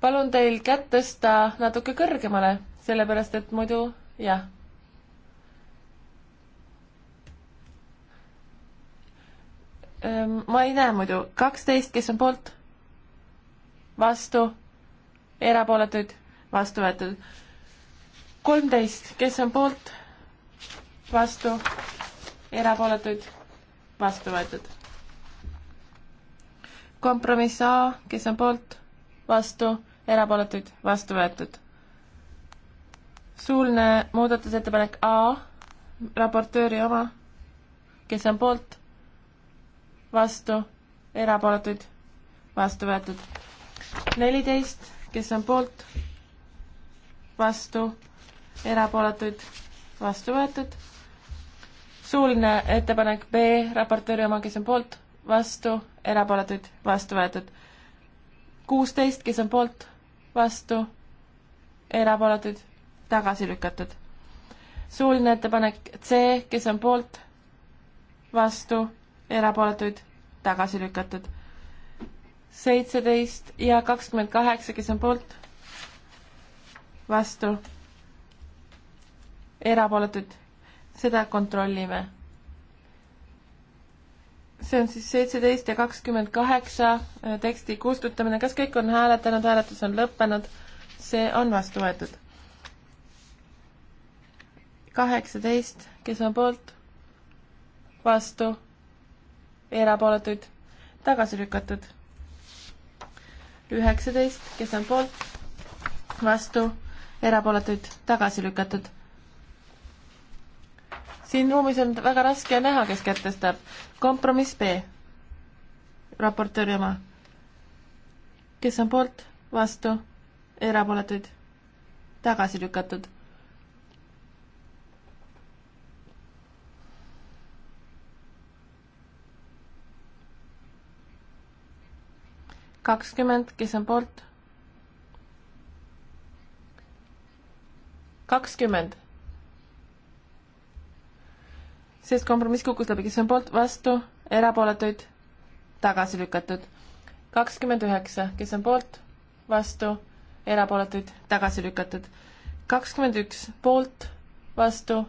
palun teil kätt tõsta natuke kõrgemale, sellepärast et muidu jah. Ehm, ma ei näe muidu, kaksteist, kes on poolt, vastu, erapooletuid, vastu võetud. kolmteist, kes on poolt, vastu, erapooletuid, vastu võetud kompromiss A, kes on poolt, vastu, erapooletuid, vastu võetud. suuline muudatusettepanek A, raportööri oma, kes on poolt, vastu, erapooletuid, vastu võetud. neliteist, kes on poolt, vastu, erapooletuid, vastu võetud. suuline ettepanek B, raportööri oma, kes on poolt vastu, erapooletuid, vastu võetud. kuusteist, kes on poolt, vastu, erapooletuid, tagasi lükatud. suuline ettepanek C, kes on poolt, vastu, erapooletuid, tagasi lükatud. seitseteist ja kakskümmend kaheksa, kes on poolt, vastu, erapooletuid, seda kontrollime see on siis seitseteist ja kakskümmend kaheksa äh, teksti kustutamine, kas kõik on hääletanud, hääletus on lõppenud, see on vastu võetud. kaheksateist, kes on poolt, vastu, erapooletuid, tagasi lükatud. üheksateist, kes on poolt, vastu, erapooletuid, tagasi lükatud siin ruumis on väga raske näha, kes kätt tõstab. kompromiss B, raportööri oma. kes on poolt, vastu, erapooletuid, tagasi lükatud kakskümmend, kes on poolt? kakskümmend sest kompromiss kukkus läbi, kes on poolt, vastu, erapooletuid, tagasi lükatud. kakskümmend üheksa, kes on poolt, vastu, erapooletuid, tagasi lükatud. kakskümmend üks, poolt, vastu,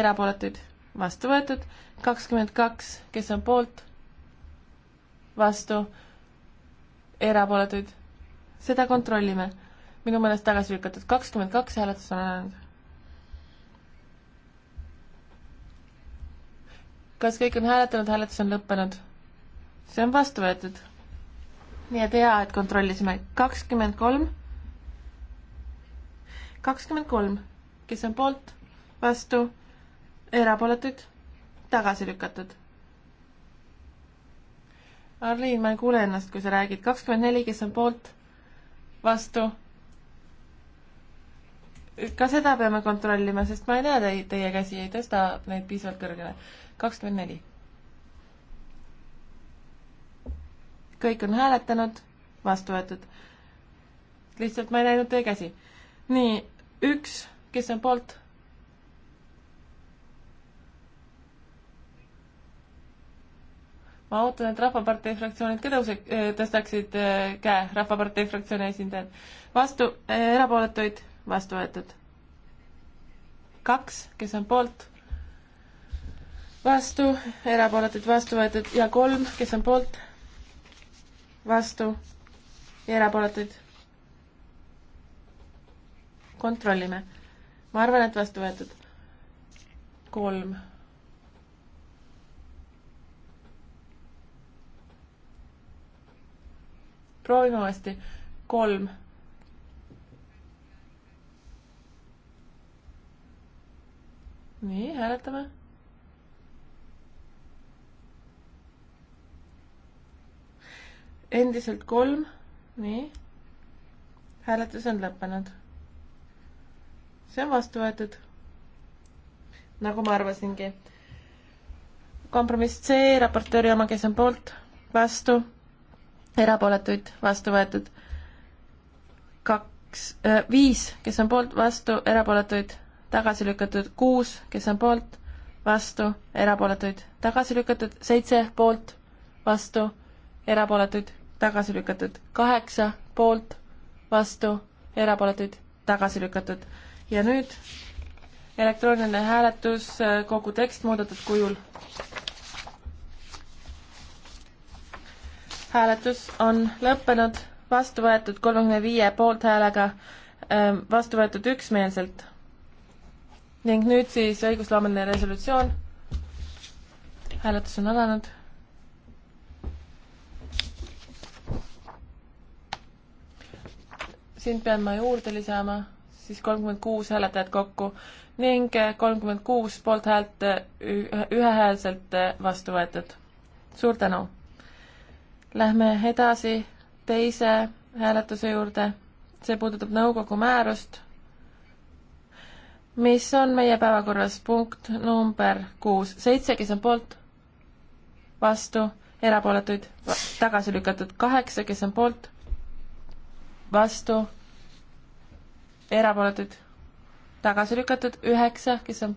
erapooletuid, vastu võetud. kakskümmend kaks, kes on poolt, vastu, erapooletuid. seda kontrollime. minu meelest tagasi lükatud kakskümmend kaks hääletust on olnud. kas kõik on hääletanud, hääletus on lõppenud? see on vastu võetud. nii et hea, et kontrollisime. kakskümmend kolm. kakskümmend kolm, kes on poolt, vastu, erapooletuid, tagasi lükatud. Arliin, ma ei kuule ennast, kui sa räägid. kakskümmend neli, kes on poolt, vastu ka seda peame kontrollima, sest ma ei näe teid, teie käsi ei tõsta neid piisavalt kõrgele. kakskümmend neli. kõik on hääletanud, vastu võetud. lihtsalt ma ei näinud teie käsi. nii, üks, kes on poolt? ma ootan, et Rahvapartei fraktsioonid ka tõuse-, tõstaksid äh, käe, Rahvapartei fraktsiooni esindajad. vastu, äh, erapooletuid vastu võetud. kaks, kes on poolt, vastu, erapooletud, vastu võetud ja kolm, kes on poolt, vastu ja erapooletuid. kontrollime. ma arvan, et vastu võetud. kolm proovime uuesti. kolm nii, hääletame. endiselt kolm, nii. hääletus on lõppenud. see on vastu võetud. nagu ma arvasingi. kompromiss C, raportööri oma, kes on poolt, vastu, erapooletuid, vastu võetud. kaks äh,, viis, kes on poolt, vastu, erapooletuid tagasi lükatud kuus, kes on poolt, vastu, erapooletuid, tagasi lükatud seitse poolt, vastu, erapooletuid, tagasi lükatud kaheksa poolt, vastu, erapooletuid, tagasi lükatud. ja nüüd elektrooniline hääletus, äh, kogu tekst muudetud kujul. hääletus on lõppenud, vastu võetud kolmekümne viie poolthäälega, ähm, vastu võetud üksmeelselt ning nüüd siis õigusloomeline resolutsioon. hääletus on alanud. siin pean ma juurde lisama siis kolmkümmend kuus hääletajat kokku ning kolmkümmend kuus poolthäält ühehäälselt vastu võetud. suur tänu! Lähme edasi teise hääletuse juurde. see puudutab nõukogu määrust mis on meie päevakorras punkt number kuus, seitse, kes on poolt, vastu, erapooletuid, tagasi lükatud, kaheksa, kes on poolt, vastu, erapooletuid, tagasi lükatud, üheksa, kes on,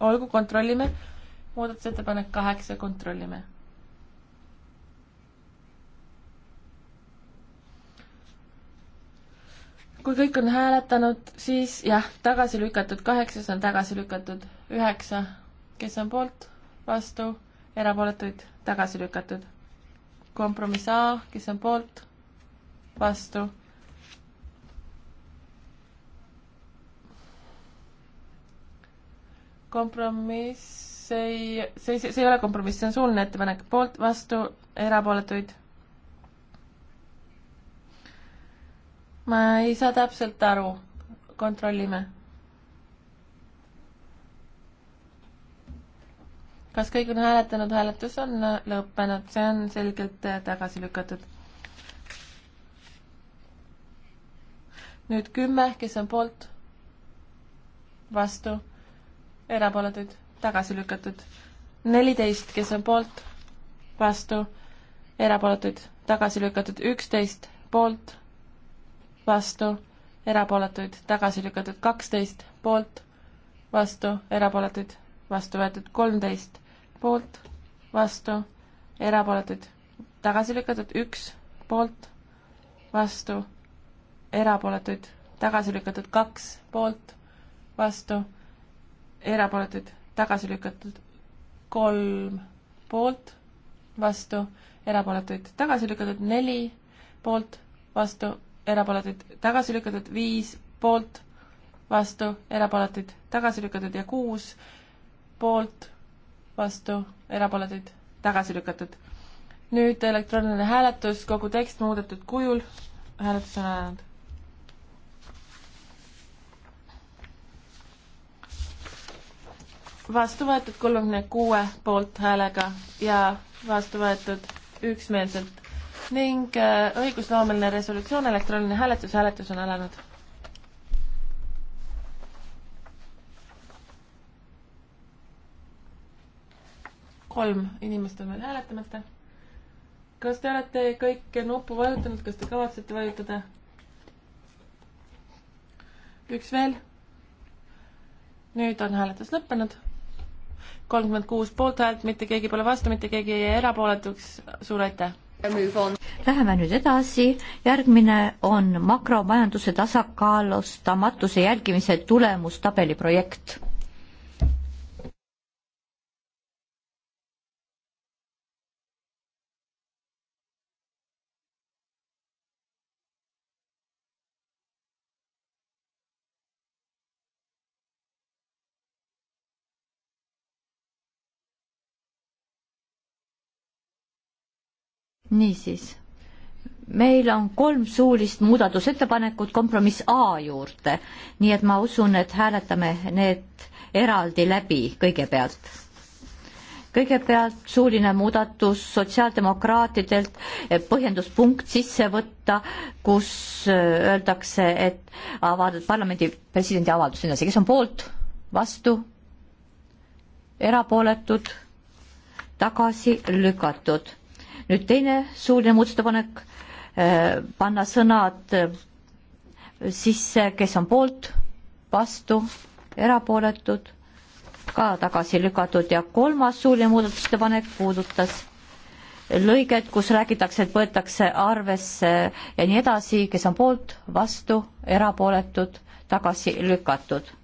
olgu, kontrollime, muudatusettepanek kaheksa, kontrollime kui kõik on hääletanud, siis jah, tagasi lükatud, kaheksas on tagasi lükatud, üheksa, kes on poolt, vastu, erapooletuid, tagasi lükatud. kompromiss A, kes on poolt, vastu. kompromiss ei, see, see ei ole kompromiss, see on suuline ettepanek, poolt, vastu, erapooletuid ma ei saa täpselt aru, kontrollime. kas kõik on hääletanud, hääletus on lõppenud, see on selgelt tagasi lükatud. nüüd kümme, kes on poolt, vastu, erapooletuid, tagasi lükatud. neliteist, kes on poolt, vastu, erapooletuid, tagasi lükatud. üksteist, poolt vastu, erapooletuid tagasi lükatud kaksteist, poolt, vastu, erapooletuid vastu võetud kolmteist, poolt, vastu, erapooletuid tagasi lükatud üks, poolt, vastu, erapooletuid tagasi lükatud kaks, poolt, vastu, erapooletuid tagasi lükatud kolm, poolt, vastu, erapooletuid tagasi lükatud neli, poolt, vastu, erapooletuid tagasi lükatud, viis poolt, vastu, erapooletuid tagasi lükatud ja kuus poolt, vastu, erapooletuid tagasi lükatud. nüüd elektrooniline hääletus, kogu tekst muudetud kujul, hääletus on alanud. vastu võetud kolmekümne kuue poolthäälega ja vastu võetud üksmeelselt ning äh, õigusloomeline resolutsioon, elektrooniline hääletus, hääletus on alanud. kolm inimest on veel hääletamata. kas te olete kõike nuppu vajutanud, kas te kavatsete vajutada? üks veel. nüüd on hääletus lõppenud kolmkümmend kuus poolthäält, mitte keegi pole vastu, mitte keegi ei erapooletuks. suur aitäh! Läheme nüüd edasi, järgmine on makromajanduse tasakaalustamatuse jälgimise tulemustabeli projekt niisiis, meil on kolm suulist muudatusettepanekut kompromiss A juurde, nii et ma usun, et hääletame need eraldi läbi kõigepealt kõigepealt suuline muudatus sotsiaaldemokraatidelt, eh, põhjenduspunkt sisse võtta, kus eh, öeldakse, et avatud parlamendi presidendi avaldus edasi, kes on poolt, vastu, erapooletud, tagasi lükatud nüüd teine suuline muudatusettepanek, äh, panna sõnad äh, sisse, kes on poolt, vastu, erapooletud, ka tagasi lükatud ja kolmas suuline muudatusettepanek puudutas lõiget, kus räägitakse, et võetakse arvesse ja nii edasi, kes on poolt, vastu, erapooletud, tagasi lükatud.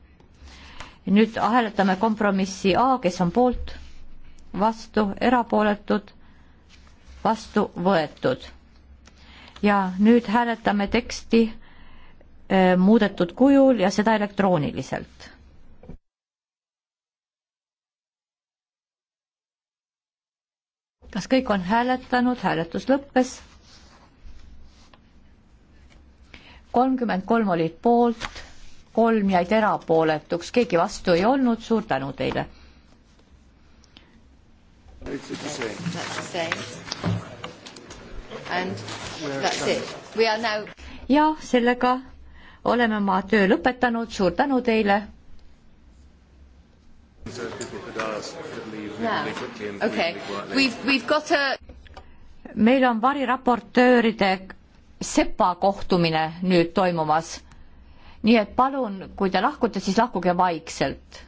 nüüd hääletame kompromissi A, kes on poolt, vastu, erapooletud vastu võetud. ja nüüd hääletame teksti äh, muudetud kujul ja seda elektrooniliselt. kas kõik on hääletanud, hääletus lõppes? kolmkümmend kolm olid poolt, kolm jäid erapooletuks, keegi vastu ei olnud, suur tänu teile It's the same. That's the same. And that's it. We are now... ja sellega oleme oma töö lõpetanud, suur tänu teile. Okay. We've, we've got a... meil on variraportööride sepa kohtumine nüüd toimumas. nii et palun, kui te lahkute, siis lahkuge vaikselt